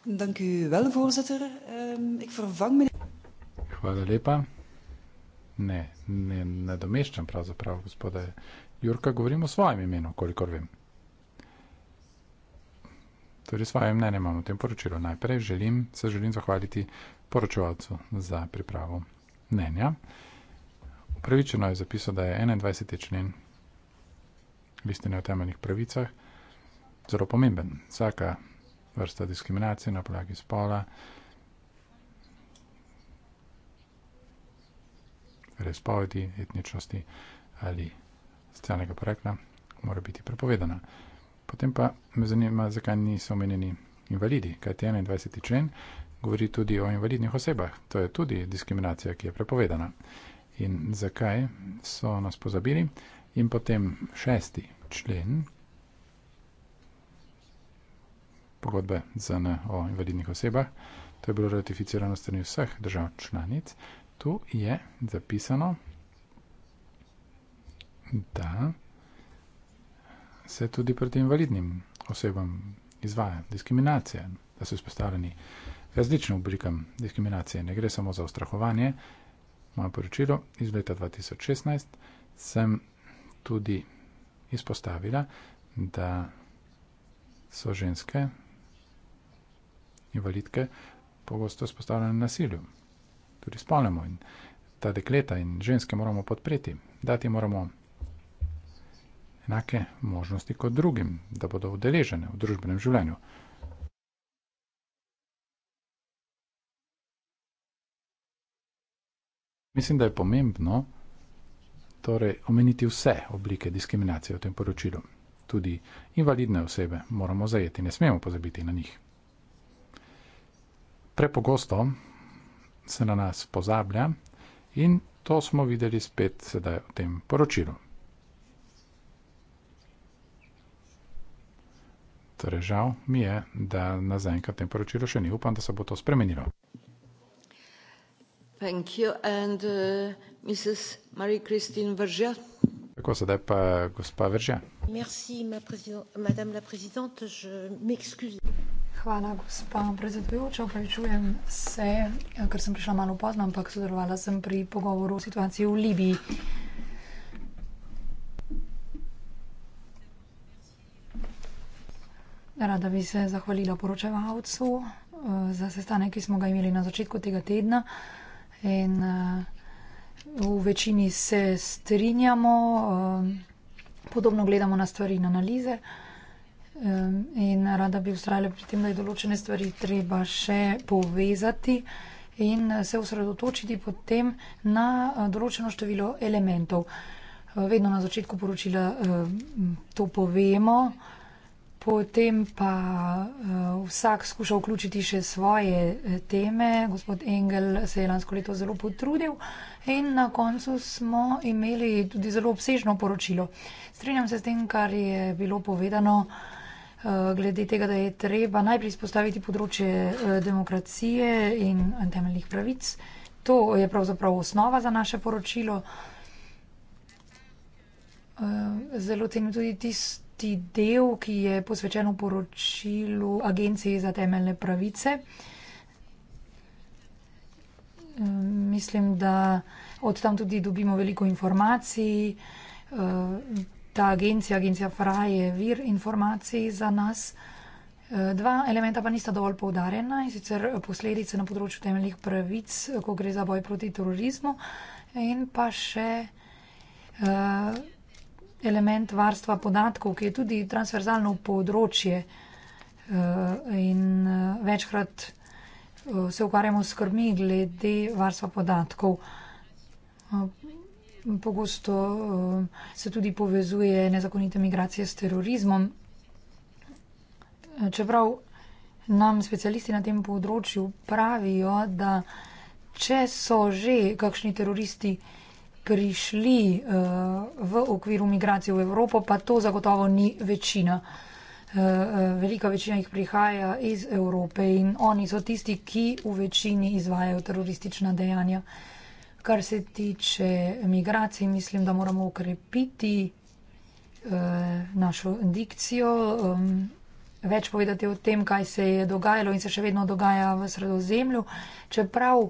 Dank u wel, voorzitter. Uh, ik vervang meneer. Hvala lepa. Ne, ne nadomeščam pravzaprav gospoda Jurka, govorim o svojem imenu, kolikor vem. Torej, svoje mnenje imamo v tem poročilu. Najprej želim, se želim zahvaliti poročevalcu za pripravo mnenja. Upravičeno je zapisal, da je 21. člen listine o temeljnih pravicah zelo pomemben. Vsaka vrsta diskriminacije na podlagi spola, razpovedi, etničnosti ali socialnega porekla mora biti prepovedana. Potem pa me zanima, zakaj niso omenjeni invalidi, kajti 21. člen govori tudi o invalidnih osebah. To je tudi diskriminacija, ki je prepovedana. In zakaj so nas pozabili? In potem šesti člen pogodbe ZN o invalidnih osebah, to je bilo ratificirano strani vseh držav članic, tu je zapisano, da se tudi proti invalidnim osebam izvaja diskriminacija, da so izpostavljeni različnim oblikam diskriminacije, ne gre samo za ustrahovanje. Moje poročilo iz leta 2016 sem tudi izpostavila, da so ženske invalidke pogosto izpostavljene nasilju, tudi spolnemu. In ta dekleta in ženske moramo podpreti, dati moramo enake možnosti kot drugim, da bodo udeležene v družbenem življenju. Mislim, da je pomembno torej, omeniti vse oblike diskriminacije v tem poročilu. Tudi invalidne osebe moramo zajeti, ne smemo pozabiti na njih. Prepogosto se na nas pozablja in to smo videli spet sedaj v tem poročilu. Torej, žal mi je, da na zaenkrat tem poročilu še ni. Upam, da se bo to spremenilo. Thank you. And uh, Mrs. Marie-Christine Verger. Tako, sedaj pa gospa Verger. Merci, ma madame la présidente. Je m'excuse. Hvala, gospa predsedujoča. Opravičujem se, ker sem prišla malo pozno, ampak sodelovala sem pri pogovoru o situaciji v Libiji. Rada bi se zahvalila poročevalcu uh, za sestanek, ki smo ga imeli na začetku tega tedna. Uh, in uh, v večini se strinjamo, um, podobno gledamo na stvari in analize. Um, in rada bi ustrajala pri tem, da je določene stvari treba še povezati in se osredotočiti potem na uh, določeno število elementov. Uh, vedno na začetku poročila uh, to povemo. Uh, Potem pa uh, vsak skuša vključiti še svoje eh, teme. Gospod Engel se je lansko leto zelo potrudil in na koncu smo imeli tudi zelo obsežno poročilo. Strinjam se s tem, kar je bilo povedano uh, glede tega, da je treba najprej spostaviti področje uh, demokracije in temeljnih pravic. To je pravzaprav osnova za naše poročilo. Uh, zelo cenim tudi tisto tretji del, ki je posvečen poročilu Agencije za temeljne pravice. Mislim, da od tam tudi dobimo veliko informacij. Ta agencija, agencija FRA je vir informacij za nas. Dva elementa pa nista dovolj poudarjena in sicer posledice na področju temeljnih pravic, ko gre za boj proti terorizmu in pa še. Eh, element varstva podatkov, ki je tudi transverzalno področje eh, in eh, večkrat eh, se ukvarjamo s skrbmi glede varstva podatkov. Pogosto se tudi povezuje nezakonite migracije s terorizmom. Čeprav nam specialisti na tem področju pravijo, da če so že kakšni teroristi prišli uh, v okviru migracije v Evropo, pa to zagotovo ni večina. Eh, eh, velika večina jih prihaja iz Evrope in oni so tisti, ki v večini izvajajo teroristična dejanja. Kar se tiče migracij, mislim, da moramo ukrepiti eh, našo dikcijo, eh, več povedati o tem, kaj se je dogajalo in se še vedno dogaja v sredozemlju. Čeprav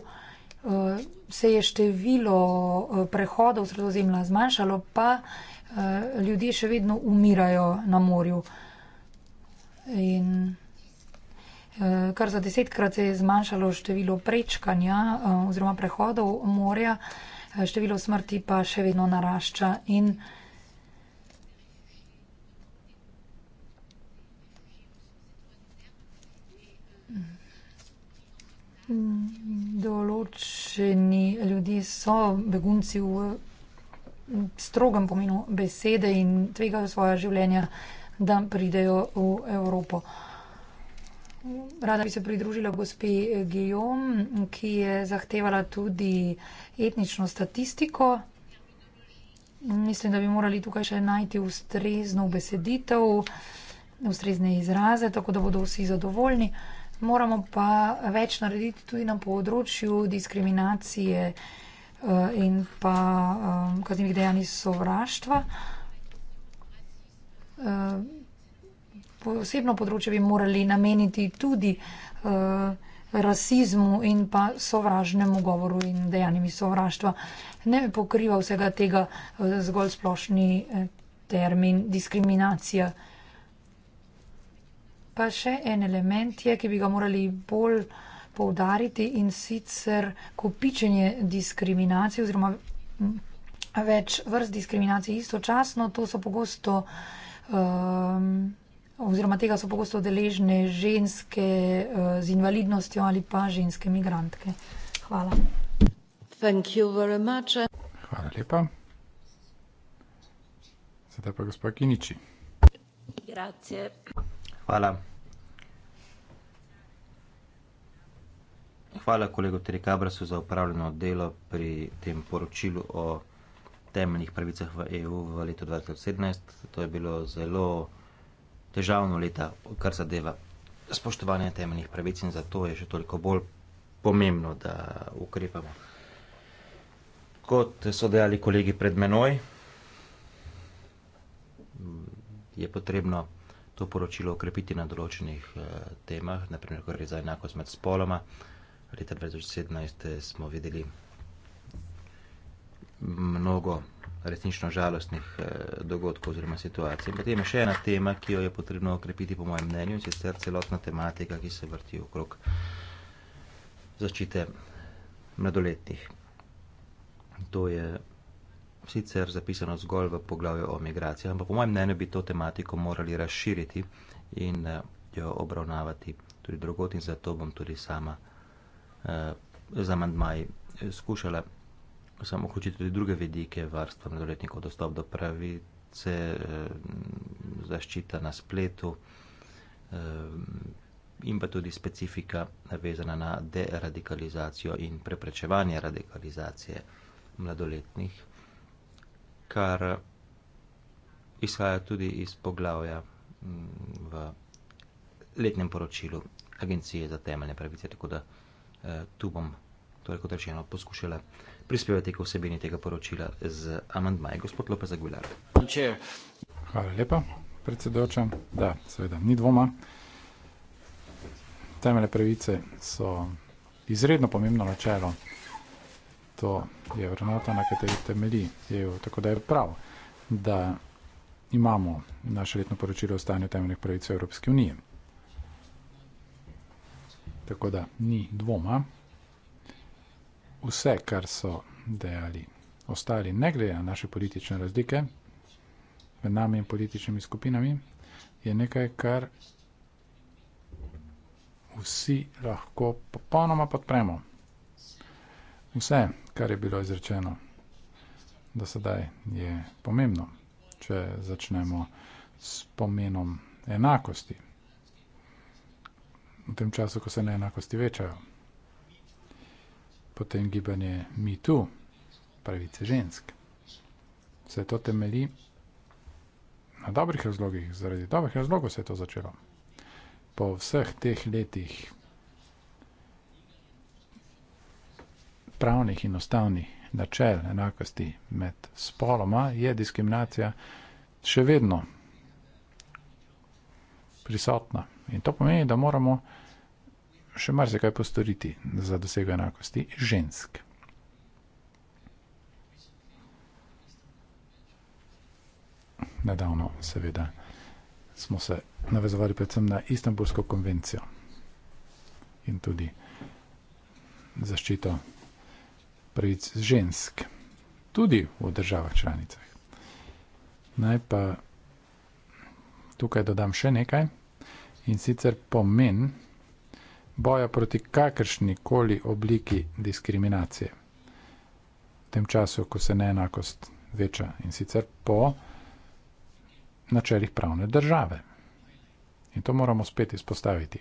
Eh, se je število eh, prehodov sredozemlja zmanjšalo, pa eh, ljudje še vedno umirajo na morju. In kar za desetkrat se je zmanjšalo število prečkanja oziroma prehodov morja, število smrti pa še vedno narašča. In Določeni ljudje so begunci v strogem pomenu besede in tvegajo svoje življenje, da pridejo v Evropo. Rada bi se pridružila gospe Gijom, ki je zahtevala tudi etnično statistiko. Mislim, da bi morali tukaj še najti ustrezno beseditev, ustrezne izraze, tako da bodo vsi zadovoljni. Moramo pa več narediti tudi na področju diskriminacije eh, in pa eh, kaznivih dejanj sovraštva. Eh, posebno področje bi morali nameniti tudi rasizmu in pa sovražnemu govoru in dejanjem sovraštva. Ne pokriva vsega tega zgolj splošni termin diskriminacija. Pa še en element je, ki bi ga morali bolj poudariti in sicer kopičenje diskriminacij oziroma mm, več vrst diskriminacij istočasno. To so pogosto. Um, oziroma tega so pogosto deležne ženske uh, z invalidnostjo ali pa ženske migrantke. Hvala. Thank you very much. Hvala lepa. Sedaj pa gospod Kiniči. Grazie. Hvala. Hvala kolegu Terikabrasu za upravljeno delo pri tem poročilu o temeljnih pravicah v EU v letu 2017. To je bilo zelo težavno leta, kar zadeva spoštovanje temeljnih pravic in zato je še toliko bolj pomembno, da ukrepamo. Kot so dejali kolegi pred menoj, je potrebno to poročilo okrepiti na določenih eh, temah, naprimer, ko gre za enakost med spoloma. Leta 2017 eh, smo videli mnogo resnično žalostnih eh, dogodkov oziroma situacij. Potem je še ena tema, ki jo je potrebno okrepiti po mojem mnenju in sicer celotna tematika, ki se vrti okrog zaščite mladoletnih. To je sicer zapisano zgolj v poglavju o migracijah, ampak po mojem mnenju bi to tematiko morali razširiti in eh, jo obravnavati tudi drugot in zato bom tudi sama eh, z amandmaji eh, skušala samo vključiti tudi druge vidike varstva mladoletnikov, dostop do pravice, zaščita na spletu in pa tudi specifika navezana na deradikalizacijo in preprečevanje radikalizacije mladoletnih kar eh, izhaja tudi iz poglavja mm, v letnem poročilu Agencije za temeljne pravice. Tako da eh, tu bom, torej kot rečeno, poskušala prispevati k osebini tega poročila z amantmaji. Gospod Lopez Aguilar. Hvala lepa, predsedoča. Da, seveda, ni dvoma. Temeljne pravice so izredno pomembno načelo to je vrednota, na kateri temelji EU. Tako da je prav, da imamo naše letno poročilo o stanju temeljnih pravic v Evropski uniji. Tako da ni dvoma. Vse, kar so dejali ostali, ne glede na naše politične razlike med nami in političnimi skupinami, je nekaj, kar vsi lahko popolnoma podpremo. Vse, kar je bilo izrečeno do sedaj, je pomembno, če začnemo s pomenom enakosti. V tem času, ko se ne enakosti večajo, potem gibanje mi tu, pravice žensk. Vse to temelji na dobrih razlogih, zaradi dobrih razlogov se je to začelo. Po vseh teh letih pravnih in ustavnih načel enakosti med spoloma je diskriminacija še vedno prisotna. In to pomeni, da moramo še marsikaj postoriti za dosego enakosti žensk. Nedavno, seveda, smo se navezovali predvsem na Istanbulsko konvencijo in tudi zaščito pravic žensk, tudi v državah članicah. Naj pa tukaj dodam še nekaj in sicer pomen boja proti kakršnikoli obliki diskriminacije v tem času, ko se neenakost veča in sicer po načelih pravne države. In to moramo spet izpostaviti,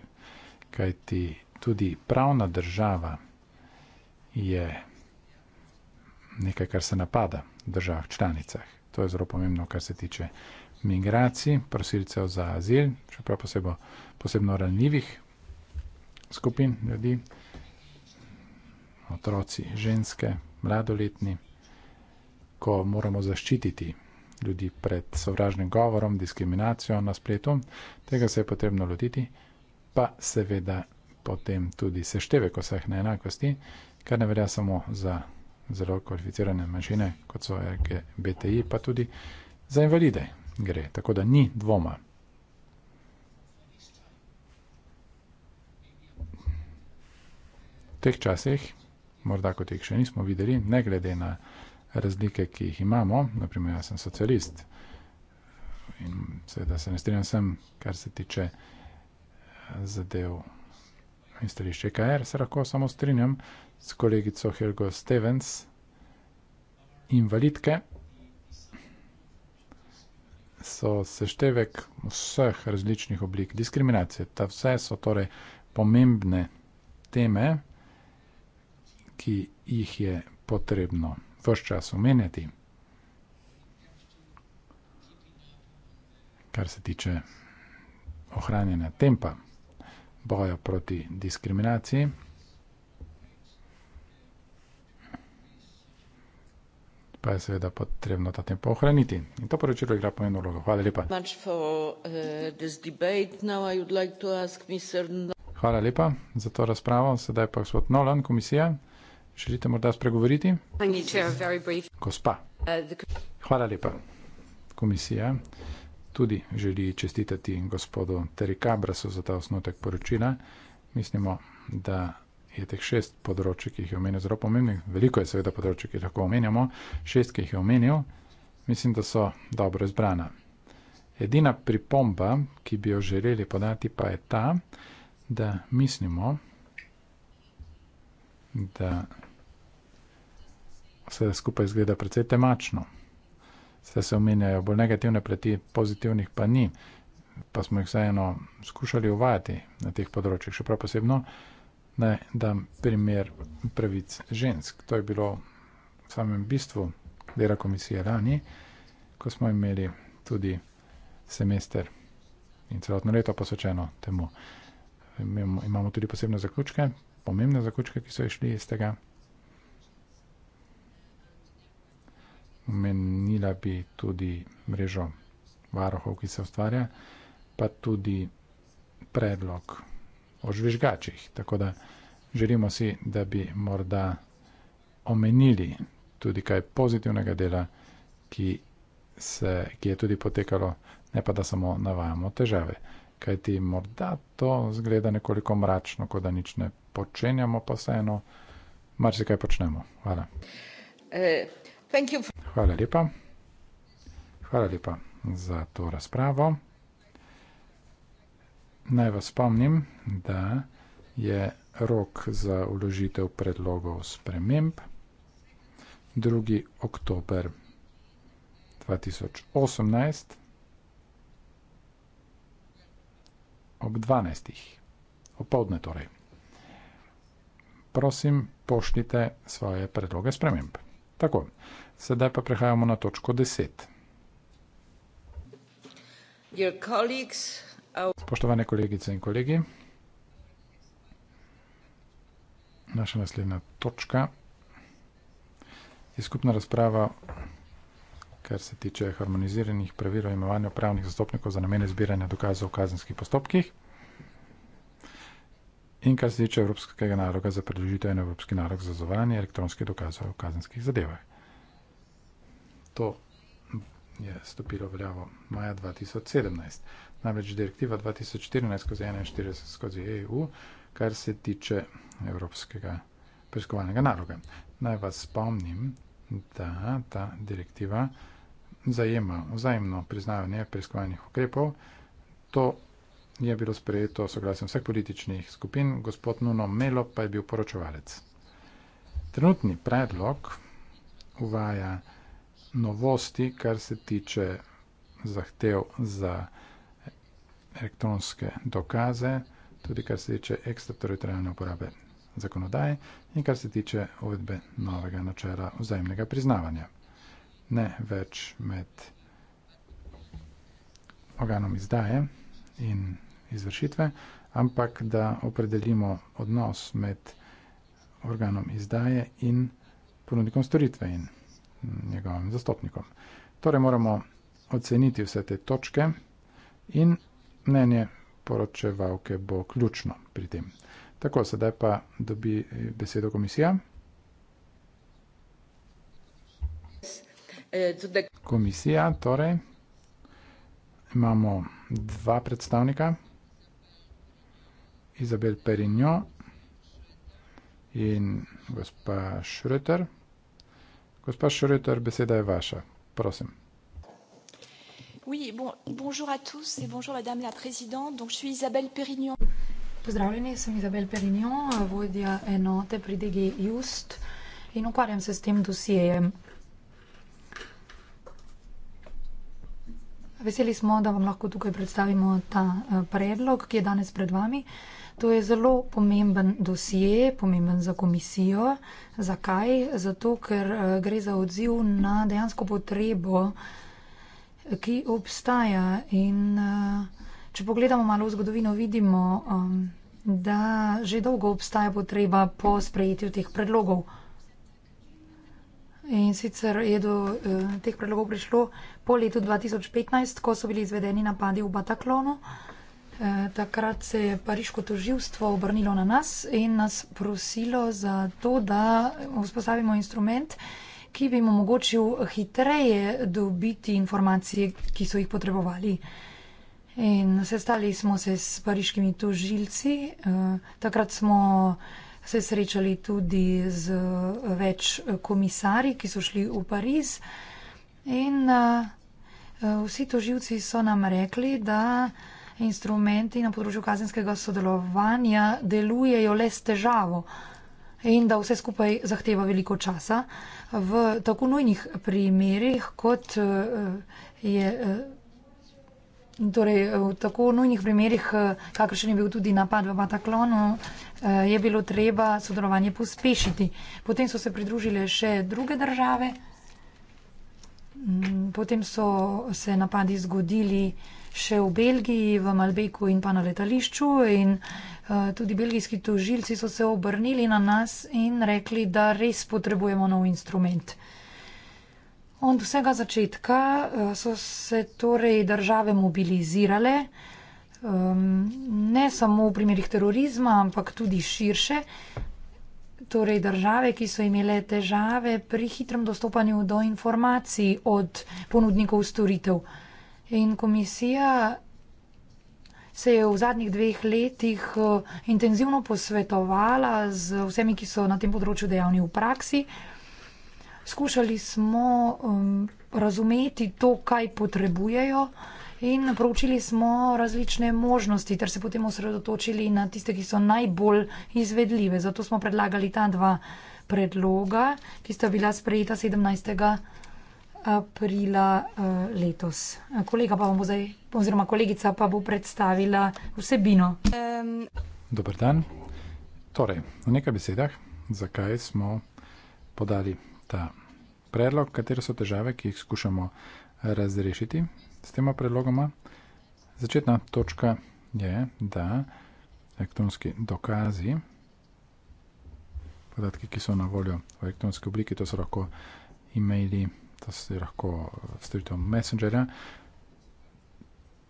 kajti tudi pravna država je nekaj, kar se napada v državah članicah. To je zelo pomembno, kar se tiče migracij, prosilcev za azil, čeprav posebo, posebno ranljivih skupin ljudi, otroci, ženske, mladoletni, ko moramo zaščititi ljudi pred sovražnim govorom, diskriminacijo na spletu, tega se je potrebno lotiti, pa seveda potem tudi seštevek vseh neenakosti, kar ne velja samo za zelo kvalificirane manjšine, kot so LGBTI, pa tudi za invalide gre. Tako da ni dvoma. V teh časih, morda kot jih še nismo videli, ne glede na razlike, ki jih imamo, naprimer, jaz sem socialist in seveda se ne strinjam sem, kar se tiče eh, zadev in stališče KR, se lahko samo strinjam s kolegico Helgo Stevens, invalidke, so seštevek vseh različnih oblik diskriminacije. Ta vse so torej pomembne teme, ki jih je potrebno vse čas omenjati. kar se tiče ohranjanja tempa boja proti diskriminaciji. pa je seveda potrebno ta tempo ohraniti. In to poročilo igra pomembno vlogo. Hvala lepa. Uh, Hvala lepa za to razpravo. Sedaj pa gospod Nolan, komisija. Želite morda spregovoriti? Gospa. Uh, Hvala lepa. Komisija tudi želi čestitati gospodu Terikabrasu za ta osnotek poročila. Mislimo, da je teh šest področji, ki jih je omenil, zelo pomembnih. Veliko je seveda področji, ki jih lahko omenjamo. Šest, ki jih je omenil, mislim, da so dobro izbrana. Edina pripomba, ki bi jo želeli podati, pa je ta, da mislimo, da vse skupaj izgleda precej temačno. Vse se omenjajo bolj negativne plati, pozitivnih pa ni. Pa smo jih vseeno skušali uvajati na teh področjih, še prav posebno naj dam primer pravic žensk. To je bilo v samem bistvu dela komisije lani, ko smo imeli tudi semester in celotno leto posvečeno temu. Imamo tudi posebne zaključke, pomembne zaključke, ki so išli iz tega. Omenila bi tudi mrežo varohov, ki se ustvarja, pa tudi predlog o žvižgačih. Tako da želimo si, da bi morda omenili tudi kaj pozitivnega dela, ki, se, ki je tudi potekalo, ne pa da samo navajamo težave. Kaj ti morda to zgleda nekoliko mračno, kot da nič ne počenjamo, pa vseeno, marsikaj počnemo. Hvala. Uh, Hvala lepa. Hvala lepa za to razpravo. Naj vas spomnim, da je rok za uložitev predlogov sprememb 2. oktober 2018 ob 12. opoldne torej. Prosim, pošljite svoje predloge sprememb. Tako, sedaj pa prehajamo na točko 10. Your colleagues Spoštovane kolegice in kolegi, naša naslednja točka je skupna razprava, kar se tiče harmoniziranih pravil o imenovanju pravnih zastopnikov za namene zbiranja dokazov v kazenskih postopkih in kar se tiče Evropskega naloga za predložitev in Evropski nalog za zavarovanje elektronskih dokazov v kazenskih zadevah. To je stopilo veljavo maja 2017 namreč direktiva 2014-41-EU, e kar se tiče Evropskega preiskovalnega naloga. Naj vas spomnim, da ta direktiva zajema vzajemno priznavanje preiskovalnih ukrepov. To je bilo sprejeto soglasjem vseh političnih skupin, gospod Nuno Melo pa je bil poročevalec. Trenutni predlog uvaja novosti, kar se tiče zahtev za elektronske dokaze, tudi kar se tiče ekstrateritorijalne uporabe zakonodaje in kar se tiče uvedbe novega načela vzajemnega priznavanja. Ne več med organom izdaje in izvršitve, ampak da opredelimo odnos med organom izdaje in ponudnikom storitve in njegovim zastopnikom. Torej moramo oceniti vse te točke in mnenje poročevalke bo ključno pri tem. Tako, sedaj pa dobi eh, besedo komisija. Komisija, torej imamo dva predstavnika, Izabel Perinjo in gospa Šreter. Gospa Šreter, beseda je vaša, prosim. Bonjour à tous et bonjour Madame la Présidente. Donc, je suis Isabelle Perignon. Pozdravljeni, sem Isabelle Perignon, vodja enote pri DG Just in ukvarjam se s tem dosijejem. Veseli smo, da vam lahko tukaj predstavimo ta eh, predlog, ki je danes pred vami. To je zelo pomemben dosije, pomemben za komisijo. Zakaj? Zato, ker eh, gre za odziv na dejansko potrebo ki obstaja. In, eh, če pogledamo malo v zgodovino, vidimo, um, da že dolgo obstaja potreba po sprejetju teh predlogov. In sicer je do eh, teh predlogov prišlo po letu 2015, ko so bili izvedeni napadi v Bataklonu. Eh, takrat se je pariško toživstvo obrnilo na nas in nas prosilo za to, da vzpostavimo instrument, ki bi jim omogočil hitreje dobiti informacije, ki so jih potrebovali. In sestali smo se s pariškimi tožilci, eh, takrat smo se srečali tudi z več komisari, ki so šli v Pariz. In eh, eh, vsi tožilci so nam rekli, da instrumenti na področju kazenskega sodelovanja delujejo le s težavo in da vse skupaj zahteva veliko časa. V tako nujnih primerih, kot eh, je. Eh, torej, v tako nujnih primerih, eh, kakršen je bil tudi napad v Bataklonu, je bilo treba sodelovanje pospešiti. Potem so se pridružile še druge države, mm, potem so se napadi zgodili še v Belgiji, v Malbeku in pa na letališču. In uh, tudi belgijski tožilci so se obrnili na nas in rekli, da res potrebujemo nov instrument. Od vsega začetka eh, so se torej države mobilizirale, um, ne samo v primerih terorizma, ampak tudi širše. Torej, države, ki so imele težave pri hitrem dostopanju do informacij od ponudnikov storitev. Uh, In komisija se je v zadnjih dveh letih eh, intenzivno posvetovala z vsemi, ki so na tem področju dejavni v praksi. Skušali smo um, razumeti to, kaj potrebujejo in proučili smo različne možnosti, ter se potem osredotočili na tiste, ki so najbolj izvedljive. Zato smo predlagali ta dva predloga, ki sta bila sprejeta 17 aprila eh, letos. Kolega pa bomo zdaj, oziroma kolegica pa bo predstavila vsebino. Um. Dober dan. Torej, v nekaj besedah, zakaj smo podali ta predlog, katero so težave, ki jih skušamo razrešiti s tema predlogoma. Začetna točka je, da elektronski dokazi, podatki, ki so na voljo v elektronski obliki, to so lahko e-maili, to si lahko eh, storitev Messengerja,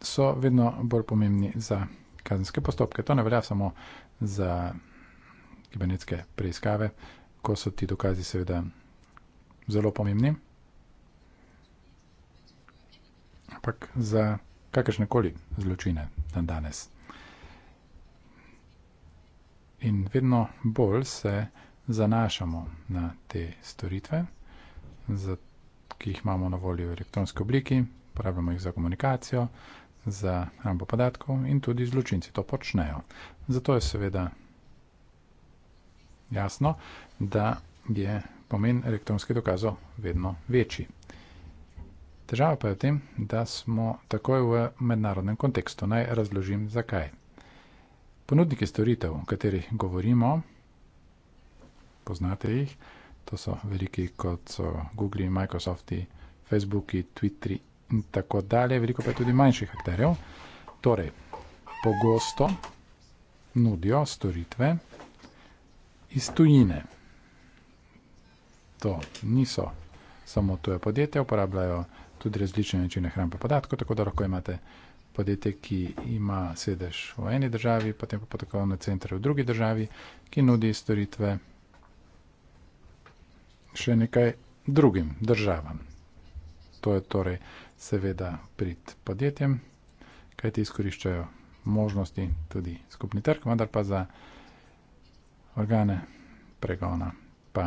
so vedno bolj pomembni za kazenske postopke. To ne velja samo za kibernetske preiskave, ko so ti dokazi seveda zelo pomembni, ampak za kakršne koli zločine dan danes. In vedno bolj se zanašamo na te storitve, zato ki jih imamo na voljo v elektronski obliki, uporabljamo jih za komunikacijo, za hrambo podatkov in tudi zločinci to počnejo. Zato je seveda jasno, da je pomen elektronski dokazov vedno večji. Težava pa je v tem, da smo takoj v mednarodnem kontekstu. Naj razložim, zakaj. Ponudniki storitev, o katerih govorimo, poznate jih, to so veliki, kot so Google, Microsoft, Facebook, Twitter in tako dalje, veliko pa je tudi manjših akterjev. Torej, pogosto nudijo storitve iz tujine. To niso samo tuje podjetje, uporabljajo tudi različne načine hrambe podatkov, tako da lahko imate podjetje, ki ima sedež v eni državi, potem pa potekalno center v drugi državi, ki nudi storitve podjetje, še nekaj drugim državam. To je torej seveda prid podjetjem, kaj ti izkoriščajo možnosti tudi skupni trg, vendar pa za organe pregona pa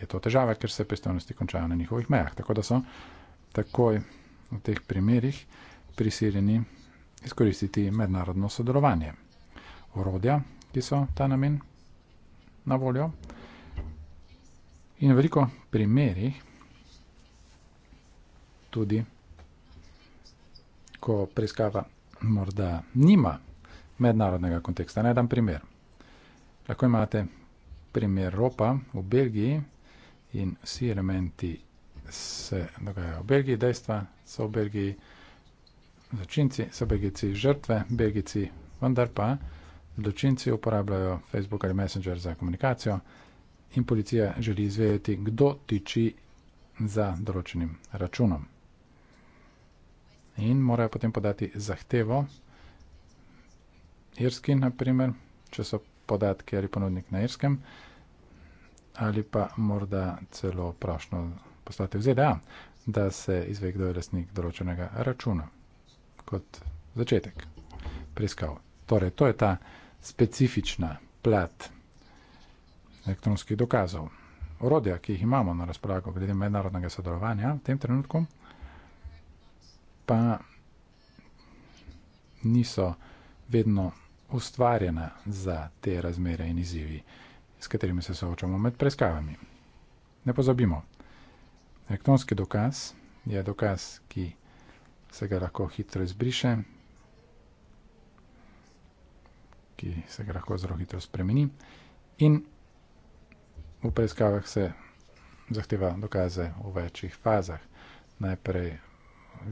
je to težava, ker se pristojnosti končajo na njihovih mejah. Tako da so takoj v teh primerih prisiljeni izkoristiti mednarodno sodelovanje. Orodja, ki so ta namen na voljo, In veliko primerih tudi, ko preiskava morda nima mednarodnega konteksta. Naj dam primer. Lahko imate primer ropa v Belgiji in vsi elementi se dogajajo v Belgiji, dejstva so v Belgiji, zločinci so belgici žrtve, belgici vendar pa zločinci uporabljajo Facebook ali Messenger za komunikacijo, in policija želi izvedeti, kdo tiči za določenim računom. In morajo potem podati zahtevo, irski naprimer, če so podatki ali ponudnik na irskem, ali pa morda celo prašno poslati v ZDA, da se izve, kdo je lastnik določenega računa. Kot začetek preiskav. Torej, to je ta specifična plat elektronskih dokazov. Orodja, ki jih imamo na razpolago glede mednarodnega sodelovanja v tem trenutku, pa niso vedno ustvarjena za te razmere in izzivi, s katerimi se soočamo med preiskavami. Ne pozabimo, elektronski dokaz je dokaz, ki se ga lahko hitro izbriše, ki se ga lahko zelo hitro spremeni in V preiskavah se zahteva dokaze v večjih fazah. Najprej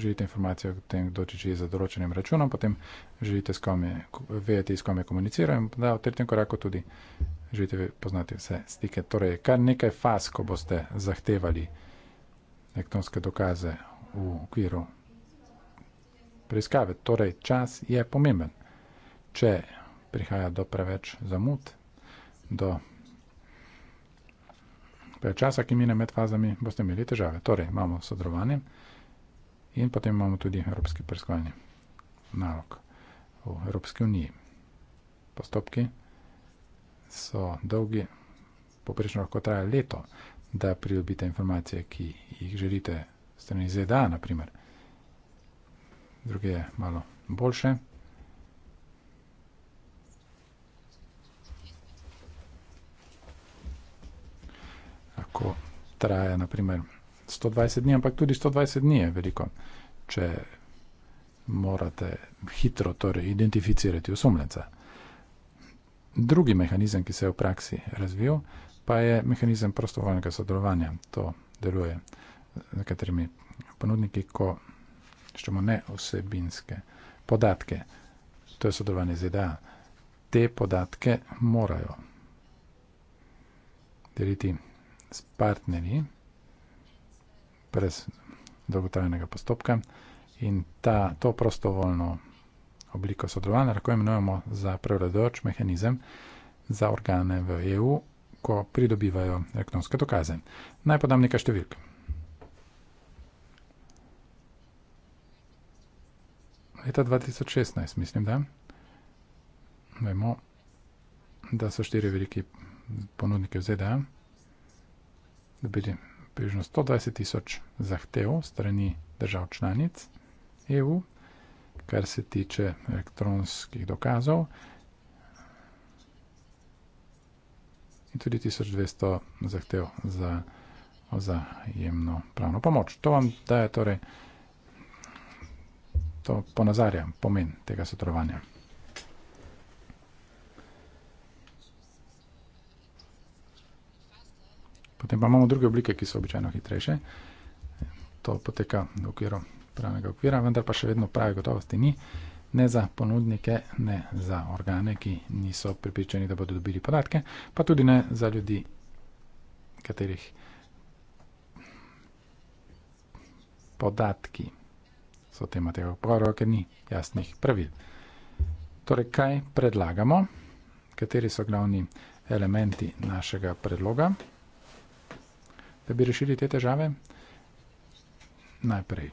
želite informacije o tem, kdo če je za določenim računom, potem želite vedeti, s kom je komuniciral in da v tretjem koraku tudi želite poznati vse stike. Torej, kar nekaj faz, ko boste zahtevali elektronske dokaze v okviru preiskave. Torej, čas je pomemben. Če prihaja do preveč zamud, do Pre časa, ki mine med fazami, boste imeli težave. Torej, imamo sodelovanje in potem imamo tudi Evropski preiskovalni nalog v Evropski uniji. Postopki so dolgi, poprečno lahko traja leto, da pridobite informacije, ki jih želite strani ZDA, naprimer. Druge je malo boljše. lahko traja naprimer 120 dni, ampak tudi 120 dni je veliko, če morate hitro torej identificirati osumljenca. Drugi mehanizem, ki se je v praksi razvil, pa je mehanizem prostovoljnega sodelovanja. To deluje z nekaterimi ponudniki, ko iščemo ne osebinske podatke. To je sodelovanje z EDA. Te podatke morajo deliti s partnerji, brez dolgotrajnega postopka. In ta, to prostovoljno obliko sodelovanja lahko imenujemo za prevladujoč mehanizem za organe v EU, ko pridobivajo elektronske dokaze. Naj podam nekaj številk. Leta 2016, mislim, da vemo, da so štiri veliki ponudniki v ZDA dobili približno 120 tisoč zahtev strani držav članic EU, kar se tiče elektronskih dokazov in tudi 1200 zahtev za ozajemno pravno pomoč. To vam daje torej to ponazarja pomen tega sotrovanja. Potem pa imamo druge oblike, ki so običajno hitrejše. To poteka v okviru pravnega okvira, vendar pa še vedno prave gotovosti ni. Ne za ponudnike, ne za organe, ki niso pripričani, da bodo dobili podatke, pa tudi ne za ljudi, katerih podatki so tema tega pogovora, ker ni jasnih pravil. Torej, kaj predlagamo, kateri so glavni elementi našega predloga? da bi rešili te težave? Najprej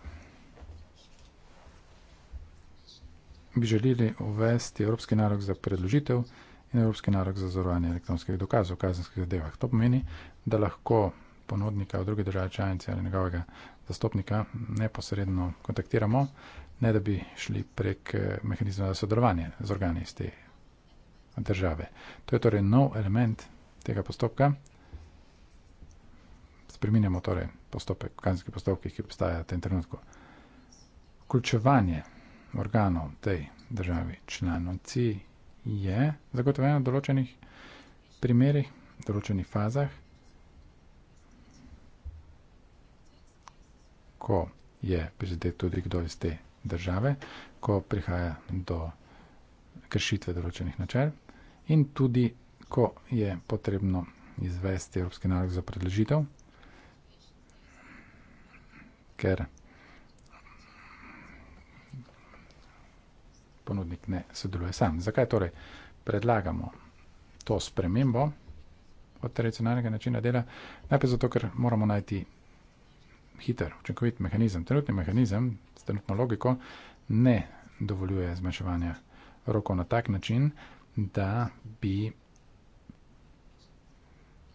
bi želeli uvesti Evropski narok za predložitev in Evropski narok za zorovanje elektronskih dokazov v kazenskih zadevah. To pomeni, da lahko ponudnika v druge države članice ali njegovega zastopnika neposredno kontaktiramo, ne da bi šli prek eh, mehanizma za sodelovanje z organi iz te države. To je torej nov element tega postopka, spremenjamo torej postopek, kazenski postopek, ki obstaja v tem trenutku. Vključevanje organov tej državi članici je zagotovljeno v določenih primerih, v določenih fazah, ko je prizadet tudi kdo iz te države, ko prihaja do kršitve določenih načel in tudi, ko je potrebno izvesti Evropski nalog za predložitev, ker ponudnik ne sodeluje sam. Zakaj torej predlagamo to spremembo od tradicionalnega načina dela? Najprej zato, ker moramo najti hiter, učinkovit mehanizem. Trenutni mehanizem, trenutno logiko, ne dovoljuje zmanjševanja rokov na tak način, da bi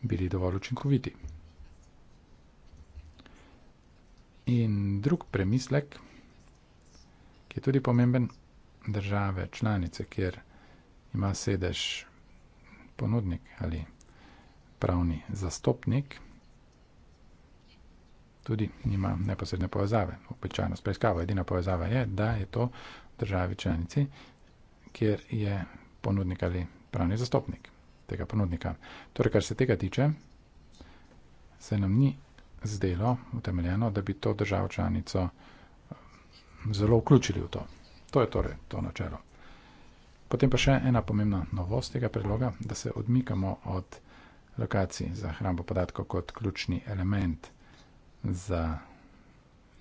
bili dovolj učinkoviti. In drug premislek, ki je tudi pomemben, države članice, kjer ima sedež ponudnik ali pravni zastopnik, tudi nima neposredne povezave, običajno s preiskavo. Edina povezava je, da je to državi članici, kjer je ponudnik ali pravni zastopnik tega ponudnika. Torej, kar se tega tiče, se nam ni zdelo utemeljeno, da bi to državo članico eh, zelo vključili v to. To je torej to načelo. Potem pa še ena pomembna novost tega predloga, da se odmikamo od lokacij za hrambo podatkov kot ključni element za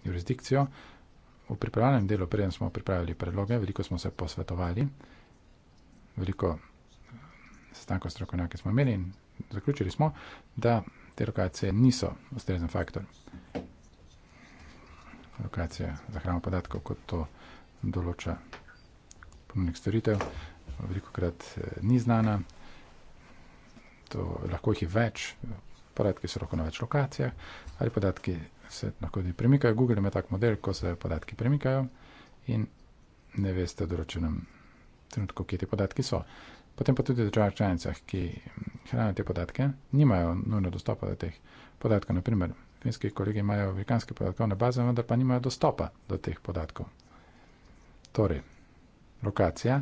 jurisdikcijo. V pripravljenem delu, preden smo pripravili predloge, veliko smo se posvetovali, veliko sestankov strokovnjake smo imeli in zaključili smo, da te lokacije niso ustrezen faktor. Lokacija za hrano podatkov, kot to določa ponudnik storitev, veliko krat eh, ni znana. To, lahko jih je več, podatki so lahko na več lokacijah, ali podatki se lahko tudi premikajo. Google ima tak model, ko se podatki premikajo in ne veste v določenem trenutku, kje ti podatki so. Potem pa tudi državah članicah, ki hranijo te podatke, nimajo nujno dostopa do teh podatkov. Naprimer, finski kolegi imajo amerikanske podatkovne baze, vendar pa nimajo dostopa do teh podatkov. Torej, lokacija,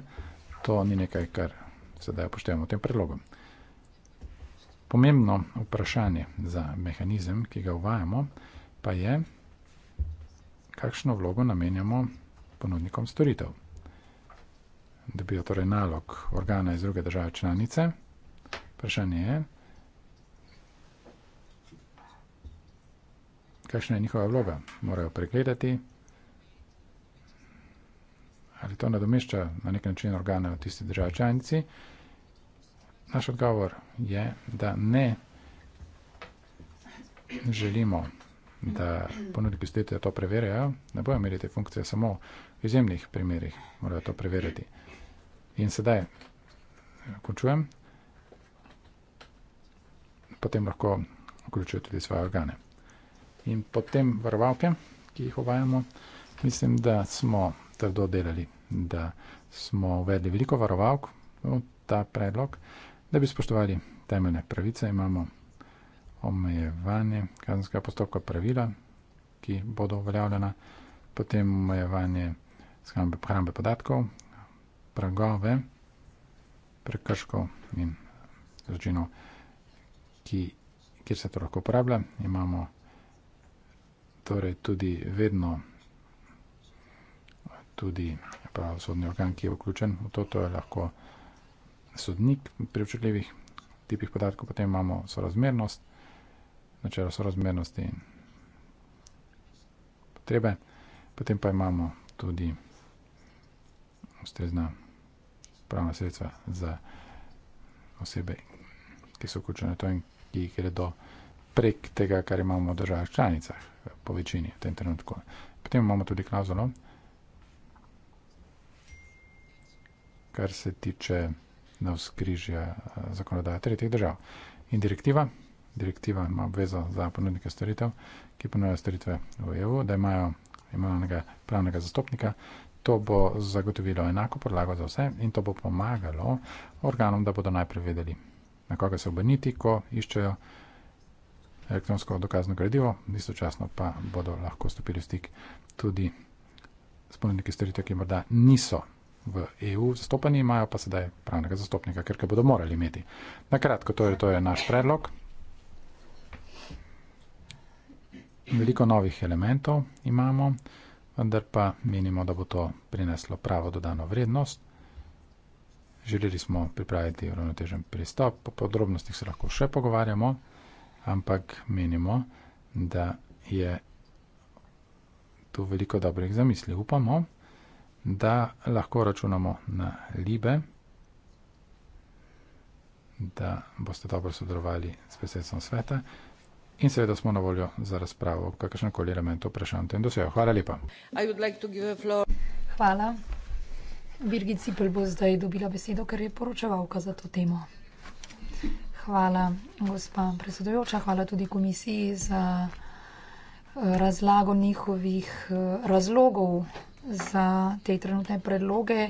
to ni nekaj, kar sedaj upoštevamo v tem predlogu. Pomembno vprašanje za mehanizem, ki ga uvajamo, pa je, kakšno vlogo namenjamo ponudnikom storitev dobijo torej nalog organa iz druge države članice. Vprašanje je, kakšna je njihova vloga? Morajo pregledati, ali to nadomešča na nek način organe v tisti države članici. Naš odgovor je, da ne želimo, da ponudniki storitev to preverjajo, da bojo imeli te funkcije samo v izjemnih primerih, morajo to preverjati. In sedaj končujem. Potem lahko vključujem tudi svoje organe. In potem varovalke, ki jih uvajamo. Mislim, da smo trdo delali, da smo uvedli veliko varovalk v ta predlog, da bi spoštovali temeljne pravice. Imamo omejevanje kazenskega postopka pravila, ki bodo uveljavljena, potem omejevanje hrambe podatkov, pragove prekrškov in zločino, ki, ki se to lahko uporablja. Imamo torej tudi vedno tudi pravosodni organ, ki je vključen v to, to je lahko sodnik pri občutljivih tipih podatkov, potem imamo sorazmernost, načelo sorazmernosti in potrebe, potem pa imamo tudi ustrezna pravna sredstva za osebe, ki so vključene v to in ki jih gredo prek tega, kar imamo v državah članicah, po večini v tem trenutku. Potem imamo tudi klauzulo, kar se tiče navskrižja eh, zakonodaje tretjih držav. In direktiva, direktiva ima obvezo za ponudnike storitev, ki ponujajo storitve v EU, da imajo imenovanega pravnega zastopnika, To bo zagotovilo enako podlago za vse in to bo pomagalo organom, da bodo najprej vedeli, na koga se obrniti, ko iščejo elektronsko dokazno gradivo, istočasno pa bodo lahko stopili v stik tudi s ponudniki storitev, ki morda niso v EU zastopani, imajo pa sedaj pravnega zastopnika, ker ga bodo morali imeti. Na kratko, to je, to je naš predlog. Veliko novih elementov imamo vendar pa menimo, da bo to prineslo pravo dodano vrednost. Želeli smo pripraviti uravnotežen pristop, po podrobnostih se lahko še pogovarjamo, ampak menimo, da je tu veliko dobrih zamisli. Upamo, da lahko računamo na libe, da boste dobro sodelovali s predsedstvom sveta in seveda smo na voljo za razpravo, kakršen koli element vprašanj. In do vsega, hvala lepa. Like hvala. Birgit Cipel bo zdaj dobila besedo, ker je poročevalka za to temo. Hvala, gospa predsedojoča, hvala tudi komisiji za eh, razlago njihovih eh, razlogov za te trenutne predloge,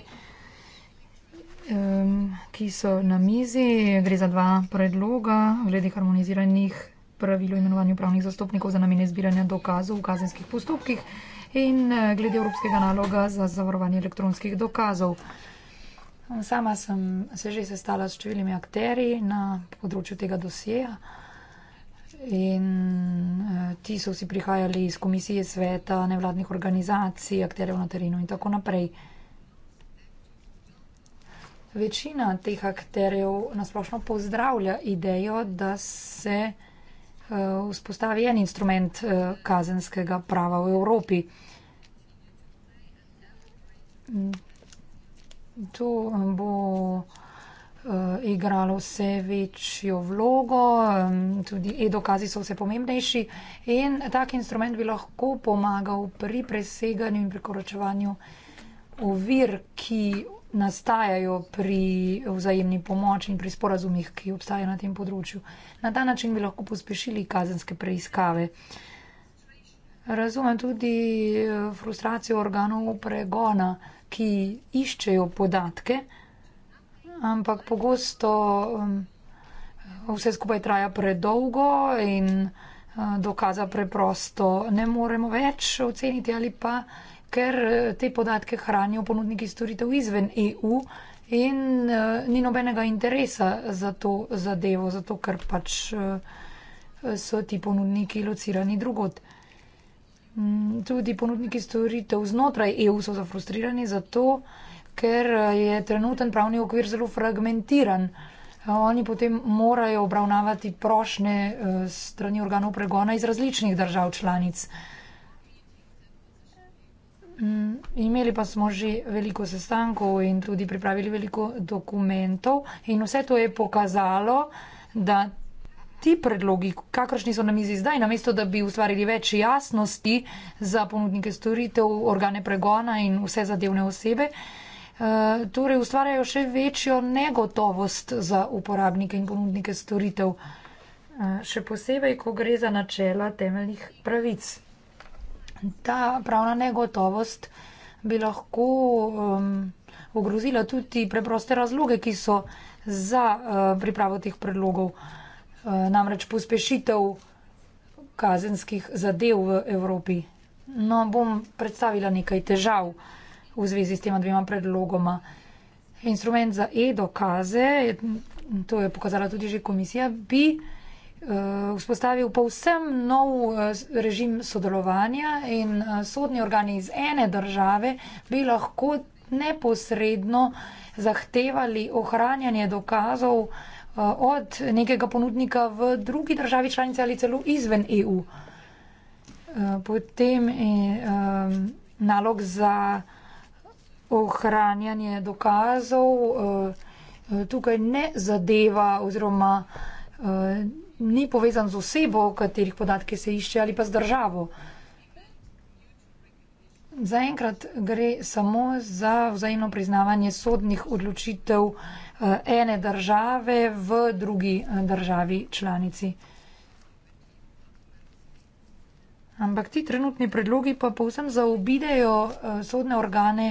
ehm, ki so na mizi. Gre za dva predloga glede harmoniziranih pravilo o imenovanju pravnih zastopnikov za namene zbiranja dokazov v kazenskih postopkih in eh, glede evropskega naloga za zavarovanje elektronskih dokazov. Sama sem se že sestala s številnimi akteri na področju tega dosjeja in eh, ti so vsi prihajali iz komisije sveta, nevladnih organizacij, akterjev na terenu in tako naprej. Večina teh akterjev nasplošno pozdravlja idejo, da se Eh, vzpostavi en instrument eh, kazenskega prava v Evropi. Mm. To bo eh, igralo vse večjo vlogo, tudi e-dokazi so vse pomembnejši in tak instrument bi lahko pomagal pri preseganju in prekoračevanju ovir, ki nastajajo pri vzajemni pomoči in pri sporazumih, ki obstajajo na tem področju. Na ta način bi lahko pospešili kazenske preiskave. Razumem tudi eh, frustracijo organov pregona, ki iščejo podatke, ampak pogosto vse skupaj traja predolgo in eh, dokaza preprosto ne moremo več oceniti ali pa ker eh, te podatke hranijo ponudniki storitev izven EU in uh, ni nobenega interesa za to zadevo, zato ker pač uh, so ti ponudniki locirani drugot. Mm, tudi ponudniki storitev znotraj EU so zafrustrirani zato, ker je trenuten pravni okvir zelo fragmentiran. Oni potem morajo obravnavati prošnje strani organov pregona iz različnih držav članic. Uh, Mm, imeli pa smo že veliko sestankov in tudi pripravili veliko dokumentov in vse to je pokazalo, da ti predlogi, kakršni so na mizi zdaj, namesto da bi ustvarili več jasnosti za ponudnike storitev, organe pregona in vse zadevne osebe, eh, torej ustvarjajo še večjo negotovost za uporabnike in ponudnike storitev, eh, še posebej, ko gre za načela temeljnih pravic ta pravna negotovost bi lahko um, ogrozila tudi preproste razloge, ki so za uh, pripravo teh predlogov, uh, namreč pospešitev kazenskih zadev v Evropi. No, bom predstavila nekaj težav v zvezi s tema dvema predlogoma. Instrument za e-dokaze, to je pokazala tudi že komisija, bi uh, Eh, vzpostavil povsem nov eh, režim sodelovanja in eh, sodni organi iz ene države bi lahko neposredno zahtevali ohranjanje dokazov od nekega ponudnika v drugi državi članice ali celo izven EU. Potem je nalog za ohranjanje dokazov tukaj ne zadeva oziroma ni povezan z osebo, katerih podatke se išče ali pa z državo. Zaenkrat gre samo za vzajemno priznavanje sodnih odločitev eh, ene države v drugi eh, državi članici. Ampak ti trenutni predlogi pa povsem zaobidejo eh, sodne organe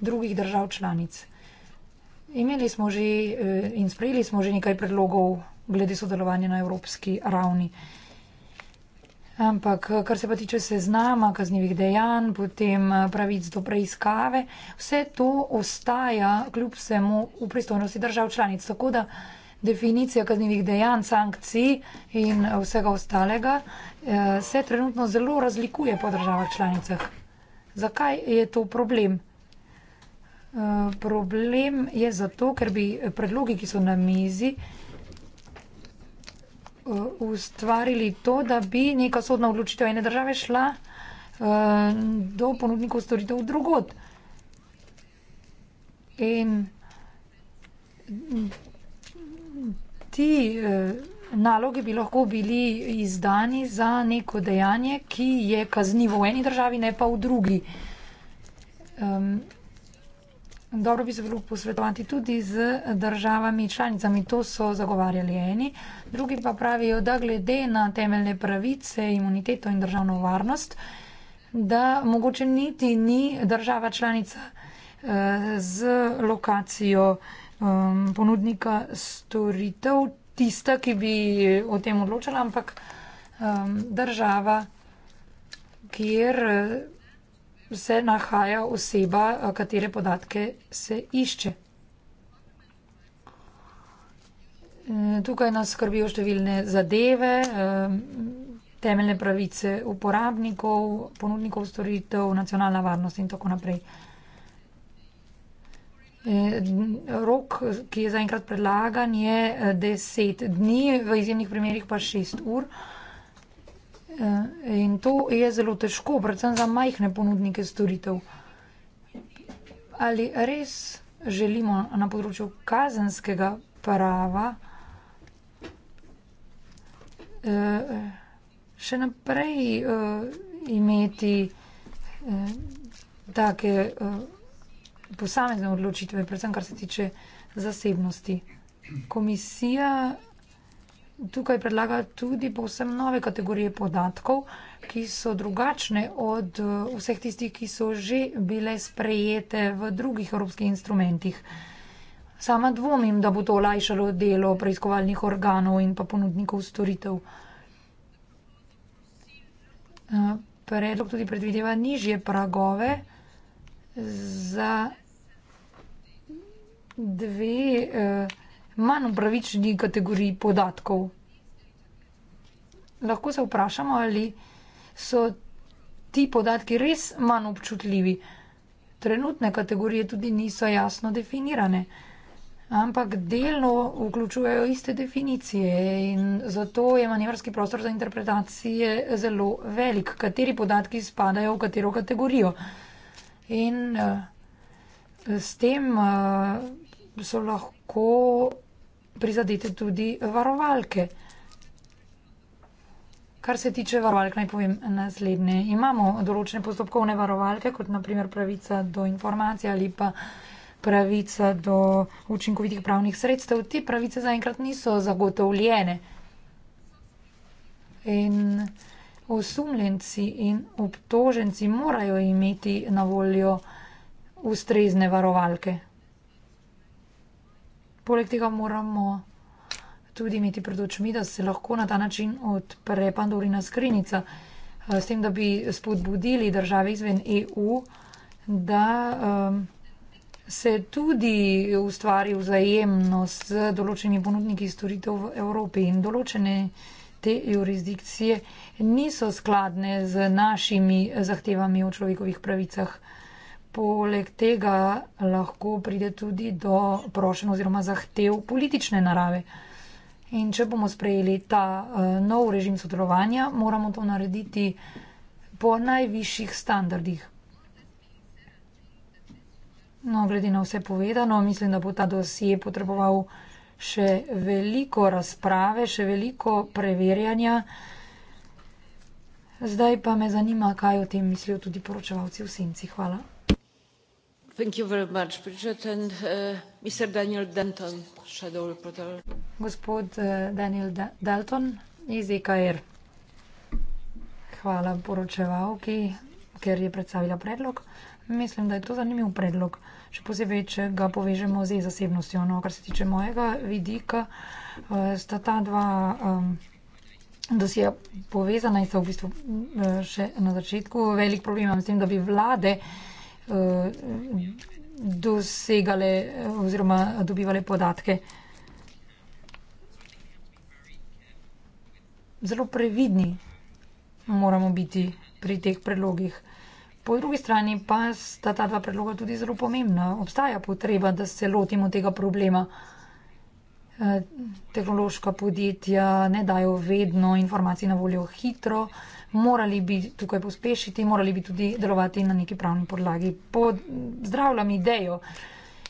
drugih držav članic. Imeli smo že in sprejeli smo že nekaj predlogov glede sodelovanja na evropski ravni. Ampak, kar se pa tiče seznama kaznjivih dejanj, potem pravic do preiskave, vse to ostaja kljub vsemu v pristojnosti držav članic. Tako da definicija kaznjivih dejanj, sankcij in vsega ostalega eh, se trenutno zelo razlikuje po državah članicah. Zakaj je to problem? Eh, problem je zato, ker bi predlogi, ki so na mizi, Uh, ustvarili to, da bi neka sodna odločitev ene države šla uh, do ponudnikov storitev drugod. In ti uh, nalogi bi lahko bili izdani za neko dejanje, ki je kaznivo v eni državi, ne pa v drugi. Um, Dobro bi se bilo posvetovati tudi z državami članicami, to so zagovarjali eni, drugi pa pravijo, da glede na temeljne pravice, imuniteto in državno varnost, da mogoče niti ni država članica eh, z lokacijo ehm, ponudnika storitev tista, ki bi o tem odločala, ampak ehm, država, kjer se nahaja oseba, eh, katere podatke se išče. Eh, tukaj nas skrbijo številne zadeve, eh, temeljne pravice uporabnikov, ponudnikov storitev, nacionalna varnost in tako naprej. Rok, ki je zaenkrat predlagan, je 10 dni, v izjemnih primerjih pa 6 ur. Eh, in to je zelo težko, predvsem za majhne ponudnike storitev. Ali res želimo na področju kazenskega prava eh, še naprej eh, imeti take posamezne odločitve, predvsem kar se tiče zasebnosti? Komisija tukaj predlaga tudi povsem nove kategorije podatkov, ki so drugačne od eh, vseh tistih, ki so že bile sprejete v drugih evropskih instrumentih. Sama dvomim, da bo to olajšalo delo preiskovalnih organov in pa ponudnikov storitev. Eh, predlog tudi predvideva nižje pragove za dve. Eh, manj upravičeni kategoriji podatkov. Lahko se vprašamo, ali so ti podatki res manj občutljivi. Trenutne kategorije tudi niso jasno definirane, ampak delno vključujejo iste definicije in zato je manevrski prostor za interpretacije zelo velik, kateri podatki spadajo v katero kategorijo. In uh, s tem uh, so lahko prizadete tudi varovalke. Kar se tiče varovalk, naj povem naslednje. Imamo določene postopkovne varovalke, kot naprimer pravica do informacij ali pa pravica do učinkovitih pravnih sredstev. Te pravice zaenkrat niso zagotovljene. In osumljenci in obtoženci morajo imeti na voljo ustrezne varovalke poleg tega moramo tudi imeti pred očmi, da se lahko na ta način odpre Pandorina skrinjica, eh, s tem, da bi spodbudili države izven EU, da um, se tudi ustvari vzajemnost z določenimi ponudniki storitev v Evropi in določene te jurisdikcije niso skladne z našimi zahtevami o človekovih pravicah. Poleg tega lahko pride tudi do prošen oziroma zahtev politične narave. In če bomo sprejeli ta uh, nov režim sodelovanja, moramo to narediti po najvišjih standardih. No, glede na vse povedano, mislim, da bo ta dosje potreboval še veliko razprave, še veliko preverjanja. Zdaj pa me zanima, kaj o tem mislijo tudi poročevalci v senci. Hvala. Uh, uh, e Hvala poročevalki, ker je predstavila predlog. Mislim, da je to zanimiv predlog, še posebej, če ga povežemo z e-zasebnostjo. No, kar se tiče mojega vidika, uh, sta ta dva um, dosija povezana in sta v bistvu še na začetku velik problem. Mislim, da bi vlade. Eh, dosegale oziroma dobivale podatke. Zelo previdni moramo biti pri teh predlogih. Po drugi strani pa sta ta dva predloga tudi zelo pomembna. Obstaja potreba, da se lotimo tega problema. Eh, tehnološka podjetja ne dajo vedno informacij na voljo hitro morali bi tukaj pospešiti, morali bi tudi delovati na neki pravni podlagi. Pozdravljam idejo,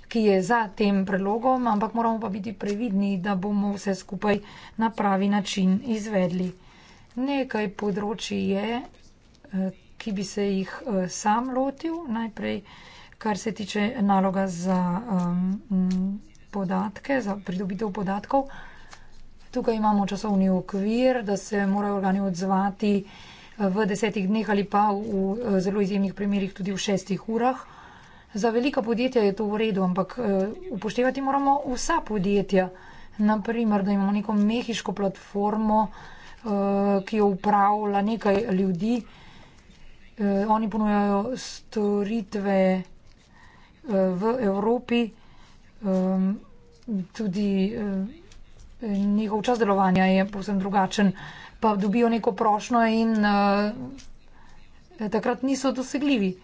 ki je za tem predlogom, ampak moramo pa biti previdni, da bomo vse skupaj na pravi način izvedli. Nekaj področji je, eh, ki bi se jih eh, sam lotil, najprej kar se tiče naloga za um, podatke, za pridobitev podatkov. Tukaj imamo časovni okvir, da se morajo organi odzvati eh, v desetih dneh ali pa v eh, zelo izjemnih primerjih tudi v šestih urah. Za velika podjetja je to v redu, ampak eh, upoštevati moramo vsa podjetja. Naprimer, da imamo neko mehiško platformo, ki jo upravlja nekaj ljudi. Oni ponujajo storitve v Evropi, tudi njihov čas delovanja je povsem drugačen, pa dobijo neko prošnjo in uh, takrat niso dosegljivi.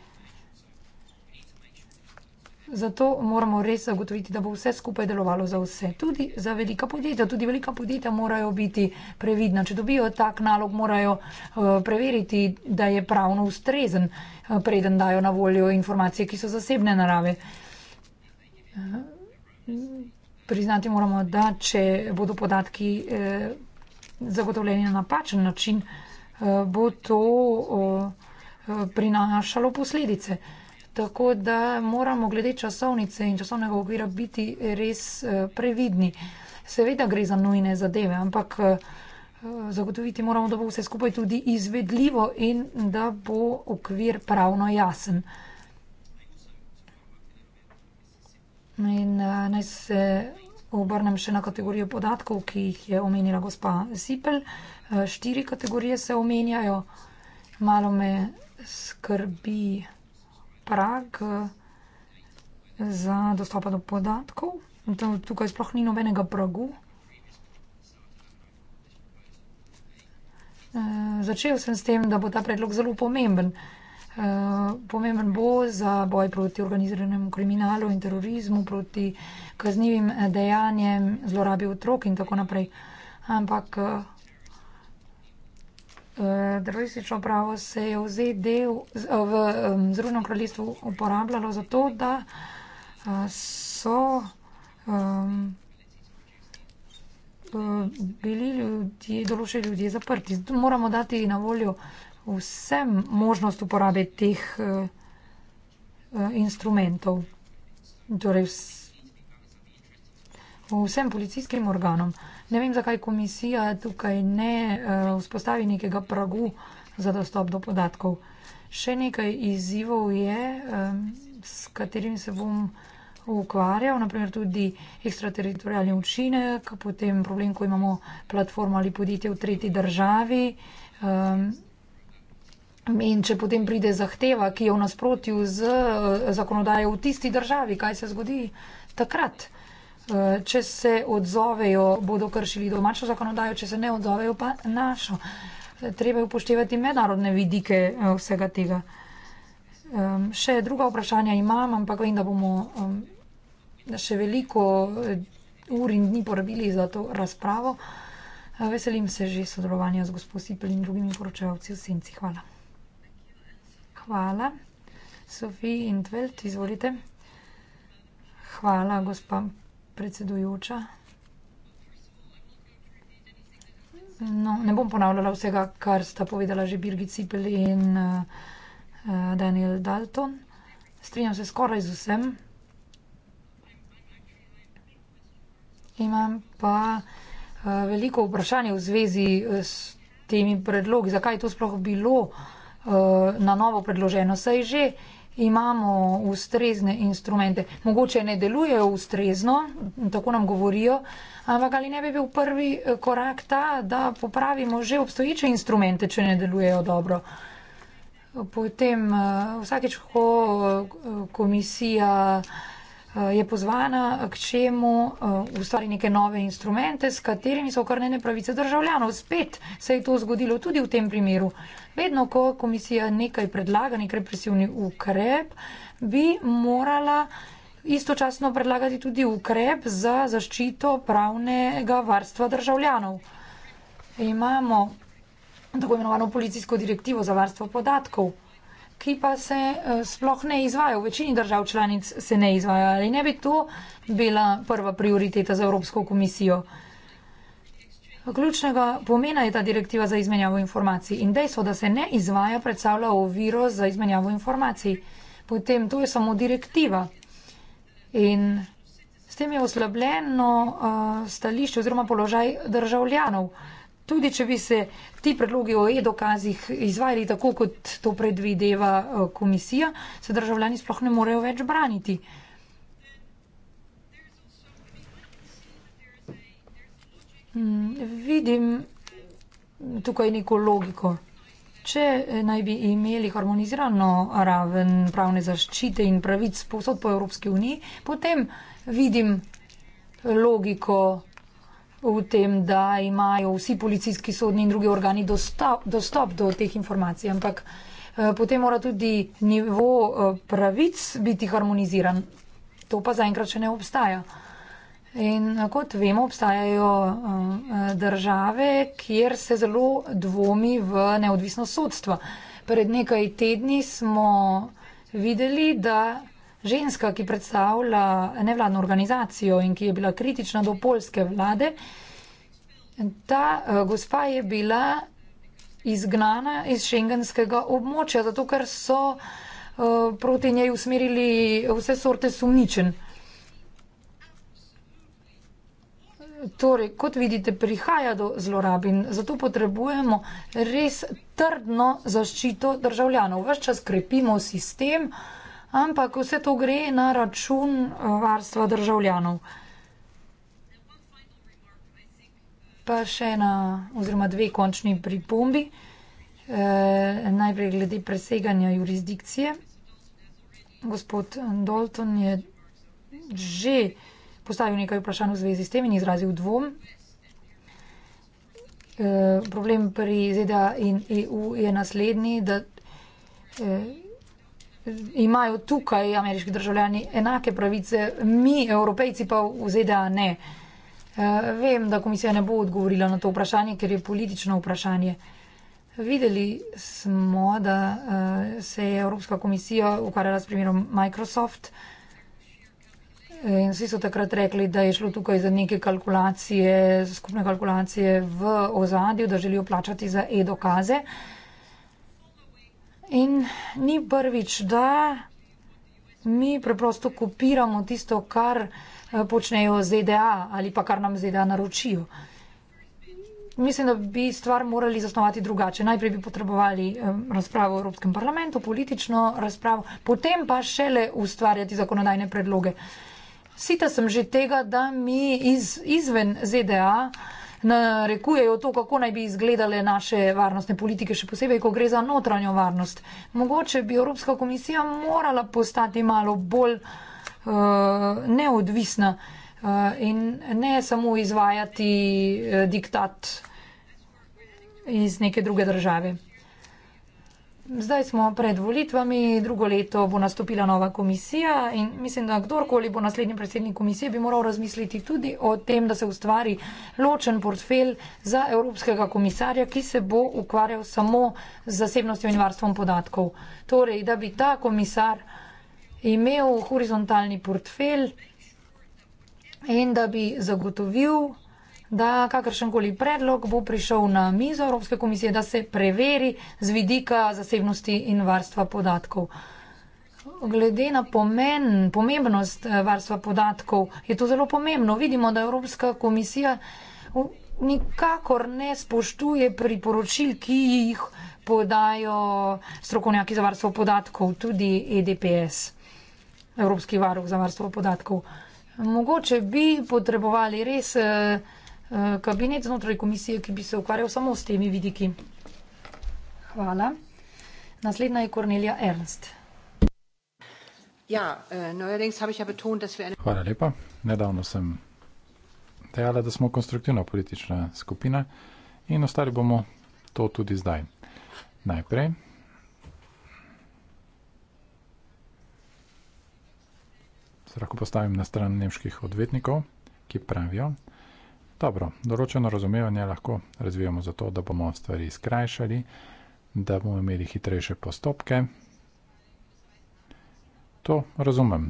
Zato moramo res zagotoviti, da bo vse skupaj delovalo za vse, tudi za velika podjetja. Tudi velika podjetja morajo biti previdna. Če dobijo tak nalog, morajo uh, preveriti, da je pravno ustrezen, uh, preden dajo na voljo informacije, ki so zasebne narave. Uh, priznati moramo, da če bodo podatki eh, zagotovljeni na napačen način, eh, bo to eh, prinašalo posledice. Tako da moramo glede časovnice in časovnega okvira biti res previdni. Seveda gre za nujne zadeve, ampak zagotoviti moramo, da bo vse skupaj tudi izvedljivo in da bo okvir pravno jasen. In naj se obrnem še na kategorijo podatkov, ki jih je omenila gospa Sipel. Eh, štiri kategorije se omenjajo. Malo me skrbi prag eh, za dostopa do podatkov. Tukaj sploh ni nobenega pragu. Eh, začel sem s tem, da bo ta predlog zelo pomemben. Pomemben bo za boj proti organiziranemu kriminalu in terorizmu, proti kaznjivim eh, dejanjem, zlorabi otrok in tako naprej. Ampak uh, teroristično pravo se je v ZD v um, Zrunjem kraljestvu uporabljalo za to, da uh, so um, bili ljudje, določeni ljudje zaprti. Zato moramo dati na voljo vsem možnost uporabe teh uh, uh, instrumentov. Torej, vse vsem policijskim organom. Ne vem, zakaj komisija tukaj ne eh, vzpostavi nekega pragu za dostop do podatkov. Še nekaj izzivov je, eh, s katerimi se bom ukvarjal, naprimer tudi ekstrateritorijalni učinek, potem problem, ko imamo platformo ali podjetje v tretji državi. Eh, in če potem pride zahteva, ki je v nasprotju z zakonodajo v tisti državi, kaj se zgodi takrat? Uh, Eh, če se odzovejo, bodo kršili domačo zakonodajo, če se ne odzovejo, pa našo. Treba je upoštevati mednarodne vidike eh, vsega tega. Še druga vprašanja imam, ampak vem, da bomo še veliko eh, ur in dni porabili za to razpravo. Veselim se že sodelovanja z gospod Sipel in drugimi poročevalci v Senci. Hvala. Hvala. Sofiji Intvelt, izvolite. Hvala, gospod predsedujoča. No, ne bom ponavljala vsega, kar sta povedala že Birgit Cipel in uh, Daniel Dalton. Strinjam se skoraj z vsem. Imam pa uh, veliko vprašanje v zvezi s temi predlogi, zakaj je to sploh bilo uh, na novo predloženo. Sej že uh, imamo ustrezne instrumente. Mogoče ne delujejo ustrezno, tako nam govorijo, ampak ali ne bi bil prvi eh, korak ta, da popravimo že obstoječe instrumente, če ne delujejo dobro. Potem eh, vsakeč, ko eh, komisija. Eh, je pozvana k čemu eh, ustvari neke nove instrumente, s katerimi so okrnene pravice državljanov. Spet se je to zgodilo tudi v tem primeru. Vedno, ko komisija nekaj predlaga, nek represivni ukrep, bi morala istočasno predlagati tudi ukrep za zaščito pravnega varstva državljanov. Imamo tako imenovano policijsko direktivo za varstvo podatkov ki pa se eh, sploh ne izvaja, v večini držav članic se ne izvaja. Ali ne bi to bila prva prioriteta za Evropsko komisijo? Ključnega pomena je ta direktiva za izmenjavo informacij in dejstvo, da se ne izvaja, predstavlja oviro za izmenjavo informacij. Potem to je samo direktiva. In s tem je oslabljeno uh, stališče oziroma položaj državljanov. Uh, Tudi če bi se ti predlogi o e-dokazih izvajali tako, kot to predvideva e, komisija, se državljani sploh ne morejo več braniti. Mm, vidim tukaj neko logiko. Če e, naj bi imeli harmonizirano raven pravne zaščite in pravic posod po Evropski uniji, potem vidim logiko v tem, da imajo vsi policijski sodni in drugi organi dostop, dostop do teh informacij, ampak eh, potem mora tudi nivo eh, pravic biti harmoniziran. To pa zaenkrat še ne obstaja. In eh, kot vemo, obstajajo države, kjer se zelo dvomi v neodvisnost sodstva. Pred nekaj tedni smo videli, da ženska, ki predstavlja nevladno organizacijo in ki je bila kritična do polske vlade. Ta eh, gospa je bila izgnana iz šengenskega območja, zato ker so eh, proti njej usmerili vse sorte sumničen. Torej, kot vidite, prihaja do zlorab in zato potrebujemo res trdno zaščito državljanov. Ves čas krepimo sistem, uh, ampak vse to gre na račun eh, varstva državljanov. Pa še ena oziroma dve končni pripombi. E, najprej glede preseganja jurisdikcije. Gospod Dalton je že postavil nekaj vprašanj v zvezi s tem in izrazil dvom. E, problem pri ZDA in EU je naslednji, da e, imajo tukaj ameriški državljani enake pravice, mi, evropejci, pa v ZDA ne. Eh, vem, da komisija ne bo odgovorila na to vprašanje, ker je politično vprašanje. Videli smo, da eh, se je Evropska komisija ukvarjala s primerom Microsoft in vsi so takrat rekli, da je šlo tukaj za neke kalkulacije, skupne kalkulacije v ozadju, da želijo plačati za e-dokaze. In ni prvič, da mi preprosto kopiramo tisto, kar eh, počnejo ZDA ali pa kar nam ZDA naročijo. Mislim, da bi stvar morali zasnovati drugače. Najprej bi potrebovali eh, razpravo v Evropskem parlamentu, politično razpravo, potem pa šele ustvarjati zakonodajne predloge. Sita sem že tega, da mi iz, izven ZDA uh, narekujejo to, kako naj bi izgledale naše varnostne politike, še posebej, ko gre za notranjo varnost. Mogoče bi Evropska komisija morala postati malo bolj uh, neodvisna uh, in ne samo izvajati uh, diktat iz neke druge države. Zdaj smo pred volitvami, drugo leto bo nastopila nova komisija in mislim, da kdorkoli bo naslednji predsednik komisije, bi moral razmisliti tudi o tem, da se ustvari ločen portfelj za evropskega komisarja, ki se bo ukvarjal samo z zasebnostjo in varstvom podatkov. Torej, da bi ta komisar imel horizontalni portfelj in da bi zagotovil da kakršen koli predlog bo prišel na mizo Evropske komisije, da se preveri z vidika zasebnosti in varstva podatkov. Glede na pomen, pomembnost eh, varstva podatkov je to zelo pomembno. Vidimo, da Evropska komisija nikakor ne spoštuje priporočil, ki jih podajo strokovnjaki za varstvo podatkov, tudi EDPS, Evropski varuh za varstvo podatkov. Mogoče bi potrebovali res. Eh, Eh, kabinet znotraj komisije, ki bi se ukvarjal samo s temi vidiki. Hvala. Naslednja je Kornelija Ernst. Ja, eh, ja Hvala lepa. Nedavno sem dejala, da smo konstruktivna politična skupina in ostali bomo to tudi zdaj. Najprej. Se lahko postavim na stran nemških odvetnikov, ki pravijo, Dobro, določeno razumevanje lahko razvijamo zato, da bomo stvari skrajšali, da bomo imeli hitrejše postopke. To razumem.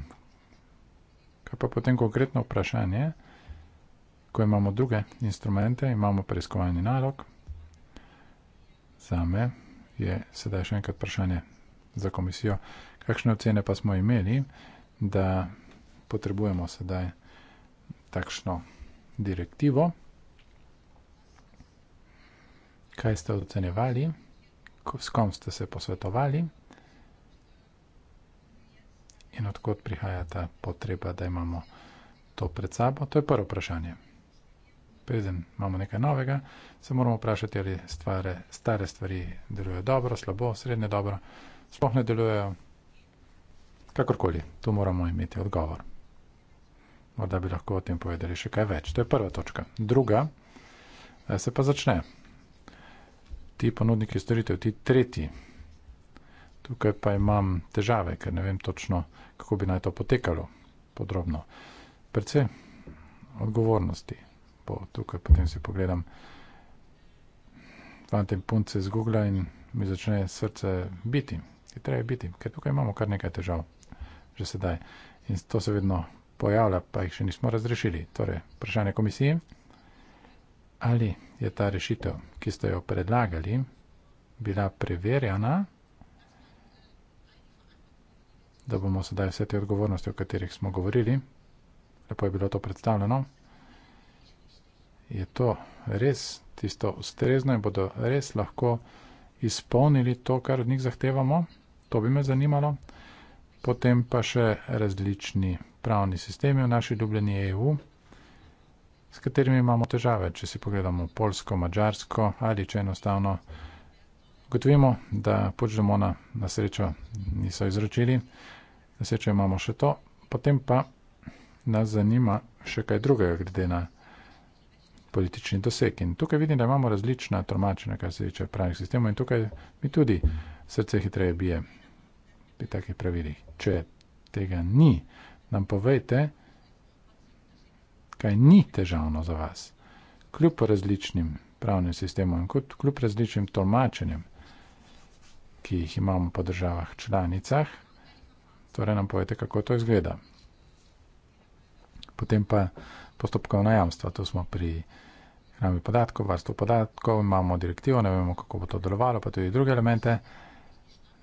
Kaj pa potem konkretno vprašanje, ko imamo druge instrumente, imamo preiskovalni nalog, zame je sedaj še enkrat vprašanje za komisijo, kakšne ocene pa smo imeli, da potrebujemo sedaj takšno vprašanje direktivo. Kaj ste ocenjevali? S kom ste se posvetovali? In odkot prihaja ta potreba, da imamo to pred sabo? To je prvo vprašanje. Preden imamo nekaj novega, se moramo vprašati, ali stvare, stare stvari delujejo dobro, slabo, srednje dobro, sploh ne delujejo. Kakorkoli, tu moramo imeti odgovor. Morda bi lahko o tem povedali še kaj več. To je prva točka. Druga eh, se pa začne. Ti ponudniki storitev, ti tretji. Tukaj pa imam težave, ker ne vem točno, kako bi naj to potekalo podrobno. Predvsem odgovornosti. Po, tukaj potem si pogledam, fantje in punce z Google in mi začne srce biti. Ti treba biti, ker tukaj imamo kar nekaj težav že sedaj. In to se vedno pojavlja, pa jih še nismo razrešili. Torej, vprašanje komisije, ali je ta rešitev, ki ste jo predlagali, bila preverjena, da bomo sedaj vse te odgovornosti, o katerih smo govorili, lepo je bilo to predstavljeno, je to res tisto ustrezno in bodo res lahko izpolnili to, kar od njih zahtevamo, to bi me zanimalo potem pa še različni pravni sistemi v naši ljubljeni EU, s katerimi imamo težave, če si pogledamo Polsko, Mačarsko ali če enostavno gotovimo, da počdemona na srečo niso izročili, na srečo imamo še to, potem pa nas zanima še kaj drugega glede na politični doseg. In tukaj vidim, da imamo različna tromačenja, kar se tiče pravnih sistemov in tukaj mi tudi srce hitreje bije pri takih pravilih. Če tega ni, nam povejte, kaj ni težavno za vas. Kljub različnim pravnim sistemom in kljub različnim tolmačenjem, ki jih imamo po državah članicah, torej nam povejte, kako to izgleda. Potem pa postopkovna jamstva, to smo pri hrambi podatkov, varstvu podatkov, imamo direktivo, ne vemo, kako bo to delovalo, pa tudi druge elemente.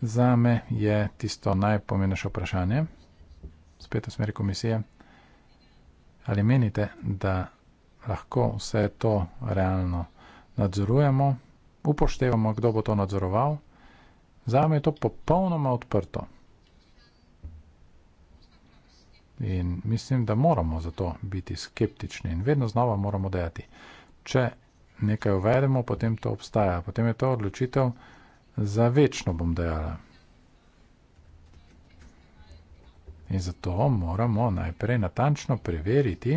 Za me je tisto najpomembnejše vprašanje, spet v smeri komisije, ali menite, da lahko vse to realno nadzorujemo, upoštevamo, kdo bo to nadzoroval. Za me je to popolnoma odprto. In mislim, da moramo zato biti skeptični in vedno znova moramo dejati. Če nekaj uvedemo, potem to obstaja, potem je to odločitev. Za večno bom dejala. In zato moramo najprej natančno preveriti,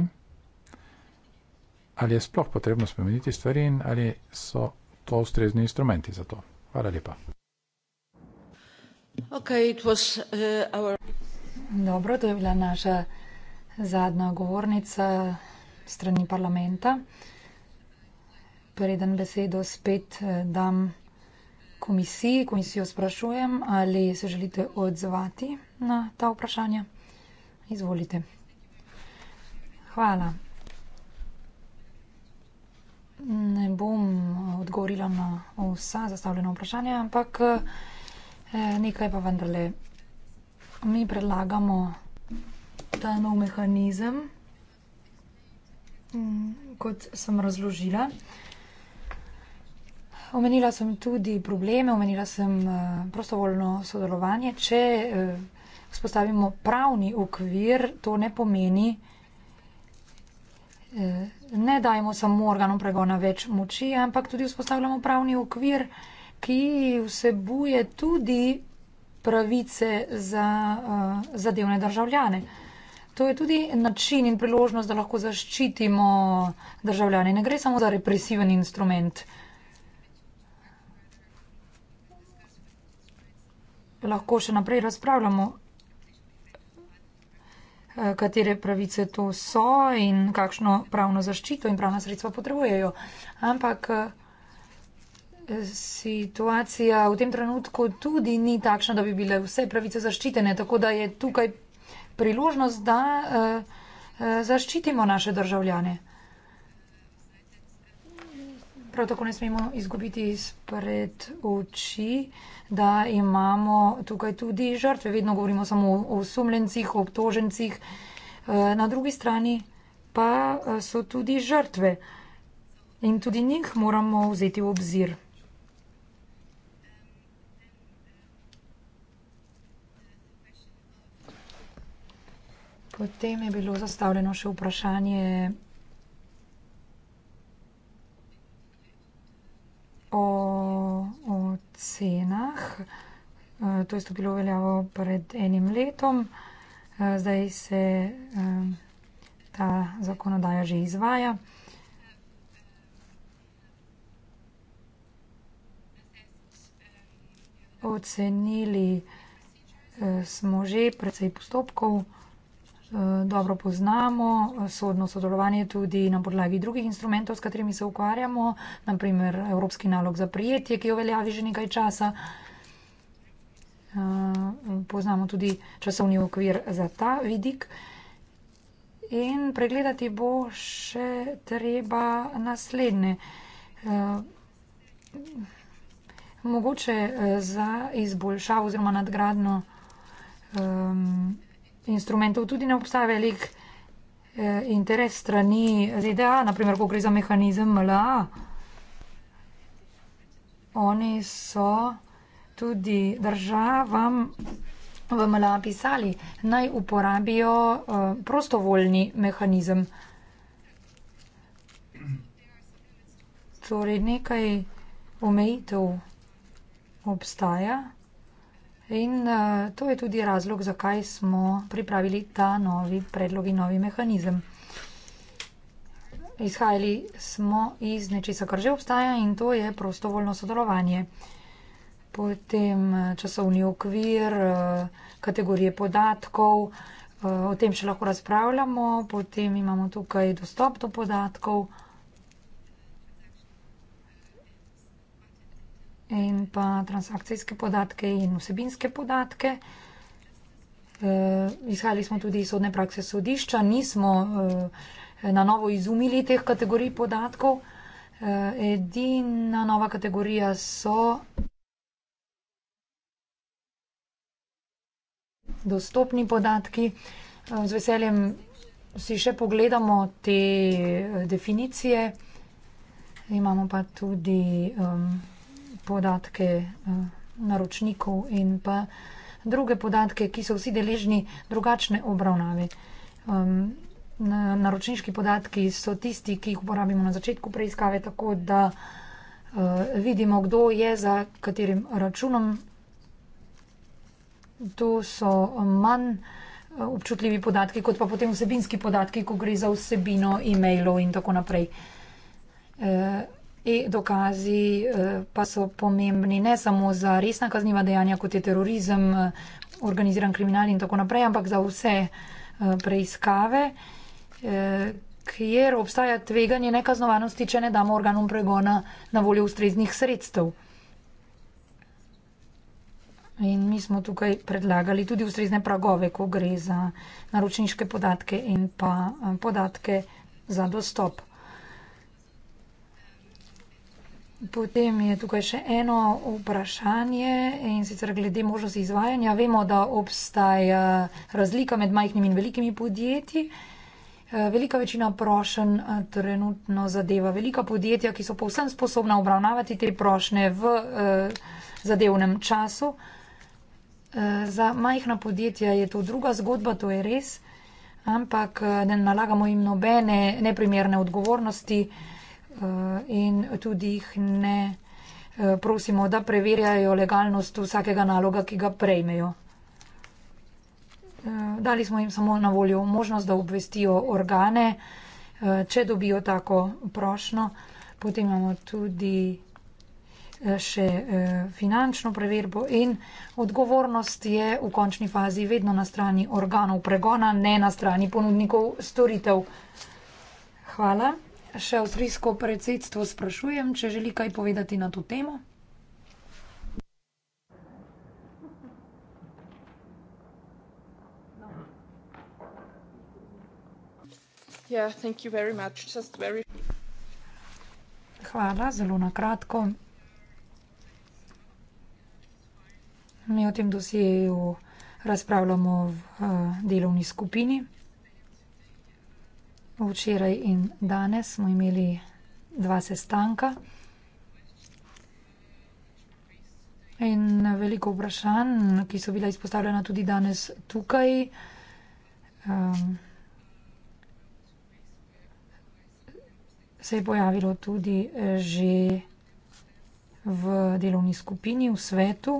ali je sploh potrebno spremeniti stvari in ali so to ustrezni instrumenti za to. Hvala lepa. Okay, it was, uh, our... Dobro, to je bila naša zadnja govornica strani parlamenta. Preden besedo spet eh, dam komisiji, komisijo sprašujem, ali se želite odzvati na ta vprašanja. Izvolite. Hvala. Ne bom odgovorila na vsa zastavljena vprašanja, ampak eh, nekaj pa vendarle. Mi predlagamo ta nov mehanizem, mm, kot sem razložila. Omenila sem tudi probleme, omenila sem eh, prostovoljno sodelovanje. Če eh, vzpostavimo pravni okvir, to ne pomeni, eh, ne dajemo samo organom pregona več moči, ampak tudi vzpostavljamo pravni okvir, ki vsebuje tudi pravice za zadevne državljane. To je tudi način in priložnost, da lahko zaščitimo državljane. Ne gre samo za represiven instrument. lahko še naprej razpravljamo, eh, katere pravice to so in kakšno pravno zaščito in pravna sredstva potrebujejo. Ampak eh, situacija v tem trenutku tudi ni takšna, da bi bile vse pravice zaščitene, tako da je tukaj priložnost, da eh, zaščitimo naše državljane. Prav tako ne smemo izgubiti izpred oči, da imamo tukaj tudi žrtve. Vedno govorimo samo o osumljencih, o obtožencih. Eh, na drugi strani pa eh, so tudi žrtve in tudi njih moramo vzeti v obzir. Potem je bilo zastavljeno še vprašanje. o, o cenah. E, to je stopilo veljavo pred enim letom. E, zdaj se e, ta zakonodaja že izvaja. Ocenili smo že precej postopkov. Eh, dobro poznamo, sodno sodelovanje tudi na podlagi drugih instrumentov, s katerimi se ukvarjamo, naprimer Evropski nalog za prijetje, ki jo veljavi že nekaj časa. Eh, poznamo tudi časovni okvir za ta vidik. In pregledati bo še treba naslednje. Eh, mogoče za izboljšavo oziroma nadgradno. Ehm, instrumentov tudi ne obstaja velik eh, interes strani ZDA, naprimer, ko gre za mehanizem MLA. Oni so tudi državam v MLA pisali, naj uporabijo eh, prostovoljni mehanizem. Torej, nekaj omejitev obstaja. In uh, to je tudi razlog, zakaj smo pripravili ta novi predlog in novi mehanizem. Izhajali smo iz nečesa, kar že obstaja in to je prostovoljno sodelovanje. Potem eh, časovni okvir, eh, kategorije podatkov, o tem še lahko razpravljamo, potem imamo tukaj dostop do podatkov, in pa transakcijske podatke in vsebinske podatke. E, izhajali smo tudi iz sodne prakse sodišča, nismo e, na novo izumili teh kategorij podatkov. E, edina nova kategorija so dostopni podatki. Z veseljem si še pogledamo te definicije. Imamo pa tudi um, podatke eh, naročnikov in pa druge podatke, ki so vsi deležni drugačne obravnave. Um, naročniški podatki so tisti, ki jih uporabimo na začetku preiskave, tako da uh, vidimo, kdo je za katerim računom. To so manj eh, občutljivi podatki, kot pa potem vsebinski podatki, ko gre za vsebino e-mailov in tako naprej. Uh, E dokazi eh, pa so pomembni ne samo za resna kazniva dejanja, kot je terorizem, eh, organiziran kriminal in tako naprej, ampak za vse eh, preiskave, kjer obstaja tveganje nekaznovanosti, če ne damo organom pregona na voljo ustreznih sredstev. In mi smo tukaj predlagali tudi ustrezne pragove, ko gre za naročniške podatke in pa podatke za dostop. Potem je tukaj še eno vprašanje in sicer glede možnosti izvajanja. Vemo, da obstaja razlika med majhnimi in velikimi podjetji. Eh, velika večina prošenj eh, trenutno zadeva velika podjetja, ki so povsem sposobna obravnavati te prošnje v eh, zadevnem času. Za majhna podjetja je to druga zgodba, to je res, ampak ne nalagamo jim nobene neprimerne odgovornosti. Eh, in tudi jih ne eh, prosimo, da preverjajo legalnost vsakega naloga, ki ga prejmejo. Eh, dali smo jim samo na voljo možnost, da obvestijo organe, če dobijo tako prošno. Potem imamo tudi še finančno preverbo in odgovornost je v končni fazi vedno na strani organov pregona, ne na strani ponudnikov storitev. Hvala še avstrijsko predsedstvo sprašujem, če želi kaj povedati na to temo. Hvala, zelo na kratko. Mi o tem dosjeju razpravljamo v eh, delovni skupini včeraj in danes smo imeli dva sestanka in veliko vprašanj, ki so bila izpostavljena tudi danes tukaj. Um, se je pojavilo tudi eh, že v delovni skupini v svetu.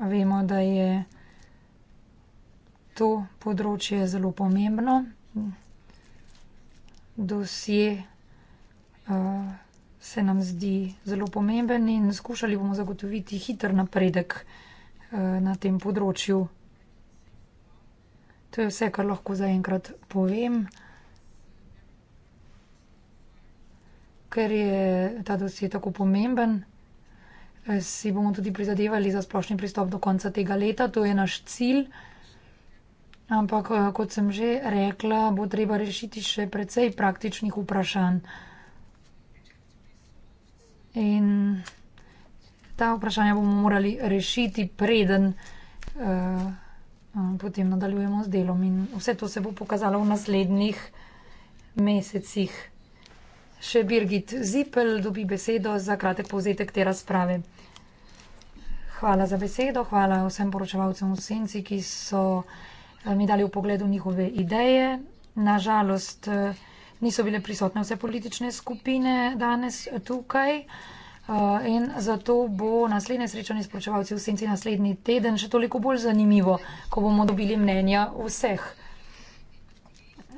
Vemo, da je to področje zelo pomembno. Dosje uh, se nam zdi zelo pomemben in skušali bomo zagotoviti hiter napredek uh, na tem področju. To je vse, kar lahko zaenkrat povem. Ker je ta dosje tako pomemben, eh, si bomo tudi prizadevali za splošni pristop do konca tega leta. To je naš cilj. Ampak, eh, kot sem že rekla, bo treba rešiti še precej praktičnih vprašanj. In ta vprašanja bomo morali rešiti, preden uh, potem nadaljujemo z delom. In vse to se bo pokazalo v naslednjih mesecih. Še Birgit Zipel dobi besedo za kratek povzetek te razprave. Hvala za besedo, hvala vsem poročevalcem v senci, ki so. Eh, mi dali upogled v njihove ideje. Nažalost, eh, niso bile prisotne vse politične skupine danes tukaj. Eh, in zato bo naslednje srečanje s poročevalci v senci naslednji teden še toliko bolj zanimivo, ko bomo dobili mnenja vseh.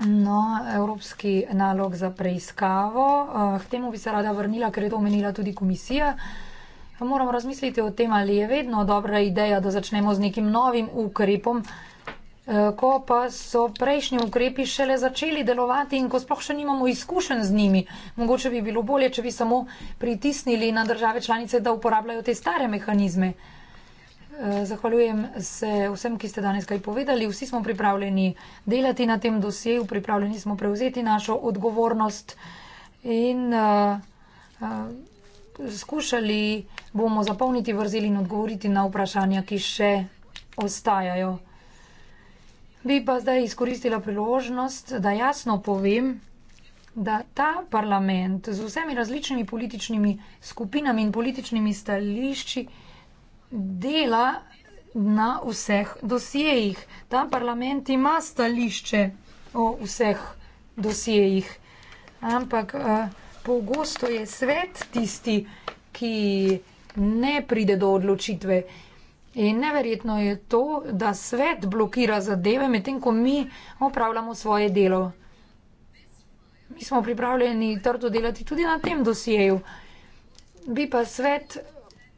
No, evropski nalog za preiskavo, k temu bi se rada vrnila, ker je to omenila tudi komisija. Moramo razmisliti o tem, ali je vedno dobra ideja, da začnemo z nekim novim ukrepom, Eh, ko pa so prejšnji ukrepi šele začeli delovati in ko sploh še nimamo izkušenj z njimi. Mogoče bi bilo bolje, če bi samo pritisnili na države članice, da uporabljajo te stare mehanizme. Eh, zahvaljujem se vsem, ki ste danes kaj povedali. Vsi smo pripravljeni delati na tem dosjeju, pripravljeni smo prevzeti našo odgovornost in uh, uh, skušali bomo zapolniti vrzeli in odgovoriti na vprašanja, ki še ostajajo. Bi pa zdaj izkoristila priložnost, da jasno povem, da ta parlament z vsemi različnimi političnimi skupinami in političnimi stališči dela na vseh dosjejih. Ta parlament ima stališče o vseh dosjejih, ampak eh, pogosto je svet tisti, ki ne pride do odločitve. In neverjetno je to, da svet blokira zadeve, medtem ko mi opravljamo svoje delo. Mi smo pripravljeni trdo delati tudi na tem dosjeju. Bi pa svet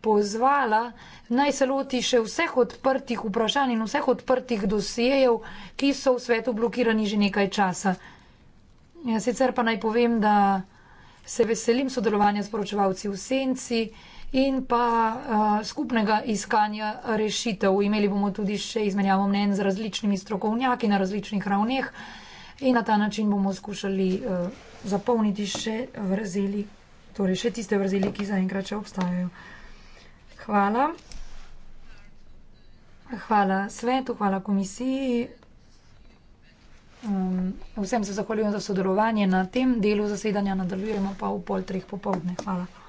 pozvala, naj se loti še vseh odprtih vprašanj in vseh odprtih dosjejev, ki so v svetu blokirani že nekaj časa. Ja, sicer pa naj povem, da se veselim sodelovanja s poročevalci v senci in pa uh, skupnega iskanja rešitev. Imeli bomo tudi še izmenjavo mnen z različnimi strokovnjaki na različnih ravneh in na ta način bomo skušali uh, zapolniti še vrzeli, torej še tiste vrzeli, ki zaenkrat še obstajajo. Hvala. Hvala svetu, hvala komisiji. Um, vsem se zahvaljujem za sodelovanje na tem delu zasedanja, nadaljujemo pa v pol treh popovdne. Hvala.